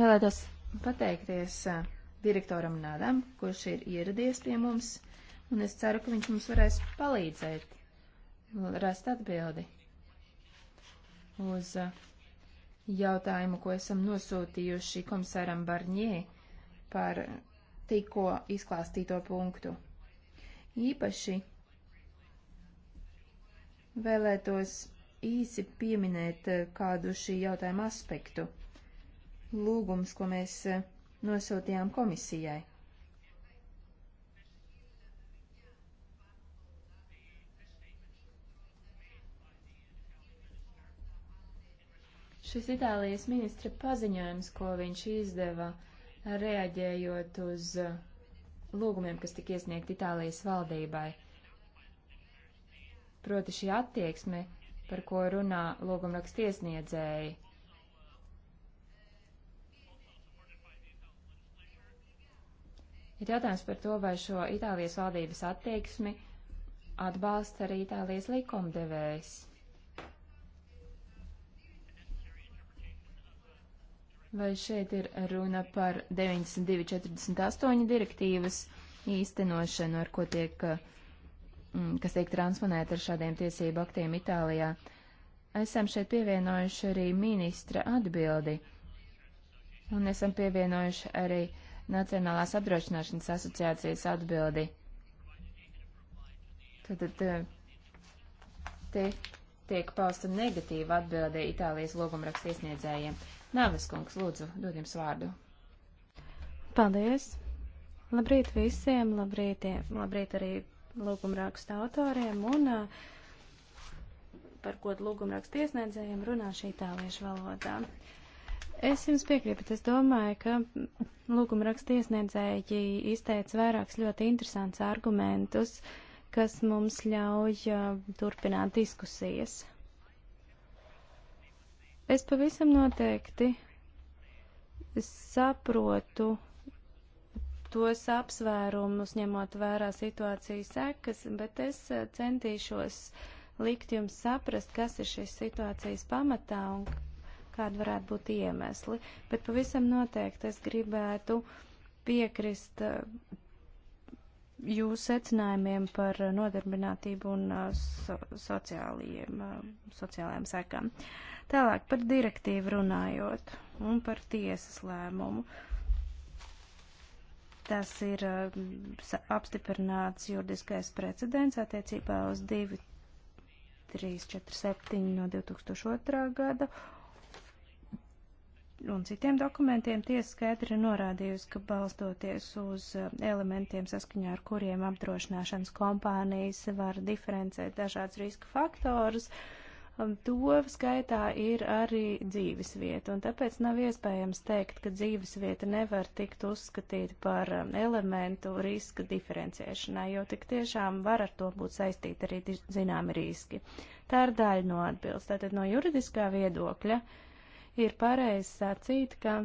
Vēlētos pateikties eh, direktoram Nādam, kurš ir ieradies pie mums, un es ceru, ka viņš mums varēs palīdzēt rast atbildi uz eh, jautājumu, ko esam nosūtījuši komisāram Barņē par tikko izklāstīto punktu. Īpaši vēlētos īsi pieminēt eh, kādu šī jautājuma aspektu. Lūgums, ko mēs eh, nosūtījām komisijai. Šis Itālijas ministra paziņojums, ko viņš izdeva, reaģējot uz uh, lūgumiem, kas tika iesniegt Itālijas valdībai. Proti šī attieksme, par ko runā lūgumraksta iesniedzēji. Ir jautājums par to, vai šo Itālijas valdības attieksmi atbalsta arī Itālijas likumdevējs. vai šeit ir runa par 92.48 direktīvas īstenošanu, ar ko tiek, mm, kas tiek transponēta ar šādiem tiesību aktiem Itālijā. Esam šeit pievienojuši arī ministra atbildi, un esam pievienojuši arī Nacionālās apdrošināšanas asociācijas atbildi. Tad, tad eh, te tiek pausta negatīva atbilde Itālijas logumraksta iesniedzējiem. Nāves kungs, lūdzu, dod jums vārdu. Paldies! Labrīt visiem, labrīt, labrīt arī lūgumrakstu autoriem un par ko lūgumrakstu iesniedzējiem runā šī tāliešu valodā. Es jums piekrītu, bet es domāju, ka lūgumrakstu iesniedzēji izteica vairākus ļoti interesants argumentus, kas mums ļauj turpināt diskusijas. Es pavisam noteikti saprotu tos apsvērumus, ņemot vērā situācijas sekas, bet es eh, centīšos likt jums saprast, kas ir šīs situācijas pamatā un kāda varētu būt iemesli. Bet pavisam noteikti es gribētu piekrist eh, jūsu secinājumiem par nodarbinātību un eh, so sociālajiem, sociālajām sekām. Uh, Tālāk par direktīvu runājot un par tiesas lēmumu. Tas ir eh, apstiprināts juridiskais precedents attiecībā uz 2, 3, 4, 7 no 2002. gada un citiem dokumentiem tiesa skaidri norādījusi, ka balstoties uz eh, elementiem saskaņā ar kuriem apdrošināšanas kompānijas var diferencēt dažādas riska faktorus, uh, Um, to skaitā ir arī dzīvesvieta, un tāpēc nav iespējams teikt, ka dzīvesvieta nevar tikt uzskatīta par um, elementu riska diferenciēšanai, jo tik tiešām var ar to būt saistīti arī zināmi riski. Tā ir daļa no atbildes. Tātad no juridiskā viedokļa ir pareizi sacīt, ka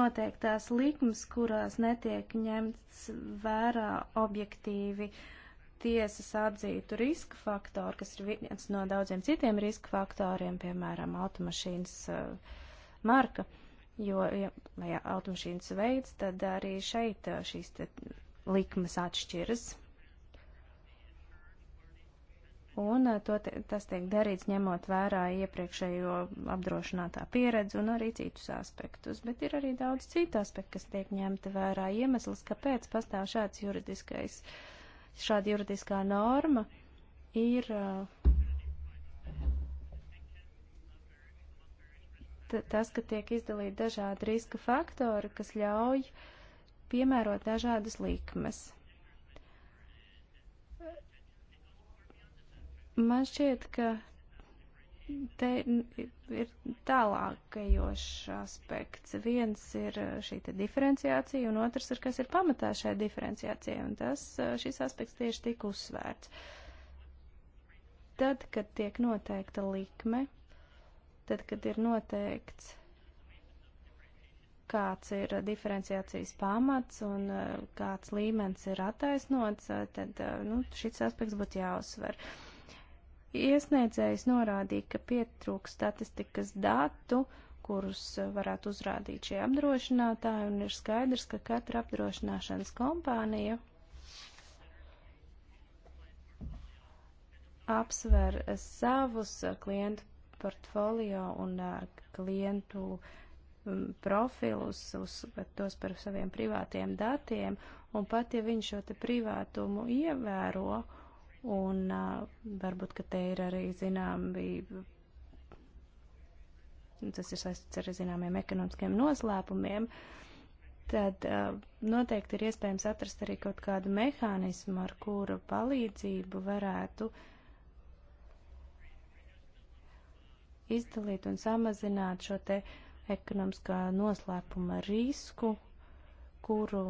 noteiktās likmes, kurās netiek ņemts vērā objektīvi uh, tiesas atzītu riska faktoru, kas ir viens no daudziem citiem riska faktoriem, piemēram, automašīnas uh, marka, jo, ja, vai ja, automašīnas veids, tad arī šeit eh, šīs te likmes atšķiras. Un eh, to, te, tas tiek darīts ņemot vērā iepriekšējo apdrošinātā pieredzi un arī citus aspektus, bet ir arī daudz citu aspektu, kas tiek ņemta vērā iemesls, kāpēc pastāv šāds juridiskais uh, šāda juridiskā norma ir uh, tas, ka tiek izdalīti dažādi riska faktori, kas ļauj piemērot dažādas likmes. Man šķiet, ka te ir tālākajošs aspekts. Viens ir šī te diferenciācija, un otrs ir, kas ir pamatā šai diferenciācijai, un tas, eh, šis aspekts tieši tika uzsvērts. Tad, kad tiek noteikta likme, tad, kad ir noteikts, kāds ir diferenciācijas pamats un eh, kāds līmenis ir attaisnots, eh, tad nu, šis aspekts būtu jāuzsver. Uh, Iesniedzējs norādīja, ka pietrūks statistikas datu, kurus varētu uzrādīt šie apdrošinātāji, un ir skaidrs, ka katra apdrošināšanas kompānija apsver savus klientu portfolio un klientu profilus, uzskat tos par saviem privātiem datiem, un pat ja viņš šo te privātumu ievēro, Un uh, varbūt, ka te ir arī zināmība, tas ir saistīts ar zināmiem ekonomiskiem noslēpumiem, tad uh, noteikti ir iespējams atrast arī kaut kādu mehānismu, ar kura palīdzību varētu izdalīt un samazināt šo te ekonomiskā noslēpuma risku, kuru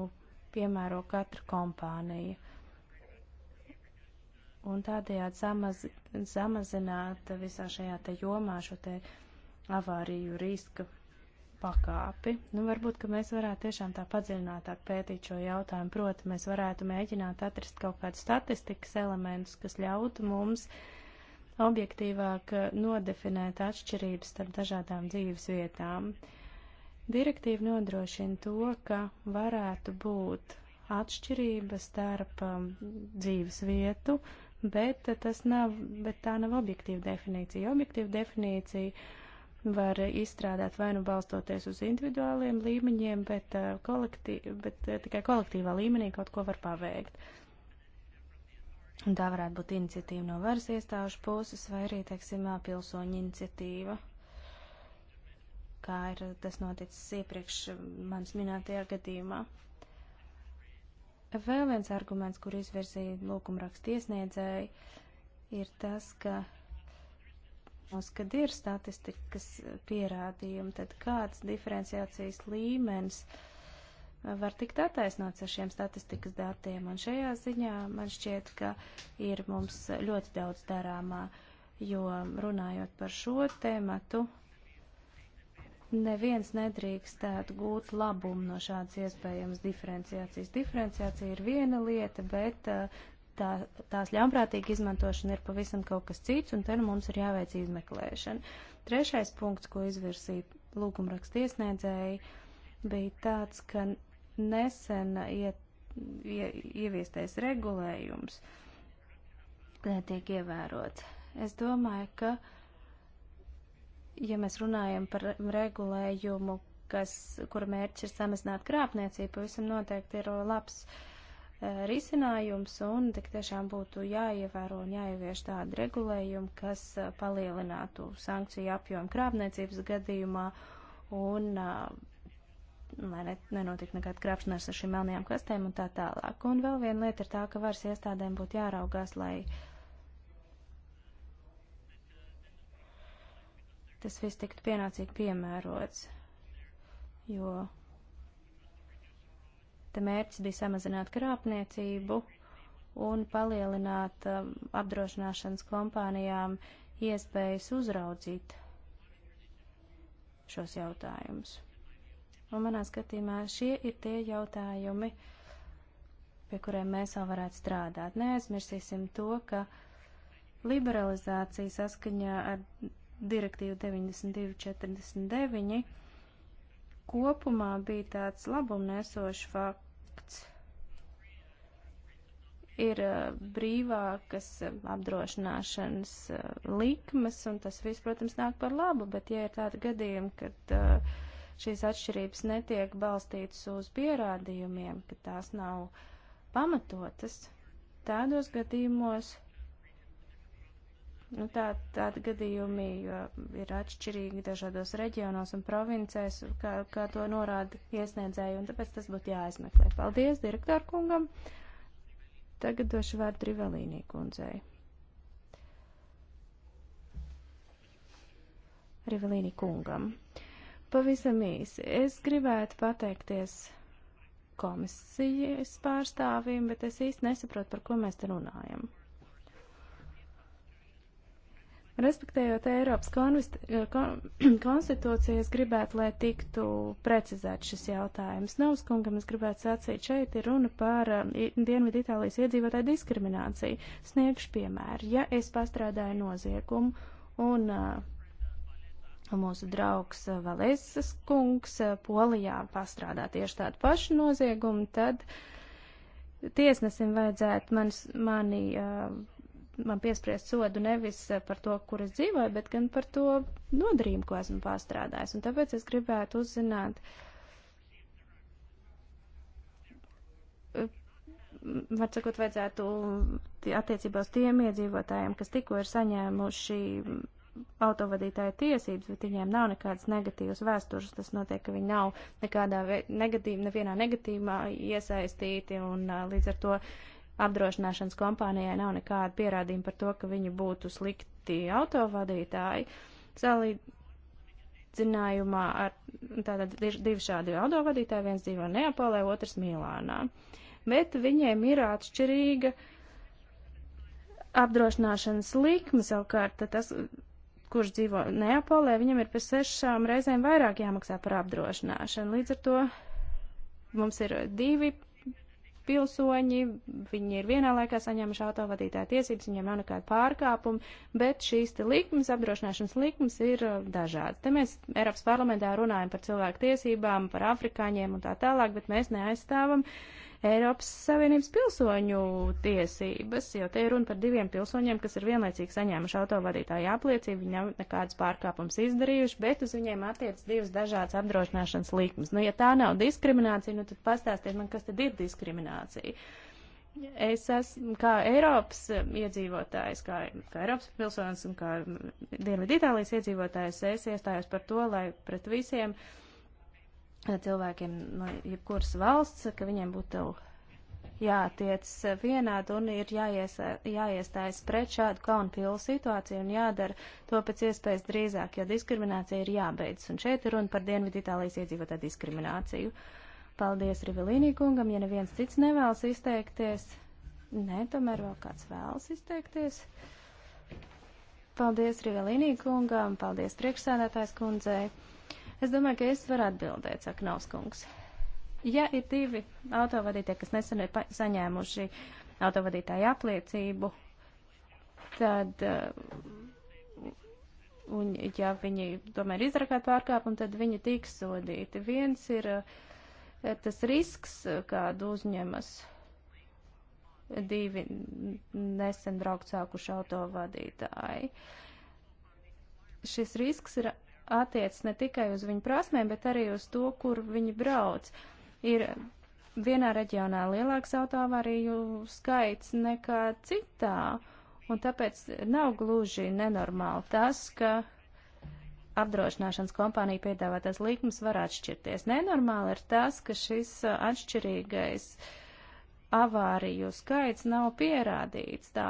piemēro katra kompānija un tādējādi samaz, samazināt visā šajā te jomā šo te avāriju riska pakāpi. Nu, varbūt, ka mēs varētu tiešām tā padziļinātāk pētīt šo jautājumu. Proti, mēs varētu mēģināt atrast kaut kādus statistikas elementus, kas ļautu mums objektīvāk nodefinēt atšķirības starp dažādām dzīves vietām. Direktīva nodrošina to, ka varētu būt atšķirība starp um, dzīves vietu uh, bet, tas nav, bet tā nav objektīva definīcija. Objektīva definīcija var izstrādāt vai nu balstoties uz individuāliem līmeņiem, bet, uh, kolektī, bet uh, tikai kolektīvā līmenī kaut ko var paveikt. Un tā varētu būt iniciatīva no varas iestāžu puses vai arī, teiksim, pilsoņu iniciatīva, kā ir tas noticis iepriekš uh, manis minētajā gadījumā. Vēl viens arguments, kur izvirzīja lūgumraksta iesniedzēji, ir tas, ka mums, kad ir statistikas pierādījumi, tad kāds diferenciācijas līmenis var tikt attaisnots ar šiem statistikas datiem. Un šajā ziņā man šķiet, ka ir mums ļoti daudz darāmā, jo runājot par šo tēmatu, neviens nedrīkstētu gūt labumu no šādas iespējamas diferenciācijas. Diferenciācija ir viena lieta, bet eh, tā, tās ļaunprātīga izmantošana ir pavisam kaut kas cits, un te nu mums ir jāveic izmeklēšana. Trešais punkts, ko izvirsīja lūgumraksta iesniedzēji, bija tāds, ka nesen iet, ie, ieviestais regulējums netiek eh, ievērots. Es domāju, ka uh, ja mēs runājam par regulējumu, kas, kura mērķis ir samazināt krāpniecību, pavisam noteikti ir labs uh, risinājums un tik tiešām būtu jāievēro un jāievieš tādi regulējumi, kas uh, palielinātu sankciju apjomu krāpniecības gadījumā un uh, lai ne, nenotika nekāda krāpšanās ar šīm melnajām kastēm un tā tālāk. Un vēl viena lieta ir tā, ka varas iestādēm būtu jāraugās, lai uh, tas viss tiktu pienācīgi piemērots, jo te mērķis bija samazināt krāpniecību un palielināt um, apdrošināšanas kompānijām iespējas uzraudzīt šos jautājumus. Un manā skatījumā šie ir tie jautājumi, pie kuriem mēs vēl varētu strādāt. Neaizmirsīsim to, ka liberalizācija saskaņā ar direktīvu 9249 kopumā bija tāds labumnesošs fakts. Ir uh, brīvākas uh, apdrošināšanas uh, likmes, un tas viss, protams, nāk par labu, bet ja ir tāda gadījuma, kad šīs atšķirības netiek balstītas uz pierādījumiem, ka tās nav pamatotas, tādos gadījumos Nu, tā, tādi gadījumi ir atšķirīgi dažādos reģionos un provincēs, kā, kā to norāda iesniedzēji, un tāpēc tas būtu jāizmeklē. Paldies direktoru kungam. Tagad došu vārdu Rivelīnī kundzei. Rivelīnī kungam. Pavisam īsi. Es gribētu pateikties komisijas pārstāvim, bet es īsti nesaprotu, par ko mēs te runājam. Respektējot Eiropas eh, kon konstitūciju, es gribētu, lai tiktu precizēts šis jautājums. Nav skungam, es gribētu sacīt, šeit ir runa par eh, Dienvidu Itālijas iedzīvotāju diskrimināciju. Sniegšu piemēru. Ja es pastrādāju noziegumu un uh, mūsu draugs Valēsas kungs Polijā pastrādā tieši tādu pašu noziegumu, tad tiesnesim vajadzētu manis, mani. Uh, man piespriest sodu nevis par to, kur es dzīvoju, bet gan par to nodarījumu, ko esmu pārstrādājis. Un tāpēc es gribētu uzzināt, var sakot, vajadzētu attiecībā uz tiem iedzīvotājiem, kas tikko ir saņēmuši autovadītāja tiesības, bet viņiem nav nekādas negatīvas vēstures. Tas notiek, ka viņi nav nekādā negatīvā, nevienā negatīvā iesaistīti un līdz ar to apdrošināšanas kompānijai nav nekāda pierādījuma par to, ka viņi būtu slikti autovadītāji. Salīdzinājumā ar tātad divi šādi autovadītāji, viens dzīvo Neapolē, otrs Milānā. Bet viņiem ir atšķirīga apdrošināšanas likme savukārt, tas, kurš dzīvo Neapolē, viņam ir pēc sešām reizēm vairāk jāmaksā par apdrošināšanu. Līdz ar to mums ir divi pilsoņi, viņi ir vienā laikā saņēmuši autovadītāja tiesības, viņiem nav nekāda pārkāpuma, bet šīs te likmes, apdrošināšanas likmes ir uh, dažādas. Te mēs Eiropas parlamentā runājam par cilvēku tiesībām, par afrikāņiem un tā tālāk, bet mēs neaizstāvam uh, Eiropas Savienības pilsoņu tiesības, jo te ir runa par diviem pilsoņiem, kas ir vienlaicīgi saņēmuši autovadītāju apliecību, viņi nav nekādas pārkāpums izdarījuši, bet uz viņiem attiec divas dažādas apdrošināšanas likmes. Nu, ja tā nav diskriminācija, nu tad pastāstiet man, kas tad ir diskriminācija. Es esmu kā Eiropas iedzīvotājs, kā, kā Eiropas pilsonis un kā Dienvidu Itālijas iedzīvotājs, es iestājos par to, lai pret visiem uh, cilvēkiem no jebkuras valsts, ka viņiem būtu jātiec vienādi un ir jāies, jāiestājas pret šādu kaunpilnu situāciju un jādara to pēc iespējas drīzāk, jo diskriminācija ir jābeidz. Un šeit ir runa par Dienvidu Itālijas iedzīvotāju diskrimināciju. Paldies Rivelīnī kungam, ja neviens cits nevēlas izteikties. Nē, tomēr vēl kāds vēlas izteikties. Paldies Rivelīnī kungam, paldies priekšsēdētājs kundzei. Es domāju, ka es varu atbildēt, saka Nauskungs. Ja ir divi autovadītāji, kas nesen ir saņēmuši autovadītāju apliecību, tad, uh, un ja viņi tomēr izrakāt pārkāpumu, tad viņi tiks sodīti. Viens ir uh, tas risks, kādu uzņemas divi nesen braukt sākuši autovadītāji. Šis risks ir attiec ne tikai uz viņu prasmēm, bet arī uz to, kur viņi brauc. Ir vienā reģionā lielāks autoavāriju skaits nekā citā, un tāpēc nav gluži nenormāli tas, ka apdrošināšanas kompānija piedāvātais likums var atšķirties. Nenormāli ir tas, ka šis atšķirīgais avāriju skaits nav pierādīts, tā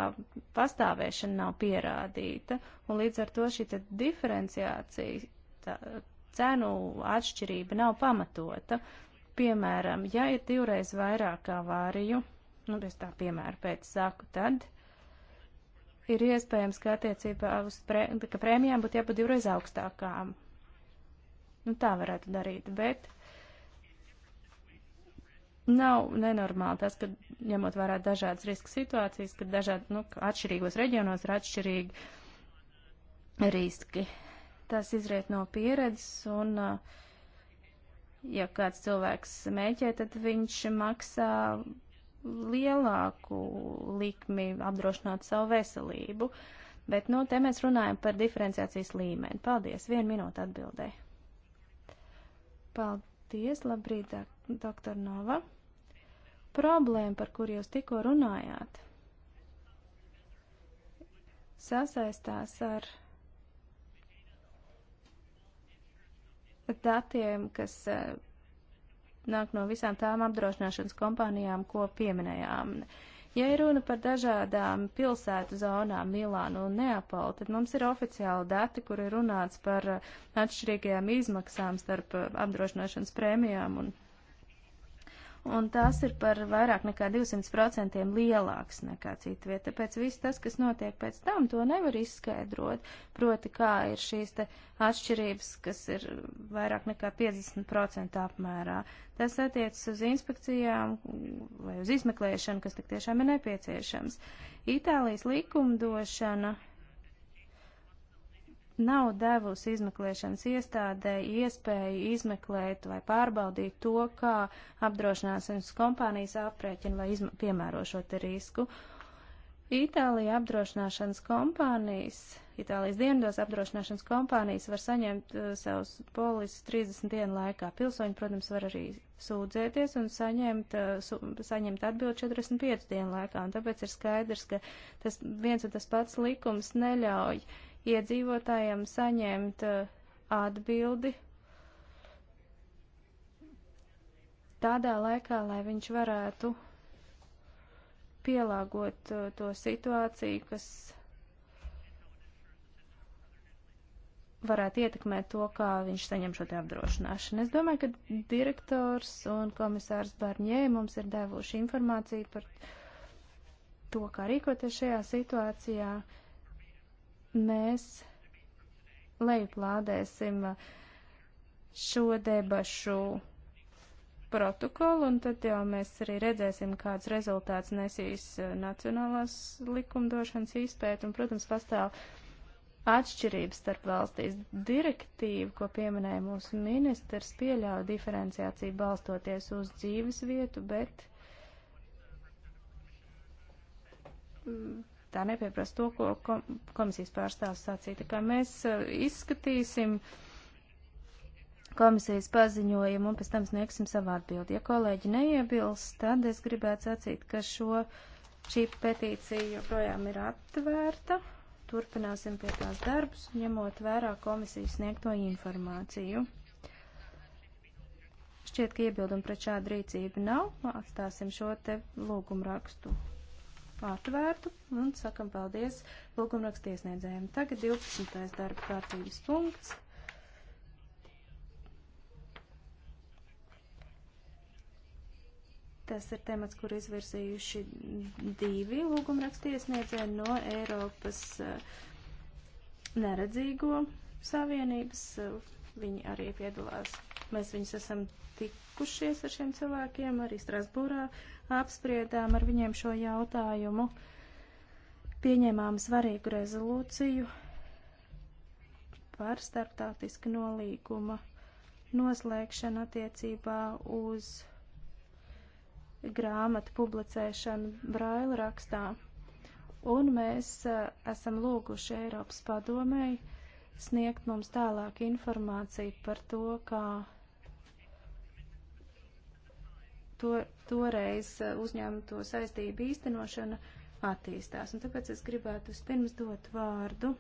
pastāvēšana nav pierādīta, un līdz ar to šī diferenciācija tā, cenu atšķirība nav pamatota. Piemēram, ja ir divreiz vairāk avāriju, nu, es tā piemēru pēc saku, tad ir iespējams, ka attiecībā uz pre, ka prēmijām būtu jābūt divreiz augstākām. Nu, tā varētu darīt, bet nav nenormāli tas, ka ņemot vērā dažādas riska situācijas, ka dažādi, nu, atšķirīgos reģionos ir atšķirīgi riski tas izriet no pieredzes, un uh, ja kāds cilvēks mēķē, tad viņš maksā lielāku likmi apdrošināt savu veselību. Bet, nu, te mēs runājam par diferenciācijas līmeni. Paldies, vienu minūtu atbildēji. Paldies, labrīt, doktor Nova. Problēma, par kur jūs tikko runājāt, sasaistās ar datiem, kas e, nāk no visām tām apdrošināšanas kompānijām, ko pieminējām. Ja ir runa par dažādām pilsētu zonām, Milānu un Neapolu, tad mums ir oficiāli dati, kur ir runāts par e, atšķirīgajām izmaksām starp e, apdrošināšanas prēmijām un un tās ir par vairāk nekā 200% lielāks nekā cita vieta. Tāpēc viss tas, kas notiek pēc tam, to nevar izskaidrot, proti kā ir šīs te atšķirības, kas ir vairāk nekā 50% apmērā. Tas attiecas uz inspekcijām vai uz izmeklēšanu, kas tik tiešām ir nepieciešams. Itālijas likumdošana nav devusi izmeklēšanas iestādē iespēju izmeklēt vai pārbaudīt to, kā apdrošināšanas kompānijas aprēķina vai piemēro šo te risku. Itālija apdrošināšanas kompānijas, Itālijas dienvidos apdrošināšanas kompānijas var saņemt uh, savus polises 30 dienu laikā. Pilsoņi, protams, var arī sūdzēties un saņemt, uh, su, saņemt atbildi 45 dienu laikā. Un tāpēc ir skaidrs, ka tas viens un tas pats likums neļauj uh, iedzīvotājiem saņemt eh, atbildi tādā laikā, lai viņš varētu pielāgot eh, to situāciju, kas varētu ietekmēt to, kā viņš saņem šo te apdrošināšanu. Es domāju, ka direktors un komisārs Barņē mums ir devuši informāciju par to, kā rīkoties šajā situācijā. Uh, mēs lejuplādēsim šo debašu protokolu, un tad jau mēs arī redzēsim, kāds rezultāts nesīs eh, nacionālās likumdošanas izpēta, un, protams, pastāv atšķirības starp valstīs. Direktīva, ko pieminēja mūsu ministrs, pieļauj diferenciāciju balstoties uz dzīves vietu, bet mm, tā nepieprasa to, ko komisijas pārstāvs sacīja. Tā kā mēs uh, izskatīsim komisijas paziņojumu un pēc tam sniegsim savu atbildi. Ja kolēģi neiebilst, tad es gribētu sacīt, ka šo, šī petīcija joprojām ir atvērta. Turpināsim pie tās darbus, ņemot vērā komisijas sniegto informāciju. Šķiet, ka iebildumi pret šādu rīcību nav. Atstāsim šo te lūgumu rakstu atvērtu un sakam paldies lūgumrakstu iesniedzējiem. Tagad 12. darba kārtības punkts. Tas ir temats, kur izvirzījuši divi lūgumrakstu iesniedzēji no Eiropas eh, neredzīgo savienības. Eh, viņi arī piedalās. Mēs viņus esam tikušies ar šiem cilvēkiem arī Strasbūrā apspriedām ar viņiem šo jautājumu, pieņēmām svarīgu rezolūciju par starptautiska nolīguma noslēgšanu attiecībā uz grāmatu publicēšanu braila rakstā. Un mēs uh, esam lūguši Eiropas padomēji sniegt mums tālāk informāciju par to, kā to, toreiz eh, uzņēmto saistību īstenošana attīstās. Un tāpēc es gribētu vispirms dot vārdu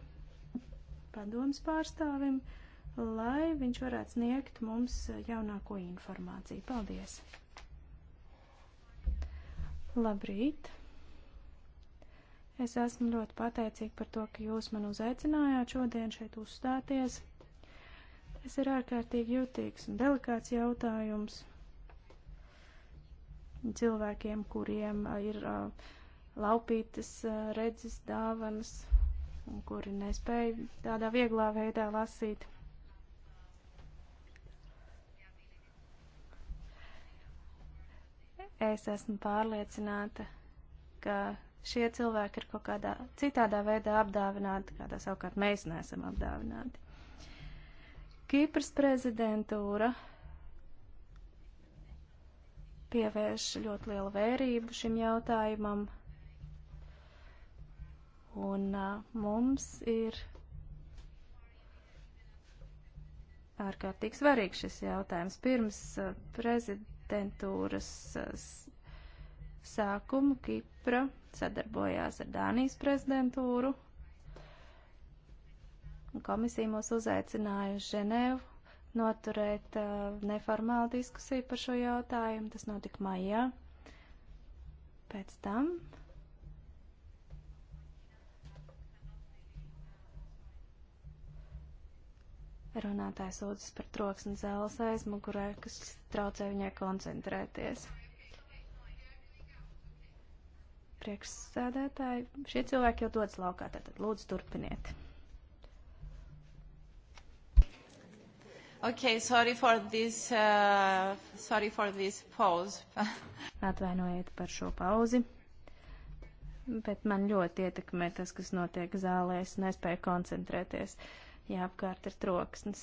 padomas pārstāvim, lai viņš varētu sniegt mums eh, jaunāko informāciju. Paldies! Labrīt! Es esmu ļoti pateicīga par to, ka jūs man uzaicinājāt šodien šeit uzstāties. Tas ir ārkārtīgi jūtīgs un delikāts jautājums cilvēkiem, kuriem ir laupītas redzes dāvanas un kuri nespēja tādā vieglā veidā lasīt. Es esmu pārliecināta, ka šie cilvēki ir kaut kādā citādā veidā apdāvināti, kādā savukārt mēs neesam apdāvināti. Kīpras prezidentūra pievērš ļoti lielu vērību šim jautājumam. Un uh, mums ir ārkārtīgi svarīgs šis jautājums. Pirms uh, prezidentūras uh, sākumu Kipra sadarbojās ar Dānijas prezidentūru. Komisija mūs uzaicināja uz Ženēvu noturēt uh, neformālu diskusiju par šo jautājumu. Tas notika maijā. Pēc tam runātājs sūdzas par troksni zāles aizmugurē, kas traucē viņai koncentrēties. Priekšsēdētāji, šie cilvēki jau dodas laukā, tātad lūdzu turpiniet. Okay, sorry for this, uh, sorry for this pause. Atvainojiet par šo pauzi, bet man ļoti ietekmē tas, kas notiek zālē, es nespēju koncentrēties, ja apkārt ir troksnis.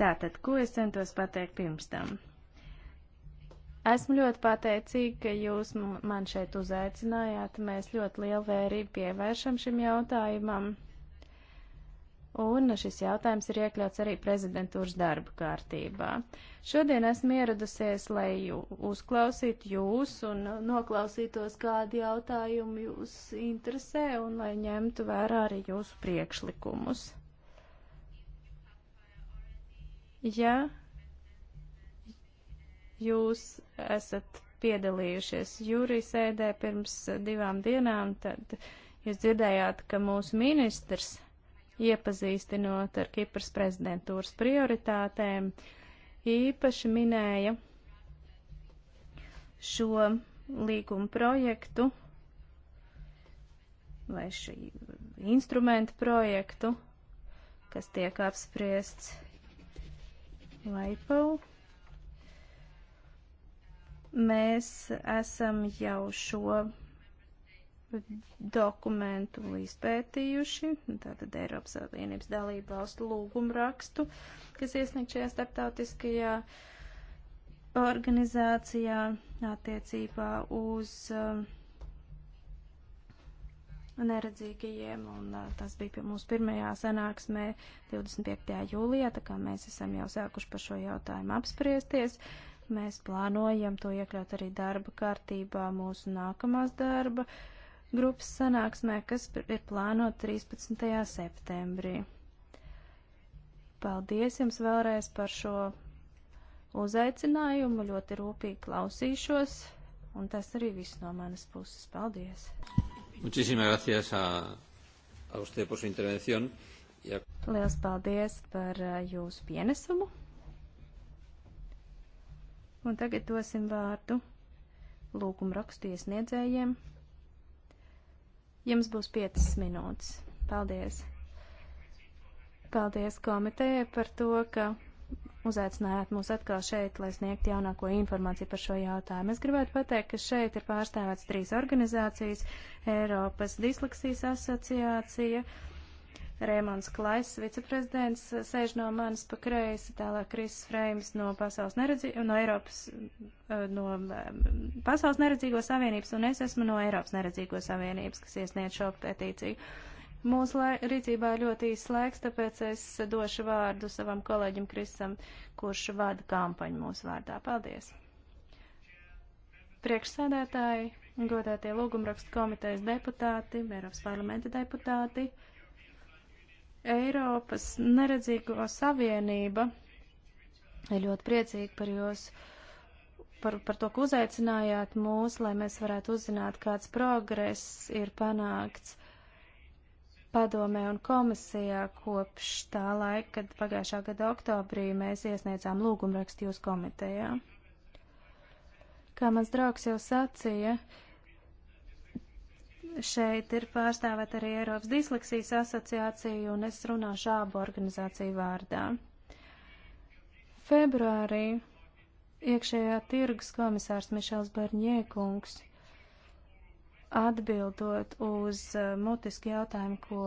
Tātad, ko es centos pateikt pirms tam? Esmu ļoti pateicīga, ka jūs man šeit uzaicinājāt. Mēs ļoti lielu vērību pievēršam šim jautājumam. Un šis jautājums ir iekļauts arī prezidentūras darba kārtībā. Šodien esmu ieradusies, lai jū, uzklausītu jūs un noklausītos, kādi jautājumi jūs interesē un lai ņemtu vērā arī jūsu priekšlikumus. Ja jūs esat piedalījušies jūrī sēdē pirms divām dienām, tad jūs dzirdējāt, ka mūsu ministrs iepazīstinot ar Kipras prezidentūras prioritātēm, īpaši minēja šo līguma projektu vai šī instrumenta projektu, kas tiek apspriests Laipau. Mēs esam jau šo dokumentu izpētījuši, tātad Eiropas Savienības dalību valstu lūgumu rakstu, kas iesniegt šajā starptautiskajā organizācijā attiecībā uz uh, neredzīgajiem, un uh, tas bija pie mūsu pirmajā sanāksmē 25. jūlijā, tā kā mēs esam jau sākuši par šo jautājumu apspriesties. Uh, Mēs plānojam to iekļaut arī darba kārtībā mūsu nākamās darba grupas sanāksmē, kas ir plānota 13. septembrī. Paldies jums vēlreiz par šo uzaicinājumu, ļoti rūpīgi klausīšos, un tas arī viss no manas puses. Paldies! Muchísimas gracias a, a usted por su intervención. Ja. Liels paldies par uh, jūsu pienesumu! Un tagad dosim vārdu lūgumu rakstu iesniedzējiem. Jums būs 5 minūtes. Paldies! Paldies komitejai par to, ka uzaicinājāt mūs atkal šeit, lai sniegtu jaunāko informāciju par šo jautājumu. Es gribētu pateikt, ka šeit ir pārstāvēts trīs organizācijas - Eiropas disleksijas asociācija, uh, Rēmons Klaiss, viceprezidents, sēž no manis pa kreisi, tālāk Kris Freims no, pasaules neredzi, no, Eiropas, eh, no eh, Pasaules neredzīgo savienības, un es esmu no Eiropas neredzīgo savienības, kas iesniedz šo petīciju. Mūsu lai, rīcībā ir ļoti īsts laiks, tāpēc es došu vārdu savam kolēģim Krisam, kurš vada kampaņu mūsu vārdā. Paldies! Priekšsēdētāji, godātie lūgumrakstu komitejas deputāti, Eiropas parlamenta deputāti, Eiropas neredzīgo savienība ir ļoti priecīga par jūs, par, par to, ka uzaicinājāt mūs, lai mēs varētu uzzināt, kāds progress ir panākts padomē un komisijā kopš tā laika, kad pagājušā gada oktobrī mēs iesniedzām lūgumrakstu jūs komitejā. Kā mans draugs jau sacīja, uh, Šeit ir pārstāvēt arī Eiropas disleksijas asociācija, un es runāšu abu organizāciju vārdā. Februārī iekšējā tirgus komisārs Mišels Barņiekungs atbildot uz eh, mutisku jautājumu, ko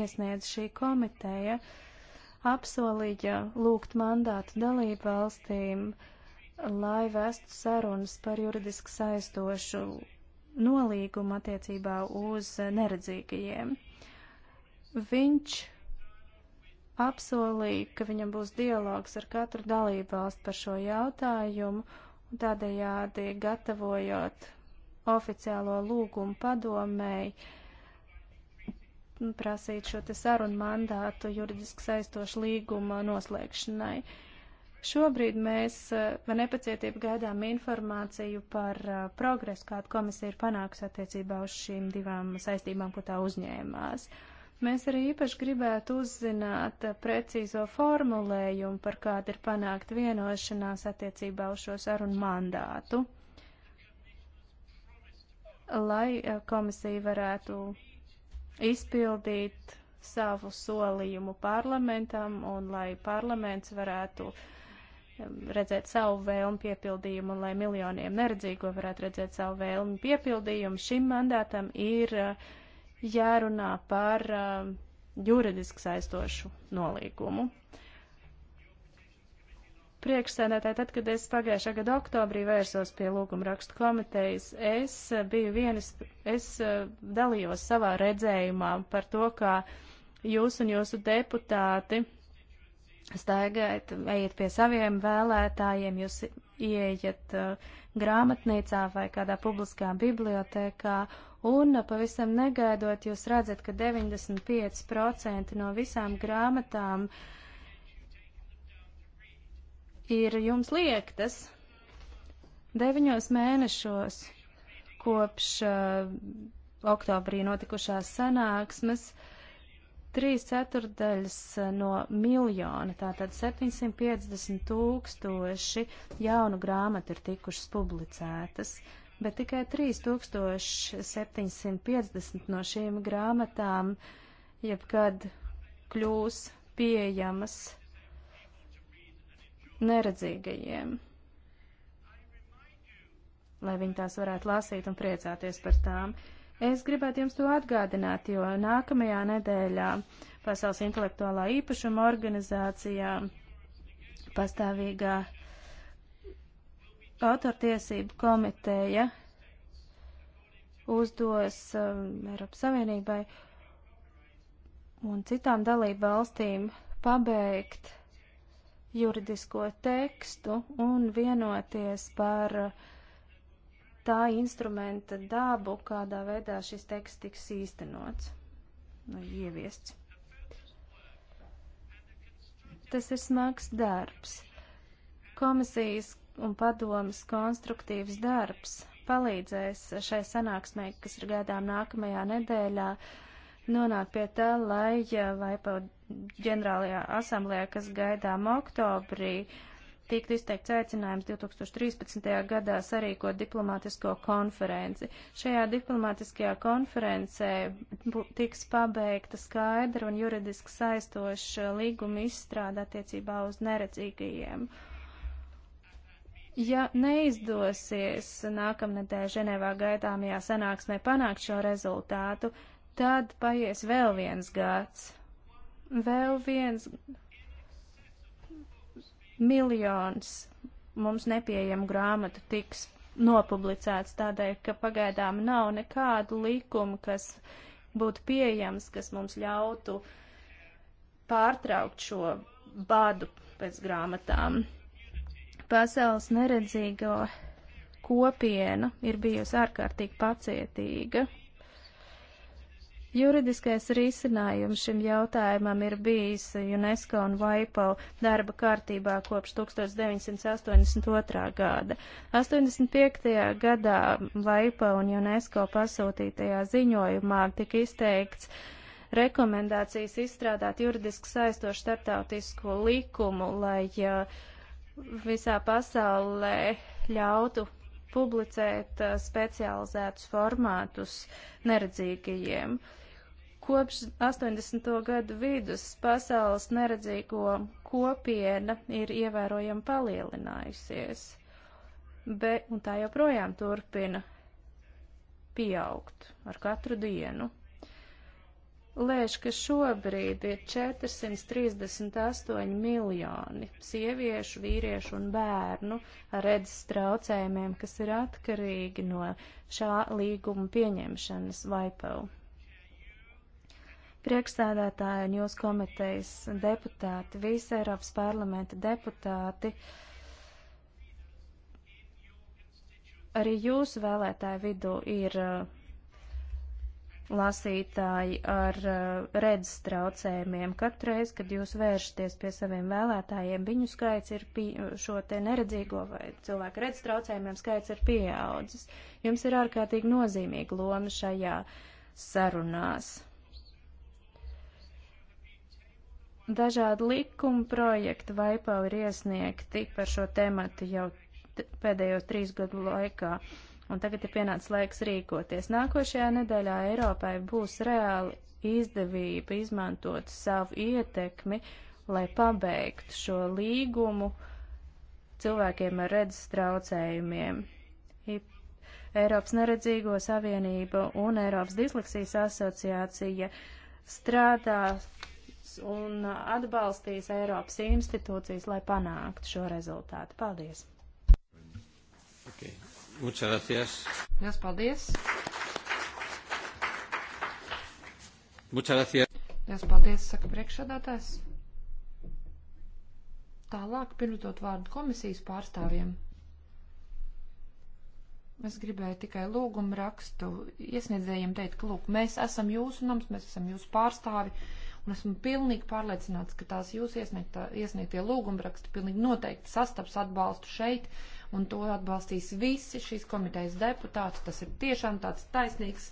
iesniedz šī komiteja, apsolīja lūgt mandātu dalību valstīm, lai vestu sarunas par juridiski saistošu nolīgumu attiecībā uz neredzīgajiem. Viņš apsolīja, ka viņam būs dialogs ar katru dalību valstu par šo jautājumu, un tādējādi gatavojot oficiālo lūgumu padomēji, prasīt šo te sarunu mandātu juridiski saistošu līguma noslēgšanai. Uh, Šobrīd mēs eh, ar nepacietību gaidām informāciju par eh, progresu, kādu komisija ir panākusi attiecībā uz šīm divām saistībām, ko tā uzņēmās. Mēs arī īpaši gribētu uzzināt eh, precīzo formulējumu, par kādu ir panākt vienošanās attiecībā uz šo sarunu mandātu, lai komisija varētu izpildīt savu solījumu parlamentam un lai parlaments varētu uh, redzēt savu vēlmu piepildījumu un lai miljoniem neredzīgo varētu redzēt savu vēlmu piepildījumu, šim mandātam ir uh, jārunā par uh, juridiski saistošu nolīgumu. Priekšsēdētāji, tad, kad es pagājušā gada oktobrī vērsos pie lūguma rakstu komitejas, es uh, biju vienas, es dalījos savā redzējumā par to, kā jūs un jūsu deputāti staigājiet, ejiet pie saviem vēlētājiem, jūs ieejat uh, grāmatnīcā vai kādā publiskā bibliotekā, un uh, pavisam negaidot, jūs redzat, ka 95% no visām grāmatām ir jums liektas. Deviņos mēnešos kopš uh, oktobrī notikušās sanāksmes uh, Trīs ceturdaļas eh, no miljona, tātad 750 tūkstoši jaunu grāmatu ir tikušas publicētas, bet tikai 3750 no šīm grāmatām jebkad kļūs pieejamas neredzīgajiem, lai viņi tās varētu lasīt un priecāties par tām. Uh, Es gribētu jums to atgādināt, jo nākamajā nedēļā Pasaules intelektuālā īpašuma organizācijā pastāvīgā autortiesību komiteja uzdos um, Eiropas Savienībai un citām dalību valstīm pabeigt juridisko tekstu un vienoties par uh, tā instrumenta dabu, kādā veidā šis teksts tiks īstenots vai ieviests. Tas ir smags darbs. Komisijas un padomas konstruktīvs darbs palīdzēs šai sanāksmē, kas ir gaidām nākamajā nedēļā, nonākt pie tā, lai vai pa ģenerālajā asamblējā, kas gaidām oktobrī, uh, tika izteikts aicinājums 2013. gadā sarīkot diplomātisko konferenci. Šajā diplomātiskajā konferencē tiks pabeigta skaidra un juridiski saistoša līguma izstrāda attiecībā uz neredzīgajiem. Ja neizdosies nākamnedēļ Ženevā gaidāmajā sanāksmē panākt šo rezultātu, tad paies vēl viens gads. Vēl viens gads miljons mums nepieejamu grāmatu tiks nopublicēts tādēļ, ka pagaidām nav nekādu likumu, kas būtu pieejams, kas mums ļautu pārtraukt šo badu pēc grāmatām. Pasaules neredzīgo kopiena ir bijusi ārkārtīgi pacietīga Juridiskais risinājums šim jautājumam ir bijis UNESCO un WIPO darba kārtībā kopš 1982. gada. 85. gadā WIPO un UNESCO pasūtītajā ziņojumā tika izteikts, rekomendācijas izstrādāt juridiski saistošu starptautisko likumu, lai visā pasaulē ļautu publicēt eh, specializētus formātus neredzīgajiem. Uh, Kopš 80. gadu vidus pasaules neredzīgo kopiena ir ievērojami palielinājusies, Be, un tā joprojām turpina pieaugt ar katru dienu lēš, ka šobrīd ir 438 miljoni sieviešu, vīriešu un bērnu ar redzes traucējumiem, kas ir atkarīgi no šā līguma pieņemšanas vaipau priekšsēdētāji un jūs komitejas deputāti, visi Eiropas parlamenta deputāti, arī jūsu vēlētāju vidū ir uh, lasītāji ar uh, redzes traucējumiem. Katru reizi, kad jūs vēršaties pie saviem vēlētājiem, viņu skaits ir šo te neredzīgo vai cilvēku redzes traucējumiem skaits ir pieaudzis. Jums ir ārkārtīgi nozīmīga loma šajā sarunās. Dažādi likuma projekti Vaipal ir iesniegti par šo tematu jau pēdējos trīs gadu laikā, un tagad ir pienācis laiks rīkoties. Nākošajā nedēļā Eiropai būs reāli izdevība izmantot savu ietekmi, lai pabeigtu šo līgumu cilvēkiem ar redzes traucējumiem. Eiropas neredzīgo savienība un Eiropas disleksijas asociācija strādā un atbalstīs Eiropas institūcijas, lai panāktu šo rezultātu. Paldies! Okay. Muchas gracias. Jūs paldies! Muchas gracias. Jūs paldies, saka priekšsādātājs. Tālāk, pirms dot vārdu komisijas pārstāvjiem. Es gribēju tikai lūgumu rakstu iesniedzējiem teikt, ka, lūk, mēs esam jūsu nams, mēs esam jūsu pārstāvi, un esmu pilnīgi pārliecināts, ka tās jūs iesniegtā, iesniegtie lūgumraksti pilnīgi noteikti sastaps atbalstu šeit, un to atbalstīs visi šīs komitejas deputāti. Tas ir tiešām tāds taisnīgs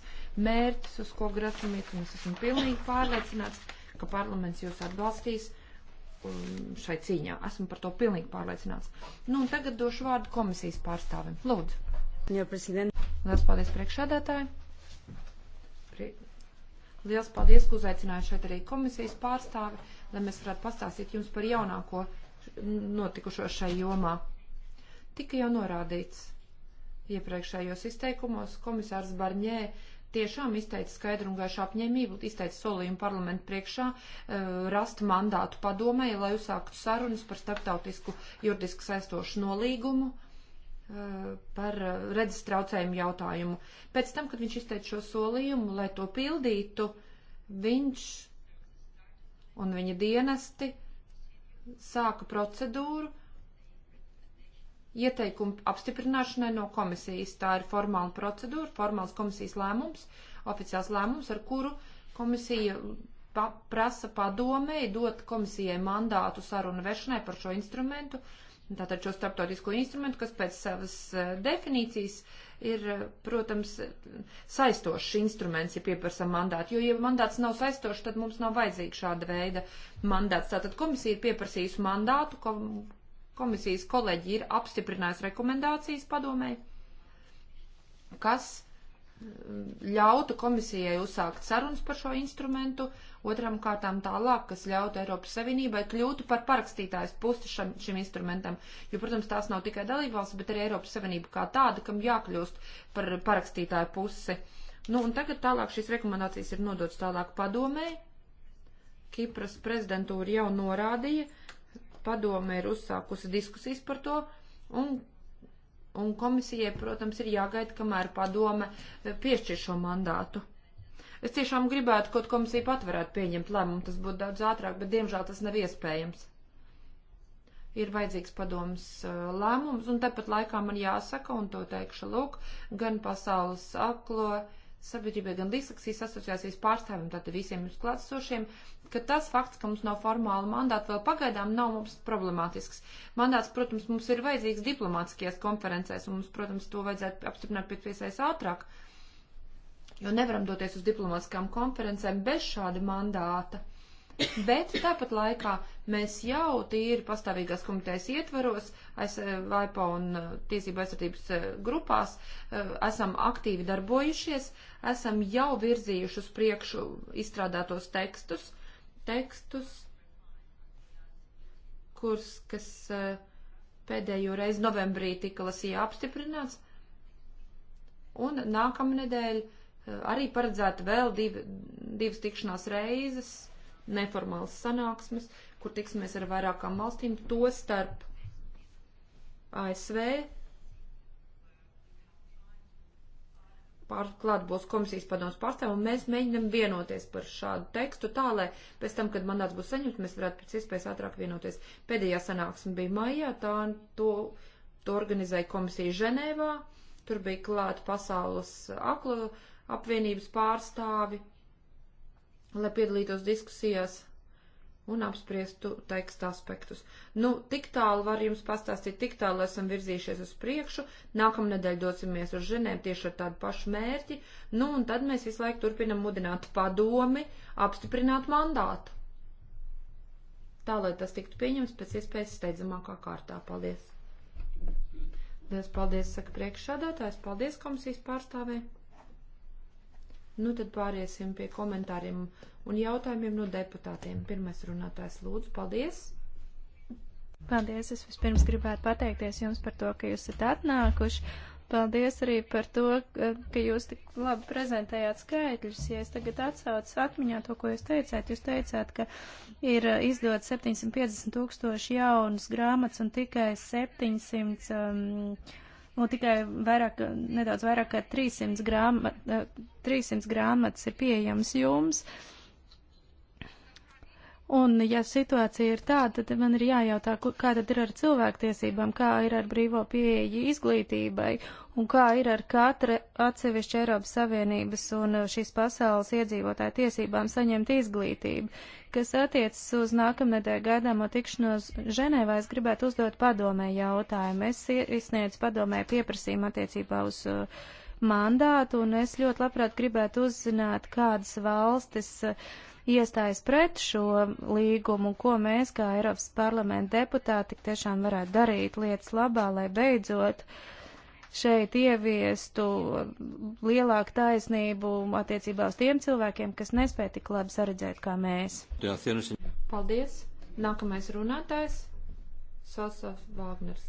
mērķis, uz ko grasamies, un es esmu pilnīgi pārliecināts, ka parlaments jūs atbalstīs um, šai cīņā. Esmu par to pilnīgi pārliecināts. Nu, un tagad došu vārdu komisijas pārstāvim. Lūdzu. Jā, prezident. Lielas paldies priekšādātāji. Prie... Liels paldies, ka uzaicināju šeit arī komisijas pārstāvi, lai mēs varētu pastāstīt jums par jaunāko notikušo šai jomā. Tika jau norādīts iepriekšējos izteikumos, komisārs Barņē tiešām izteica skaidru un gaišu apņēmību, izteica solījumu parlamentu priekšā eh, rast mandātu padomē, lai uzsāktu sarunas par starptautisku juridiski saistošu nolīgumu Eh, par eh, redzes traucējumu jautājumu. Pēc tam, kad viņš izteica šo solījumu, lai to pildītu, viņš un viņa dienesti sāka procedūru ieteikumu apstiprināšanai no komisijas. Tā ir formāla procedūra, formāls komisijas lēmums, oficiāls lēmums, ar kuru komisija pa prasa padomēji dot komisijai mandātu sarunu vešanai par šo instrumentu, uh, Tātad šo starptautisko instrumentu, kas pēc savas e, definīcijas ir, e, protams, saistošs instruments, ja pieprasa mandātu. Jo, ja mandāts nav saistošs, tad mums nav vajadzīga šāda veida mandāts. Tātad komisija ir pieprasījusi mandātu, komisijas kolēģi ir apstiprinājusi rekomendācijas padomē, kas ļautu komisijai uzsākt sarunas par šo instrumentu, otram kārtām tālāk, kas ļautu Eiropas Savienībai kļūtu par parakstītājs pusi šam, šim instrumentam, jo, protams, tās nav tikai dalībvalsts, bet arī Eiropas Savienība kā tāda, kam jākļūst par parakstītāju pusi. Nu, un tagad tālāk šīs rekomendācijas ir nodotas tālāk padomē. Kipras prezidentūra jau norādīja, padome ir uzsākusi diskusijas par to, un Un komisijai, protams, ir jāgaida, kamēr padome eh, piešķir šo mandātu. Es tiešām gribētu, kaut komisija pat varētu pieņemt lēmumu, tas būtu daudz ātrāk, bet diemžēl tas nav iespējams. Ir vajadzīgs padomas eh, lēmums, un tepat laikā man jāsaka, un to teikšu, lūk, gan pasaules aklo uh, sabiedrībai, gan disleksijas asociācijas pārstāvjiem, tātad visiem jums klātsošiem, ka tas fakts, ka mums nav formāla mandāta vēl pagaidām, nav mums problemātisks. Mandāts, protams, mums ir vajadzīgs diplomātiskajās konferencēs, un mums, protams, to vajadzētu apstiprināt pēc iespējas ātrāk, jo nevaram doties uz diplomātiskām konferencēm bez šāda mandāta. Bet tāpat laikā mēs jau tīri pastāvīgās komitejas ietvaros, VIPO eh, un eh, tiesību aizsardzības eh, grupās esam aktīvi darbojušies, esam jau virzījuši uz priekšu izstrādātos tekstus, tekstus, kurs, kas pēdējo reizi novembrī tika lasīja apstiprināts, un nākamnedēļ arī paredzēta vēl div, divas tikšanās reizes neformāls sanāksmes, kur tiksimies ar vairākām valstīm, to starp ASV. Pārklāt būs komisijas padoms pārstāv, un mēs mēģinam vienoties par šādu tekstu tā, lai pēc tam, kad mandāts būs saņemts, mēs varētu pēc iespējas ātrāk vienoties. Pēdējā sanāksme bija maijā, tā to, to organizēja komisija Ženēvā, tur bija klāt pasaules aklo apvienības pārstāvi lai piedalītos diskusijās un apspriestu teksta aspektus. Nu, tik tālu var jums pastāstīt, tik tālu esam virzījušies uz priekšu, nākamnedēļ dosimies uz Ženēm tieši ar tādu pašu mērķi, nu, un tad mēs visu laiku turpinam mudināt padomi, apstiprināt mandātu. Tā, lai tas tiktu pieņems pēc iespējas steidzamākā kārtā. Paldies! Liels paldies, saka priekšsādātājs, paldies komisijas pārstāvēji! Nu, tad pāriesim pie komentāriem un jautājumiem no deputātiem. Pirmais runātājs lūdzu, paldies! Paldies! Es vispirms gribētu pateikties jums par to, ka jūs esat atnākuši. Paldies arī par to, ka jūs tik labi prezentējāt skaitļus. Ja es tagad atsaucu atmiņā to, ko jūs teicāt, jūs teicāt, ka ir izdot 750 tūkstoši jaunas grāmatas un tikai 700. Um, un tikai vairāk, nedaudz vairāk kā 300, grāma, 300 eh, grāmatas ir pieejams jums. Uh, Un, ja situācija ir tāda, tad man ir jājautā, kā tad ir ar cilvēktiesībām, kā ir ar brīvo pieeju izglītībai un kā ir ar katra atsevišķa Eiropas Savienības un uh, šīs pasaules iedzīvotāju tiesībām saņemt izglītību. Kas attiecas uz nākamnedēļ gaidāmo tikšanos Ženēvā, es gribētu uzdot padomē jautājumu. Es izsniedzu padomē pieprasījumu attiecībā uz uh, mandātu, un es ļoti labprāt gribētu uzzināt, kādas valstis uh, iestājas pret šo līgumu, ko mēs kā Eiropas parlamenta deputāti tiešām varētu darīt lietas labā, lai beidzot šeit ieviestu lielāku taisnību attiecībā uz tiem cilvēkiem, kas nespēja tik labi saredzēt kā mēs. Paldies! Nākamais runātājs - Sosov Vāgners.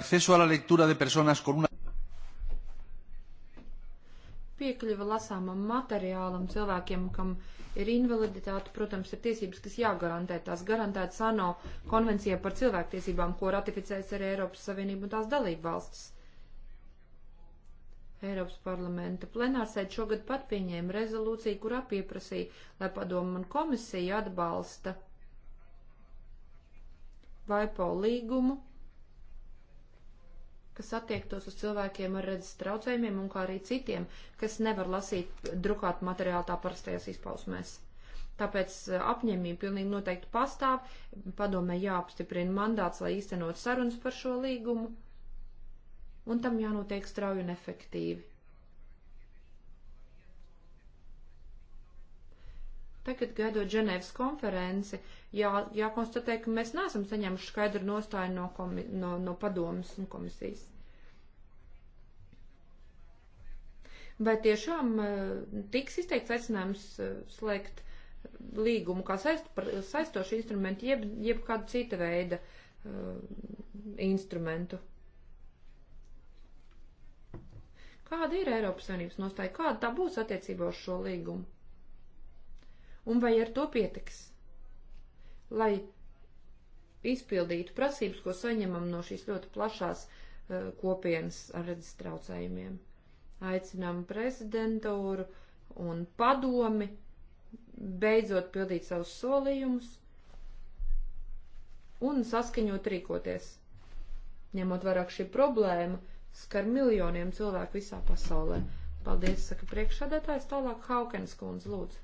Acceso a la lectura de personas con una piekļuva lasāmam materiālam cilvēkiem, kam ir invaliditāte, protams, ir tiesības, kas jāgarantē. Tās garantētas ANO konvencijā par cilvēktiesībām, ko ratificēs arī Eiropas Savienība un tās dalība valstis. Eiropas parlamenta plenārsēd šogad pat pieņēma rezolūciju, kurā pieprasīja, lai padomu un komisija atbalsta Vaipo līgumu kas attiektos uz cilvēkiem ar redzes traucējumiem un kā arī citiem, kas nevar lasīt drukāt materiālu tā parastajās izpausmēs. Tāpēc eh, apņēmība pilnīgi noteikti pastāv, padomē jāapstiprina mandāts, lai īstenot sarunas par šo līgumu, un tam jānotiek strauji un efektīvi. Tagad gaidot Ženēvas konferenci, jā, jākonstatē, ka mēs neesam saņēmuši skaidru nostāju no, komi, no, no padomas un komisijas. Vai tiešām eh, tiks izteikts aicinājums eh, slēgt eh, līgumu kā saist, saistošu instrumentu, jeb, jeb kādu cita veida uh, instrumentu? Kāda ir Eiropas Savienības nostāja? Kāda tā būs attiecībā uz šo līgumu? Un vai ar to pietiks? lai izpildītu prasības, ko saņemam no šīs ļoti plašās uh, kopienas ar redzes traucējumiem. Aicinām prezidentūru un padomi beidzot pildīt savus solījumus un saskaņot rīkoties. Ņemot vairāk šī problēma, skar miljoniem cilvēku visā pasaulē. Paldies, saka priekšsādātājs, tālāk Haukens kundze, lūdzu.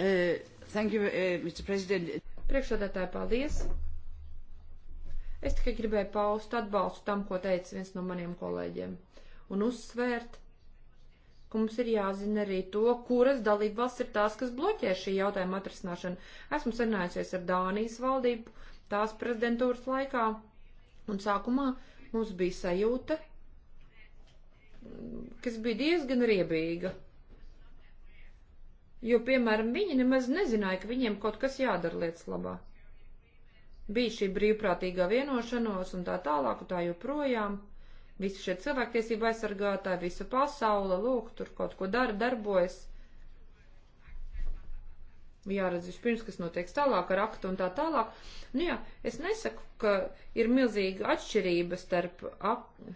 Uh, thank you, uh, eh, Mr. President. Priekšsēdētāji, paldies! Es tikai gribēju paust atbalstu tam, ko teica viens no maniem kolēģiem, un uzsvērt, ka mums ir jāzina arī to, kuras dalībvalsts ir tās, kas bloķē šī jautājuma atrisināšanu. Esmu sarunājusies ar Dānijas valdību tās prezidentūras laikā, un sākumā mums bija sajūta, kas bija diezgan riebīga jo, piemēram, viņi nemaz nezināja, ka viņiem kaut kas jādara lietas labā. Bija šī brīvprātīgā vienošanos un tā tālāk un tā joprojām. Visi šie cilvēktiesība aizsargātāji, visa pasaule, lūk, tur kaut ko dara, darbojas. Jāredz vispirms, kas notiek tālāk ar aktu un tā tālāk. Nu jā, es nesaku, ka ir milzīga atšķirība starp aktu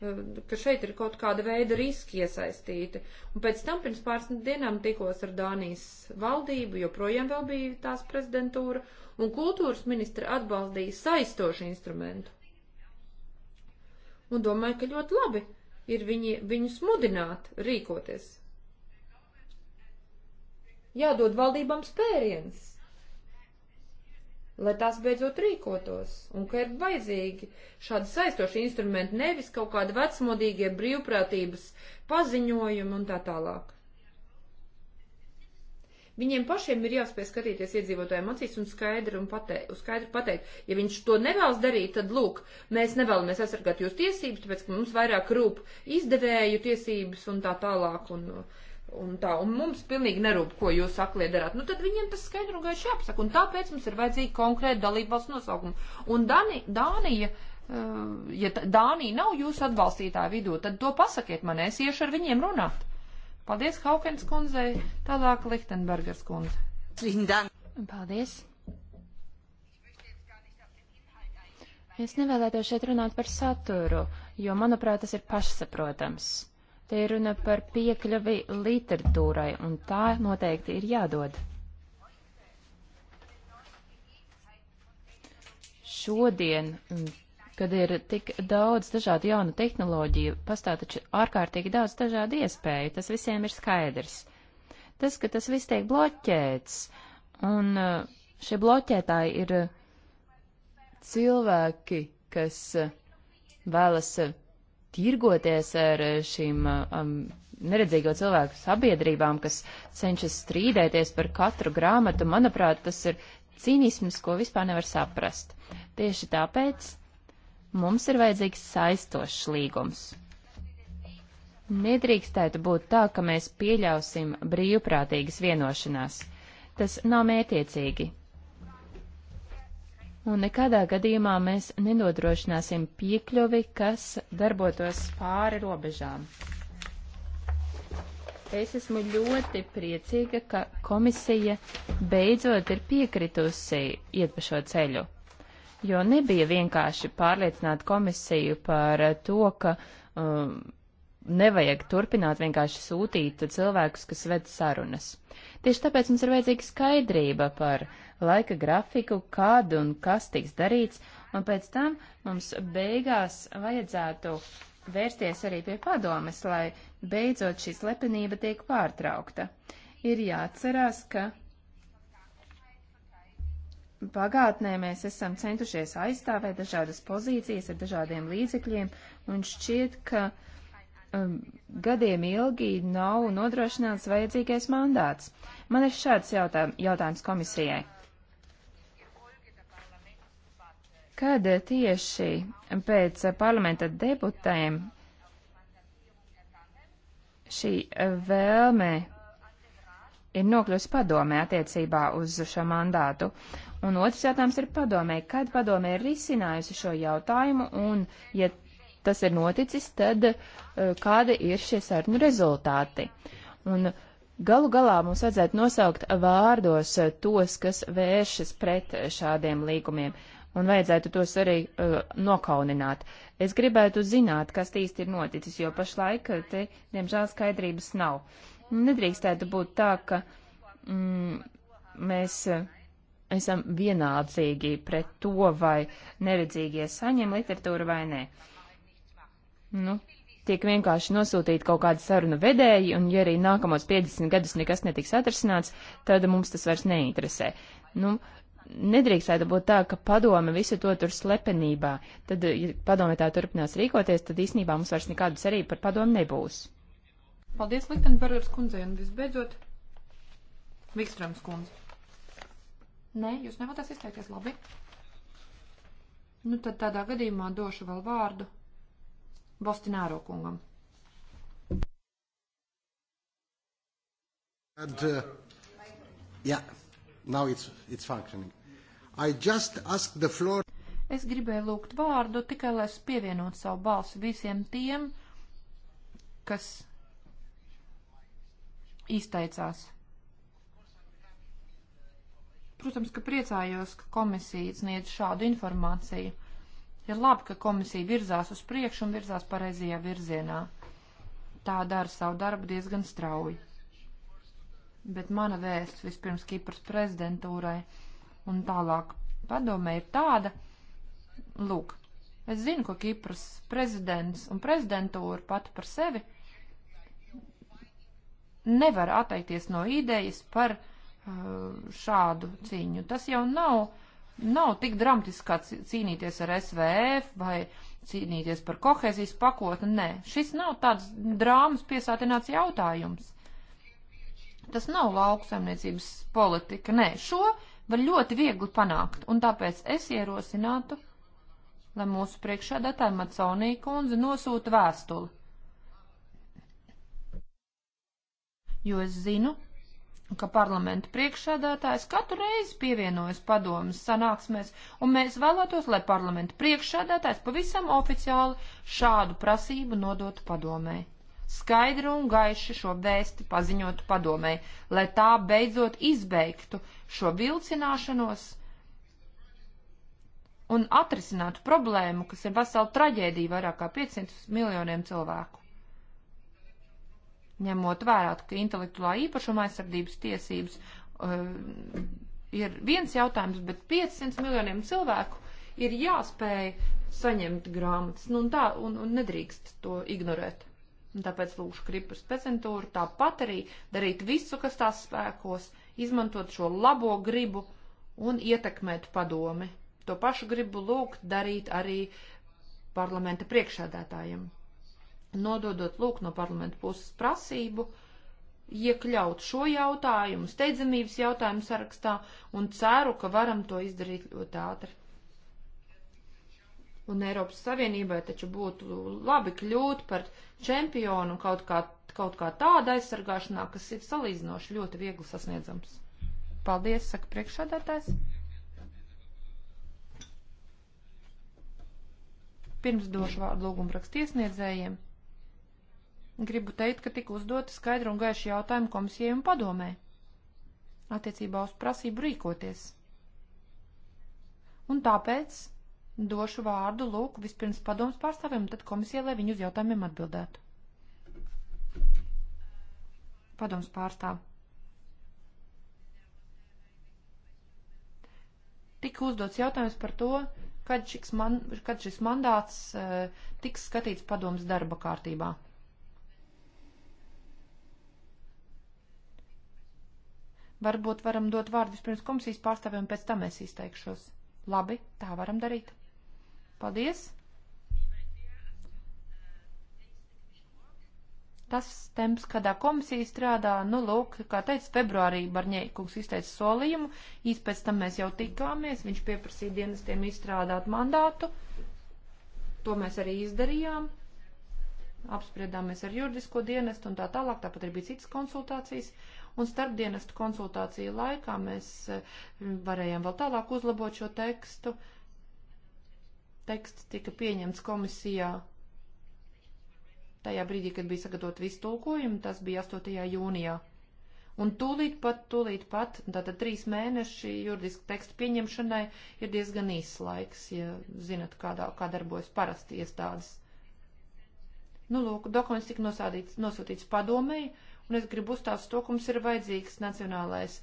Eh, ka šeit ir kaut kāda veida riski iesaistīti. Un pēc tam pirms pāris dienām tikos ar Dānijas valdību, joprojām vēl bija tās prezidentūra, un kultūras ministra atbalstīja saistošu instrumentu. Un domāju, ka ļoti labi ir viņi, viņus mudināt rīkoties. Jādod valdībām spēriens lai tās beidzot rīkotos, un ka ir vajadzīgi šādi saistoši instrumenti, nevis kaut kādi vecmodīgie brīvprātības paziņojumi un tā tālāk. Viņiem pašiem ir jāspēj skatīties iedzīvotājiem acīs un skaidri, un pateikt, skaidri pateikt, ja viņš to nevēlas darīt, tad lūk, mēs nevēlamies aizsargāt jūs tiesības, tāpēc, ka mums vairāk rūp izdevēju tiesības un tā tālāk, un uh, Un tā, un mums pilnīgi nerūp, ko jūs aklie darāt. Nu, tad viņiem tas skaidru un gaiši jāpasaka, un tāpēc mums ir vajadzīgi konkrēti dalībvalsts nosaukumi. Un Dani, Dānija, eh, ja Dānija nav jūsu atbalstītāja vidū, tad to pasakiet man, es iešu ar viņiem runāt. Paldies Haukens kundzei, tālāk Lichtenbergers kundze. Paldies. Es nevēlētos šeit runāt par saturu, jo, manuprāt, tas ir pašsaprotams. Te ir runa par piekļuvi literatūrai, un tā noteikti ir jādod. Šodien, mm, kad ir tik daudz dažādu jaunu tehnoloģiju, pastāv taču ārkārtīgi daudz dažādu iespēju, tas visiem ir skaidrs. Tas, ka tas viss tiek bloķēts, un eh, šie bloķētāji ir eh, cilvēki, kas eh, vēlas tirgoties ar šīm um, neredzīgo cilvēku sabiedrībām, kas cenšas strīdēties par katru grāmatu, manuprāt, tas ir cīnisms, ko vispār nevar saprast. Tieši tāpēc mums ir vajadzīgs saistošs līgums. Nedrīkstētu būt tā, ka mēs pieļausim brīvprātīgas vienošanās. Tas nav mētiecīgi un nekādā gadījumā mēs nenodrošināsim piekļuvi, kas darbotos pāri robežām. Es esmu ļoti priecīga, ka komisija beidzot ir piekritusi iet pa šo ceļu, jo nebija vienkārši pārliecināt komisiju par to, ka um, nevajag turpināt vienkārši sūtīt cilvēkus, kas ved sarunas. Tieši tāpēc mums ir vajadzīga skaidrība par laika grafiku, kad un kas tiks darīts, un pēc tam mums beigās vajadzētu vērsties arī pie padomes, lai beidzot šī slepenība tiek pārtraukta. Ir jāatcerās, ka pagātnē mēs esam centušies aizstāvēt dažādas pozīcijas ar dažādiem līdzekļiem, un šķiet, ka uh, um, gadiem ilgi nav nodrošināts vajadzīgais mandāts. Man ir šāds jautājum, jautājums komisijai. Kad tieši pēc parlamenta debutēm šī vēlme ir nokļusi padomē attiecībā uz šo mandātu? Un otrs jautājums ir padomē. Kad padomē ir risinājusi šo jautājumu un, ja tas ir noticis, tad e, kādi ir šie sarunu rezultāti. Un galu galā mums vajadzētu nosaukt vārdos tos, kas vēršas pret šādiem līgumiem, un vajadzētu tos arī uh, nokaunināt. Es gribētu zināt, kas īsti ir noticis, jo pašlaik e, te, diemžēl, skaidrības nav. Nedrīkstētu būt tā, ka mm, mēs. Uh, esam vienaldzīgi pret to, vai neredzīgie saņem literatūru vai nē. Ne nu, tiek vienkārši nosūtīti kaut kādi sarunu vedēji, un ja arī nākamos 50 gadus nekas netiks atrasināts, tad mums tas vairs neinteresē. Nu, nedrīkstētu būt tā, ka padome visu to tur slepenībā. Tad, ja padome tā turpinās rīkoties, tad īsnībā mums vairs nekādu cerību par padomu nebūs. Paldies, Liktenbergers kundzei, un visbeidzot, Vikstrams kundze. Nē, jūs nevēlaties izteikties labi. Nu, tad tādā gadījumā došu vēl vārdu Bostināro kungam. And, uh, yeah, now it's, it's functioning. I just asked the floor. Es gribēju lūgt vārdu tikai, lai es pievienotu savu balsu visiem tiem, kas izteicās. Protams, ka priecājos, ka komisija sniedz šādu informāciju Ir labi, ka komisija virzās uz priekšu un virzās pareizajā virzienā. Tā dara savu darbu diezgan strauji. Bet mana vēsts vispirms Kipras prezidentūrai un tālāk padomē ir tāda, lūk, es zinu, ko Kipras prezidents un prezidentūra pati par sevi nevar atteikties no idejas par uh, šādu cīņu. Tas jau nav Nav tik dramatiski kā cīnīties ar SVF vai cīnīties par kohēzijas pakotni. Nē, šis nav tāds drāmas piesātināts jautājums. Tas nav lauksaimniecības politika. Nē, šo var ļoti viegli panākt, un tāpēc es ierosinātu, lai mūsu priekšādātāja Macaunī kundze nosūta vēstuli. Jo es zinu, ka parlamenta priekšsādātājs katru reizi pievienojas padomas sanāksmēs, un mēs vēlētos, lai parlamenta priekšsādātājs pavisam oficiāli šādu prasību nodotu padomē. Skaidru un gaiši šo vēsti paziņotu padomē, lai tā beidzot izbeigtu šo vilcināšanos un atrisinātu problēmu, kas ir vesela traģēdija vairāk kā 500 miljoniem cilvēku ņemot vērā, ka intelektuālā īpašuma aizsardzības tiesības uh, ir viens jautājums, bet 500 miljoniem cilvēku ir jāspēj saņemt grāmatas, nu un tā, un, un nedrīkst to ignorēt. Un tāpēc lūkšu Kripas prezentūru tāpat arī darīt visu, kas tās spēkos, izmantot šo labo gribu un ietekmēt padomi. To pašu gribu lūgt darīt arī parlamenta priekšādātājiem nododot lūk no parlamenta puses prasību iekļaut šo jautājumu, steidzamības jautājumu sarakstā un ceru, ka varam to izdarīt ļoti ātri. Un Eiropas Savienībai taču būtu labi kļūt par čempionu kaut kā, kaut kā tāda aizsargāšanā, kas ir salīdzinoši ļoti viegli sasniedzams. Paldies, saka priekšādātājs. Pirms došu vārdu lūgumu rakstiesniedzējiem Gribu teikt, ka tika uzdoti skaidri un gaiši jautājumi komisijai un padomē attiecībā uz prasību rīkoties. Un tāpēc došu vārdu lūk vispirms padoms pārstāvjiem, tad komisijai, lai viņu uz jautājumiem atbildētu. Padoms pārstāv. Tika uzdots jautājums par to, kad, man, kad šis mandāts uh, tiks skatīts padoms darba kārtībā. Varbūt varam dot vārdu vispirms komisijas pārstāvjiem, pēc tam es izteikšos. Labi, tā varam darīt. Paldies! Tas temps, kādā komisija strādā, nu, lūk, kā teica, februārī Barņēkungs izteica solījumu, īs pēc tam mēs jau tikāmies, viņš pieprasīja dienestiem izstrādāt mandātu, to mēs arī izdarījām apspriedāmies ar juridisko dienestu un tā tālāk, tāpat arī bija citas konsultācijas. Un starp dienestu konsultāciju laikā mēs eh, varējām vēl tālāk uzlabot šo tekstu. Teksts tika pieņemts komisijā tajā brīdī, kad bija sagatavot visu tulkojumu, tas bija 8. jūnijā. Un tūlīt pat, tūlīt pat, tātad trīs mēneši juridiski tekstu pieņemšanai ir diezgan īss laiks, ja zinat, kādā, kā darbojas parasti iestādes. Nu, lūk, dokuments tika nosādīts, nosūtīts padomēji, un es gribu uzstāst to, ka mums ir vajadzīgs nacionālais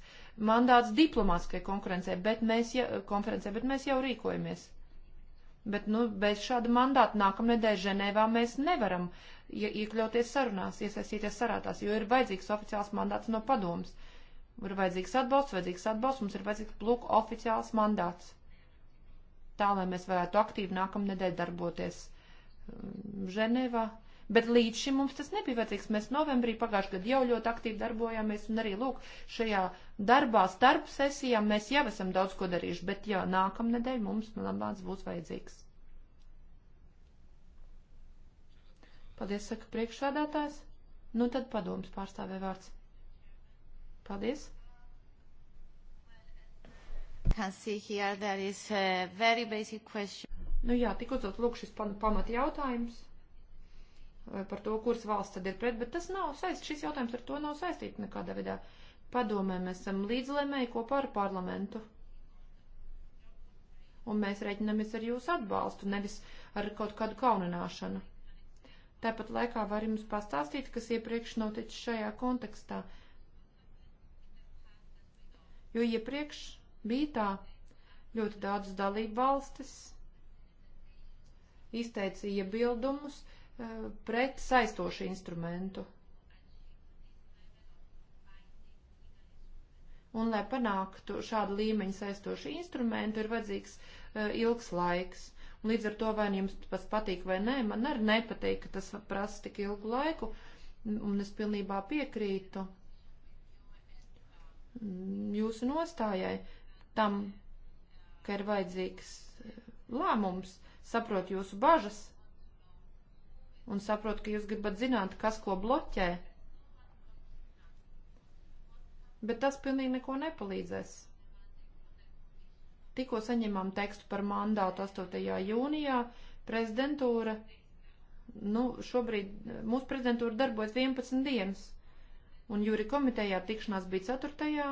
mandāts diplomātskai konferencē, bet mēs, ja, konferencē, bet mēs jau rīkojamies. Bet, nu, bez šāda mandāta nākamnedēļ Ženēvā mēs nevaram iekļauties sarunās, iesaistīties sarātās, jo ir vajadzīgs oficiāls mandāts no padomas. Ir vajadzīgs atbalsts, vajadzīgs atbalsts, mums ir vajadzīgs lūk oficiāls mandāts. Tā, lai mēs varētu aktīvi nākamnedēļ darboties um, Ženēvā Bet līdz šim mums tas nebija vajadzīgs. Mēs novembrī pagājušajā gadā jau ļoti aktīvi darbojāmies, un arī, lūk, šajā darbā starp sesijām mēs jau esam daudz ko darījuši, bet jā, nākamnedēļ mums mandāts būs vajadzīgs. Paldies, saka priekšsādātājs. Nu tad padoms pārstāvē vārds. Paldies. Can see here there is a very basic question. Nu jā, tik uzdot lūk šis pamat jautājums par to, kuras valsts tad ir pret, bet tas nav saistīts, šis jautājums ar to nav saistīts nekādā veidā. Padomē, mēs esam līdzlēmēji kopā ar parlamentu. Un mēs reiķinamies ar jūsu atbalstu, nevis ar kaut kādu kaunināšanu. Tāpat laikā var jums pastāstīt, kas iepriekš noticis šajā kontekstā. Jo iepriekš bija tā ļoti daudzas dalība valstis izteica iebildumus, ja pret saistošu instrumentu. Un, lai panāktu šādu līmeņu saistošu instrumentu, ir vajadzīgs uh, ilgs laiks. Un līdz ar to, vai nu jums tas patīk vai nē, man arī nepatīk, ka tas prasa tik ilgu laiku, un es pilnībā piekrītu jūsu nostājai tam, ka ir vajadzīgs e, lēmums, saprot jūsu bažas, un saprotu, ka jūs gribat zināt, kas ko bloķē. Bet tas pilnīgi neko nepalīdzēs. Tikko saņemam tekstu par mandātu 8. jūnijā, prezidentūra, nu, šobrīd mūsu prezidentūra darbojas 11 dienas, un jūri komitejā tikšanās bija 4.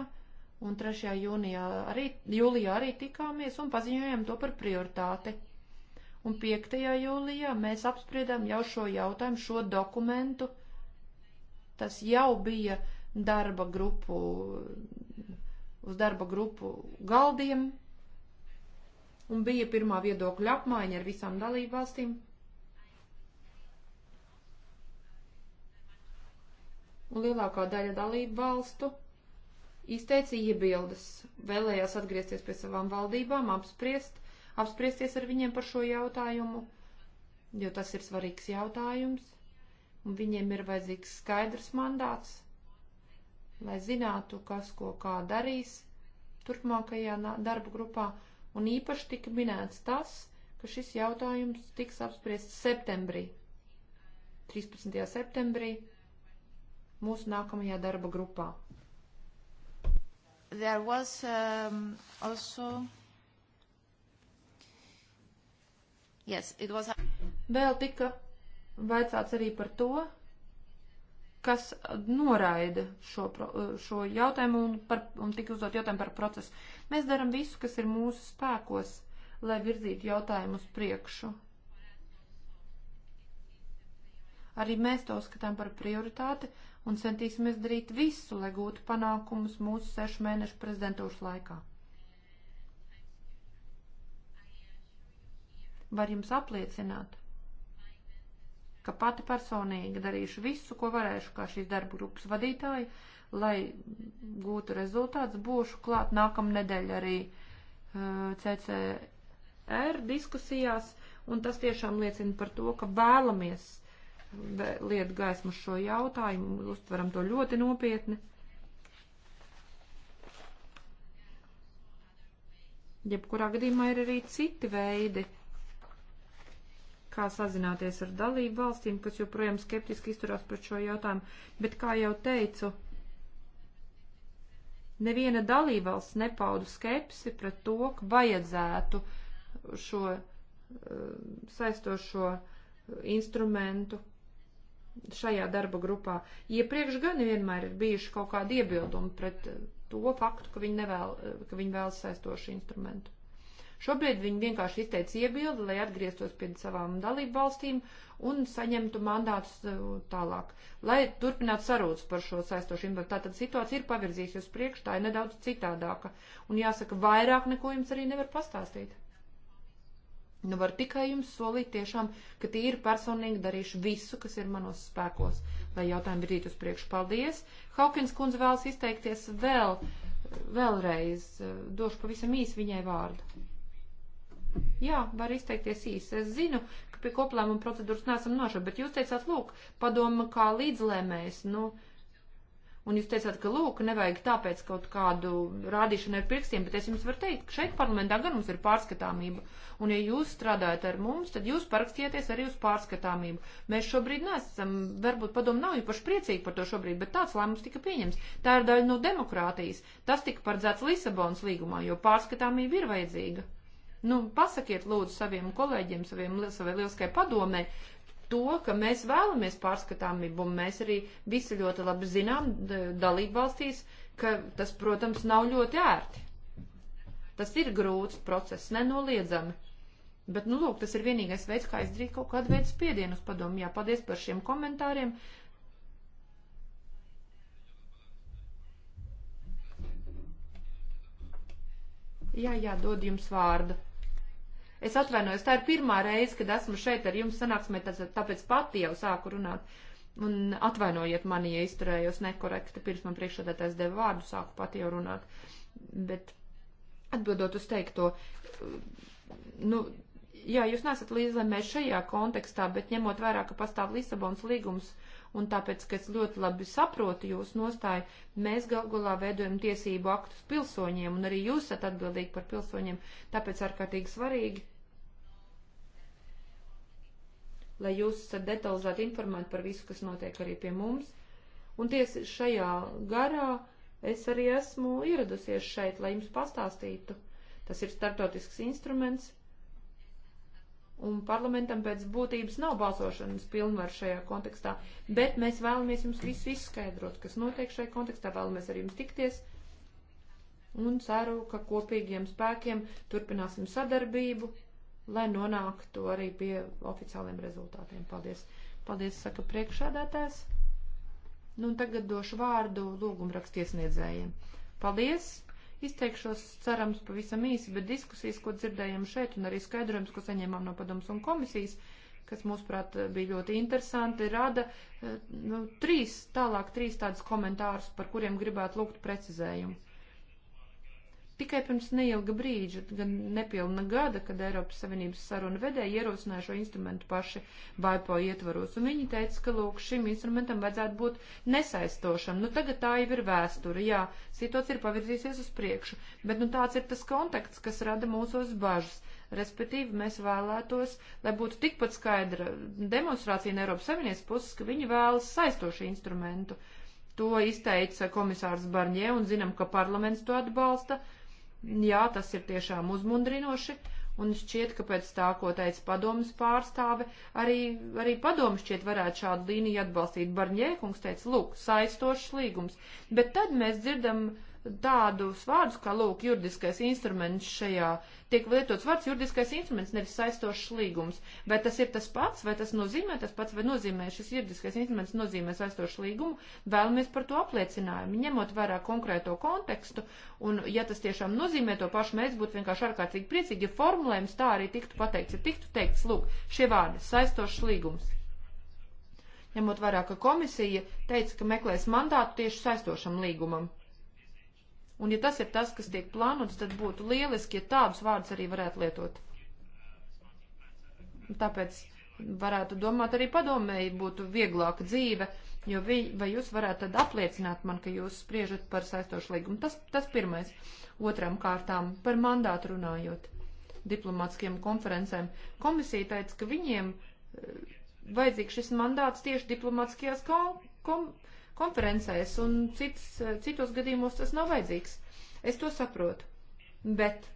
un 3. jūnijā arī, jūlijā arī tikāmies un paziņojām to par prioritāti un 5. jūlijā mēs apspriedām jau šo jautājumu, šo dokumentu. Tas jau bija darba grupu, uz darba grupu galdiem, un bija pirmā viedokļa apmaiņa ar visām dalībvalstīm. Un lielākā daļa dalību valstu izteica iebildes, vēlējās atgriezties pie savām valdībām, apspriest apspriesties ar viņiem par šo jautājumu, jo tas ir svarīgs jautājums. Un viņiem ir vajadzīgs skaidrs mandāts, lai zinātu, kas ko kā darīs turpmākajā darba grupā. Un īpaši tika minēts tas, ka šis jautājums tiks apspriests septembrī, 13. septembrī, mūsu nākamajā darba grupā. There was um, also Yes, it was... Vēl tika vaicāts arī par to, kas noraida šo, šo jautājumu un, par, un tika uzdot jautājumu par procesu. Mēs darām visu, kas ir mūsu spēkos, lai virzītu jautājumu uz priekšu. Arī mēs to uzskatām par prioritāti un centīsimies darīt visu, lai gūtu panākumus mūsu sešu mēnešu prezidentūras laikā. var jums apliecināt, ka pati personīgi darīšu visu, ko varēšu kā šīs darba grupas vadītāji, lai gūtu rezultāts. Būšu klāt nākamnedēļ arī uh, eh, CCR diskusijās, un tas tiešām liecina par to, ka vēlamies liet gaismu šo jautājumu, uztveram to ļoti nopietni. Jebkurā gadījumā ir arī citi veidi, kā sazināties ar dalību valstīm, kas joprojām skeptiski izturās par šo jautājumu, bet, kā jau teicu, neviena dalībvalsts nepauda skepsi pret to, ka vajadzētu šo uh, saistošo eh, instrumentu šajā darba grupā. Iepriekš gan vienmēr ir bijuši kaut kādi iebildumi pret to faktu, ka viņi, nevēl, eh, ka viņi vēlas saistošu instrumentu. Šobrīd viņi vienkārši izteica iebildi, lai atgrieztos pie savām dalību valstīm un saņemtu mandātus eh, tālāk, lai turpinātu sarūdus par šo saistošu importu. Tātad situācija ir pavirzījusies priekš, tā ir nedaudz citādāka. Un jāsaka, vairāk neko jums arī nevar pastāstīt. Nu, var tikai jums solīt tiešām, ka tīri personīgi darīšu visu, kas ir manos spēkos, lai jautājumi virzītu uz priekšu. Paldies! Haukins kundze vēlas izteikties vēl, eh, vēlreiz. Eh, došu pavisam īsi viņai vārdu. Jā, var izteikties īsi. Es zinu, ka pie koplēmuma procedūras neesam nošā, bet jūs teicāt, lūk, padoma kā līdzlēmējs, nu, un jūs teicāt, ka, lūk, nevajag tāpēc kaut kādu rādīšanu ar pirkstiem, bet es jums varu teikt, ka šeit parlamentā gan mums ir pārskatāmība, un ja jūs strādājat ar mums, tad jūs parakstieties arī uz pārskatāmību. Mēs šobrīd nesam, varbūt padomu nav īpaši priecīgi par to šobrīd, bet tāds lēmums tika pieņems. Tā ir daļa no demokrātijas. Tas tika paredzēts Lisabonas līgumā, jo pārskatāmība ir vajadzīga. Nu, pasakiet lūdzu saviem kolēģiem, saviem, savai lieliskai padomē, to, ka mēs vēlamies pārskatāmību, un mēs arī visi ļoti labi zinām dalībvalstīs, ka tas, protams, nav ļoti ērti. Tas ir grūts process, nenoliedzami. Bet, nu, lūk, tas ir vienīgais veids, kā izdarīt kaut kādu veidu spiedienu uz padomu. Jā, paldies par šiem komentāriem. Jā, jā, dod jums vārdu. Es atvainojos, tā ir pirmā reize, kad esmu šeit ar jums sanāksmē, tāpēc pati jau sāku runāt. Un atvainojiet mani, ja izturējos nekorekti, pirms man priekšsēdētājs deva vārdu, sāku pati jau runāt. Bet atbildot uz teikto, nu, jā, jūs nesat līdzlēmē šajā kontekstā, bet ņemot vērā, ka pastāv Lisabonas līgums, uh, un tāpēc, ka es ļoti labi saprotu jūsu nostāju, mēs gal galā veidojam tiesību aktus pilsoņiem, un arī jūs esat atbildīgi par pilsoņiem, tāpēc ārkārtīgi svarīgi, lai jūs esat detalizēti informēti par visu, kas notiek arī pie mums. Un tieši šajā garā es arī esmu ieradusies šeit, lai jums pastāstītu. Tas ir startautisks instruments, un parlamentam pēc būtības nav balsošanas pilnvaru šajā kontekstā, bet mēs vēlamies jums visu izskaidrot, kas notiek šajā kontekstā, vēlamies ar jums tikties un ceru, ka kopīgiem spēkiem turpināsim sadarbību, lai nonāktu arī pie oficiāliem rezultātiem. Paldies! Paldies, saka priekšādātājs. Nu, tagad došu vārdu lūgumrakstiesniedzējiem. Paldies! Izteikšos, cerams, pavisam īsi, bet diskusijas, ko dzirdējām šeit, un arī skaidrojums, ko saņēmām no padoms un komisijas, kas, mūsuprāt, bija ļoti interesanti, rada eh, nu, trīs, tālāk trīs tādus komentārus, par kuriem gribētu lūgt precizējumu. Tikai pirms neilga brīža, gan nepilna gada, kad Eiropas Savienības saruna vedēja ierosināja šo instrumentu paši BIPO ietvaros, un viņi teica, ka, lūk, šim instrumentam vajadzētu būt nesaistošam. Nu, tagad tā jau ir vēsture, jā, situācija ir pavirzīsies uz priekšu, bet, nu, tāds ir tas konteksts, kas rada mūsos bažas. Respektīvi, mēs vēlētos, lai būtu tikpat skaidra demonstrācija no Eiropas Savienības puses, ka viņi vēlas saistošu instrumentu. To izteica komisārs Barņē un zinām, ka parlaments to atbalsta. Uh, Jā, tas ir tiešām uzmundrinoši. Un šķiet, ka pēc tā, ko teica padomas pārstāve, arī, arī padomas šķiet varētu šādu līniju atbalstīt. Barņēkungs teica, lūk, saistošs līgums. Bet tad mēs dzirdam uh, tādus vārdus, kā lūk, juridiskais instruments šajā, tiek lietots vārds juridiskais instruments, nevis saistošs līgums. Vai tas ir tas pats, vai tas nozīmē tas pats, vai nozīmē šis juridiskais instruments nozīmē saistošu līgumu, vēlamies par to apliecinājumu, ņemot vērā konkrēto kontekstu, un ja tas tiešām nozīmē to pašu, mēs būtu vienkārši ārkārtīgi priecīgi, ja formulējums tā arī tiktu pateikts, ja tiktu teikts, lūk, šie vārdi, saistošs līgums ņemot vērā, ka komisija teica, ka meklēs mandātu tieši saistošam līgumam. Un ja tas ir tas, kas tiek plānots, tad būtu lieliski, ja tādus vārdus arī varētu lietot. Tāpēc varētu domāt arī padomēji, būtu vieglāka dzīve, jo vi, vai jūs varētu tad apliecināt man, ka jūs spriežat par saistošu līgumu. Tas, tas pirmais. Otram kārtām par mandātu runājot diplomātskiem konferencēm. Komisija teica, ka viņiem eh, vajadzīgs šis mandāts tieši diplomātskajās kon, kon, konferencēs, un cits, citos gadījumos tas nav vajadzīgs. Es to saprotu. Bet,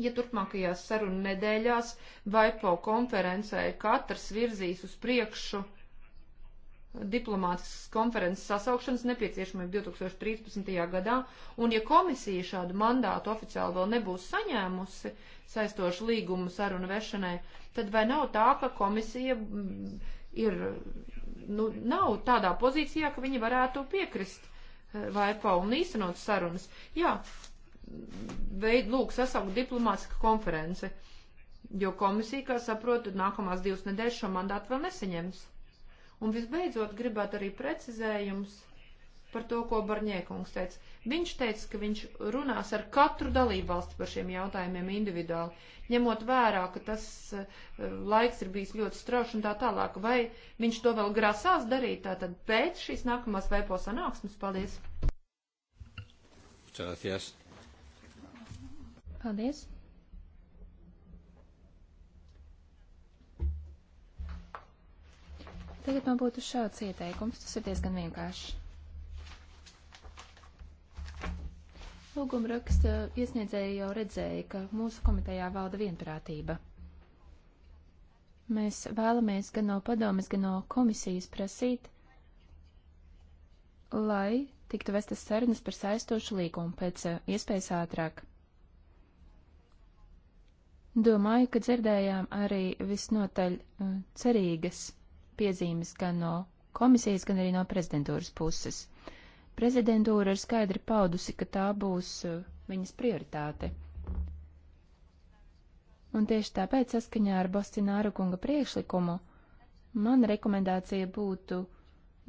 ja turpmākajās sarunu nedēļās vai po konferencē katrs virzīs uz priekšu diplomātiskas konferences sasaukšanas nepieciešamību 2013. gadā, un ja komisija šādu mandātu oficiāli vēl nebūs saņēmusi saistošu līgumu sarunu vešanai, tad vai nav tā, ka komisija ir nu, nav tādā pozīcijā, ka viņi varētu piekrist eh, Vaipā un īstenot sarunas. Jā, veid, lūk, sasaukt diplomātiska konference, jo komisija, kā saprotu, nākamās divas nedēļas šo mandātu vēl neseņems. Un visbeidzot, gribētu arī precizējums par to, ko Barņēkungs teica. Viņš teica, ka viņš runās ar katru dalībvalsti par šiem jautājumiem individuāli, ņemot vērā, ka tas eh, laiks ir bijis ļoti strauši un tā tālāk. Vai viņš to vēl grasās darīt tātad pēc šīs nākamās vēpo sanāksmes? Paldies! Gracias. Paldies! Tagad man būtu šāds ieteikums, tas ir diezgan vienkārši. Lūguma raksta iesniedzēja jau redzēja, ka mūsu komitejā valda vienprātība. Mēs vēlamies gan no padomas, gan no komisijas prasīt, lai tiktu vestas sarunas par saistošu līgumu pēc eh, iespējas ātrāk. Domāju, ka dzirdējām arī visnotaļ eh, cerīgas piezīmes gan no komisijas, gan arī no prezidentūras puses. Prezidentūra ir skaidri paudusi, ka tā būs uh, viņas prioritāte. Un tieši tāpēc, saskaņā ar Bostināru kunga priekšlikumu, mana rekomendācija būtu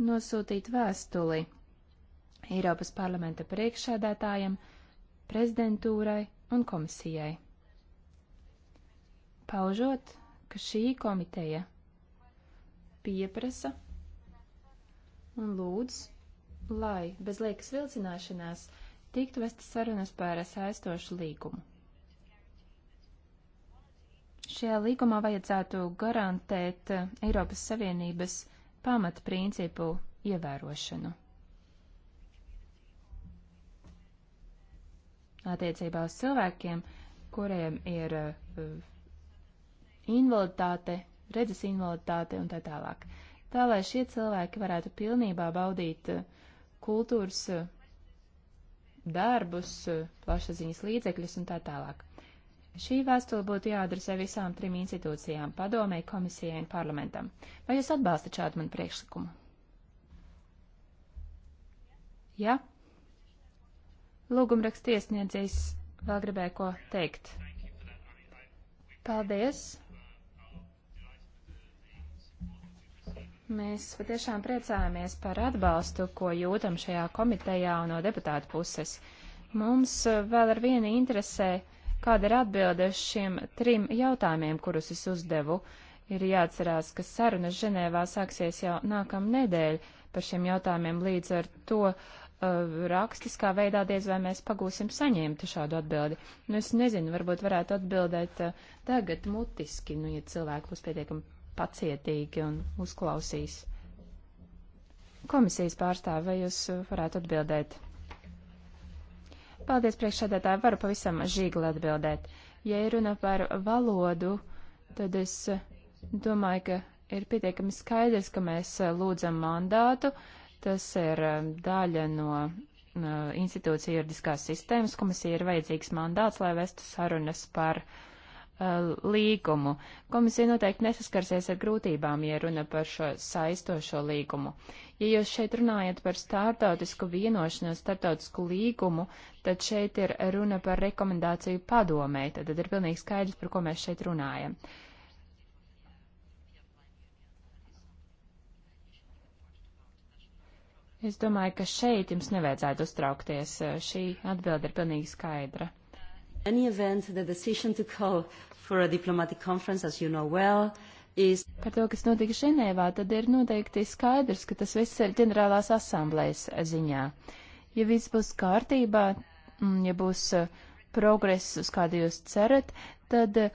nosūtīt vēstuli Eiropas parlamenta priekšsēdētājiem, prezidentūrai un komisijai. Paužot, ka šī komiteja pieprasa un lūdz lai bez liekas vilcināšanās tiktu vestas sarunas par saistošu līgumu. Šajā līgumā vajadzētu garantēt eh, Eiropas Savienības pamatprincipu ievērošanu. Attiecībā uz cilvēkiem, kuriem ir uh, invaliditāte, redzes invaliditāte un tā tālāk. Tā, lai šie cilvēki varētu pilnībā baudīt uh, kultūras eh, darbus, eh, plašsaziņas līdzekļus un tā tālāk. Šī vēstule būtu jāadresē visām trim institūcijām - padomēji, komisijai un parlamentam. Vai jūs atbalstat šādu manu priekšlikumu? Jā? Ja? Lūgumrakstiesniedzējs vēl gribēja ko teikt. Paldies! Mēs patiešām priecājamies par atbalstu, ko jūtam šajā komitejā un no deputātu puses. Mums eh, vēl ar vienu interesē, kāda ir atbilde šiem trim jautājumiem, kurus es uzdevu. Ir jāatcerās, ka sarunas Ženēvā sāksies jau nākam nedēļ par šiem jautājumiem līdz ar to uh, rakstiskā veidā diez vai mēs pagūsim saņemt šādu atbildi. Nu, es nezinu, varbūt varētu atbildēt uh, tagad mutiski, nu, ja cilvēku būs pietiekami pacietīgi un uzklausīs. Komisijas pārstāvi, vai jūs varētu atbildēt? Paldies, priekšsēdētāji, varu pavisam žīgli atbildēt. Ja ir runa par valodu, tad es domāju, ka ir pietiekami skaidrs, ka mēs lūdzam mandātu. Tas ir um, daļa no uh, institūcija juridiskās sistēmas. Komisija ir vajadzīgs mandāts, lai vestu sarunas par uh, Uh, līgumu. Komisija noteikti nesaskarsies ar grūtībām, ja runa par šo saistošo līgumu. Ja jūs šeit runājat par startautisku vienošanos, startautisku līgumu, tad šeit ir runa par rekomendāciju padomē, tad, tad ir pilnīgi skaidrs, par ko mēs šeit runājam. Es domāju, ka šeit jums nevajadzētu uztraukties. Šī atbilde ir pilnīgi skaidra. Any event, the decision to call for a diplomatic conference, as you know well, is... Par to, kas notika Ženēvā, tad ir noteikti skaidrs, ka tas viss ir ģenerālās asamblējas ziņā. Ja viss būs kārtībā, mm, ja būs eh, progress, uz kādu jūs cerat, tad uh,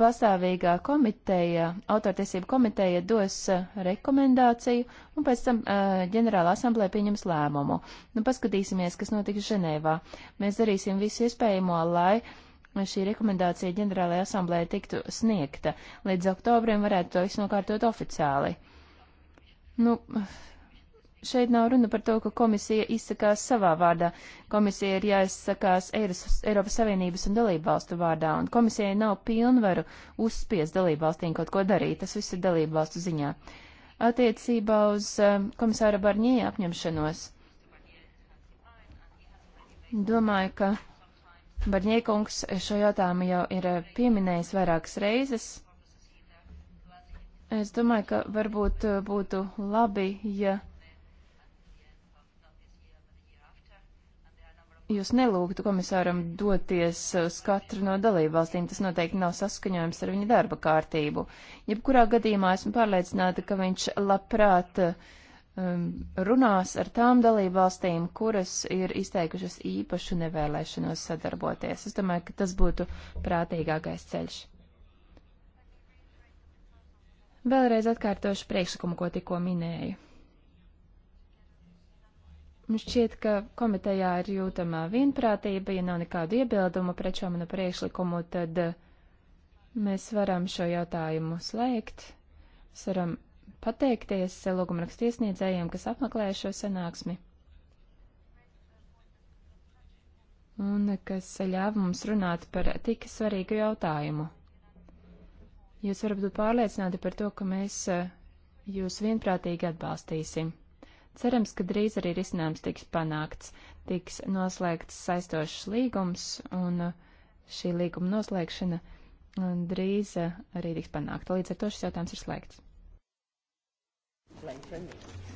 pastāvīgā komiteja, autortiesību komiteja dos eh, rekomendāciju un pēc tam uh, ģenerāla asamblē pieņems lēmumu. Nu, paskatīsimies, kas notiks Ženēvā. Mēs darīsim visu iespējamo, lai šī rekomendācija ģenerālajā asamblē tiktu sniegta. Līdz oktobrim varētu to visu nokārtot oficiāli. Nu, šeit nav runa par to, ka komisija izsakās savā vārdā. Komisija ir jāizsakās Eiras, Eiropas Savienības un dalību valstu vārdā, un komisijai nav pilnvaru uzspies dalību valstīm kaut ko darīt. Tas viss ir dalību valstu ziņā. Attiecībā uz eh, komisāra Barņēja apņemšanos. Domāju, ka Barņēkungs šo jautājumu jau ir eh, pieminējis vairākas reizes. Es domāju, ka varbūt eh, būtu labi, ja jūs nelūgtu komisāram doties uz katru no dalībvalstīm, tas noteikti nav saskaņojums ar viņa darba kārtību. Jebkurā gadījumā esmu pārliecināta, ka viņš labprāt um, runās ar tām dalībvalstīm, kuras ir izteikušas īpašu nevēlēšanos sadarboties. Es domāju, ka tas būtu prātīgākais ceļš. Vēlreiz atkārtošu priekšlikumu, ko tikko minēju. Man šķiet, ka komitejā ir jūtama vienprātība, ja nav nekādu iebildumu pret šo manu priekšlikumu, tad eh, mēs varam šo jautājumu slēgt. Mēs varam pateikties lūgumrakstu iesniedzējiem, kas apmeklēja šo sanāksmi. Un kas ļāva mums runāt par tik svarīgu jautājumu. Jūs varat būt pārliecināti par to, ka mēs eh, jūs vienprātīgi atbalstīsim. Cerams, ka drīz arī risinājums tiks panākts, tiks noslēgts saistošs līgums, un uh, šī līguma noslēgšana drīz uh, arī tiks panākta. Līdz ar to šis jautājums ir slēgts. Thank you.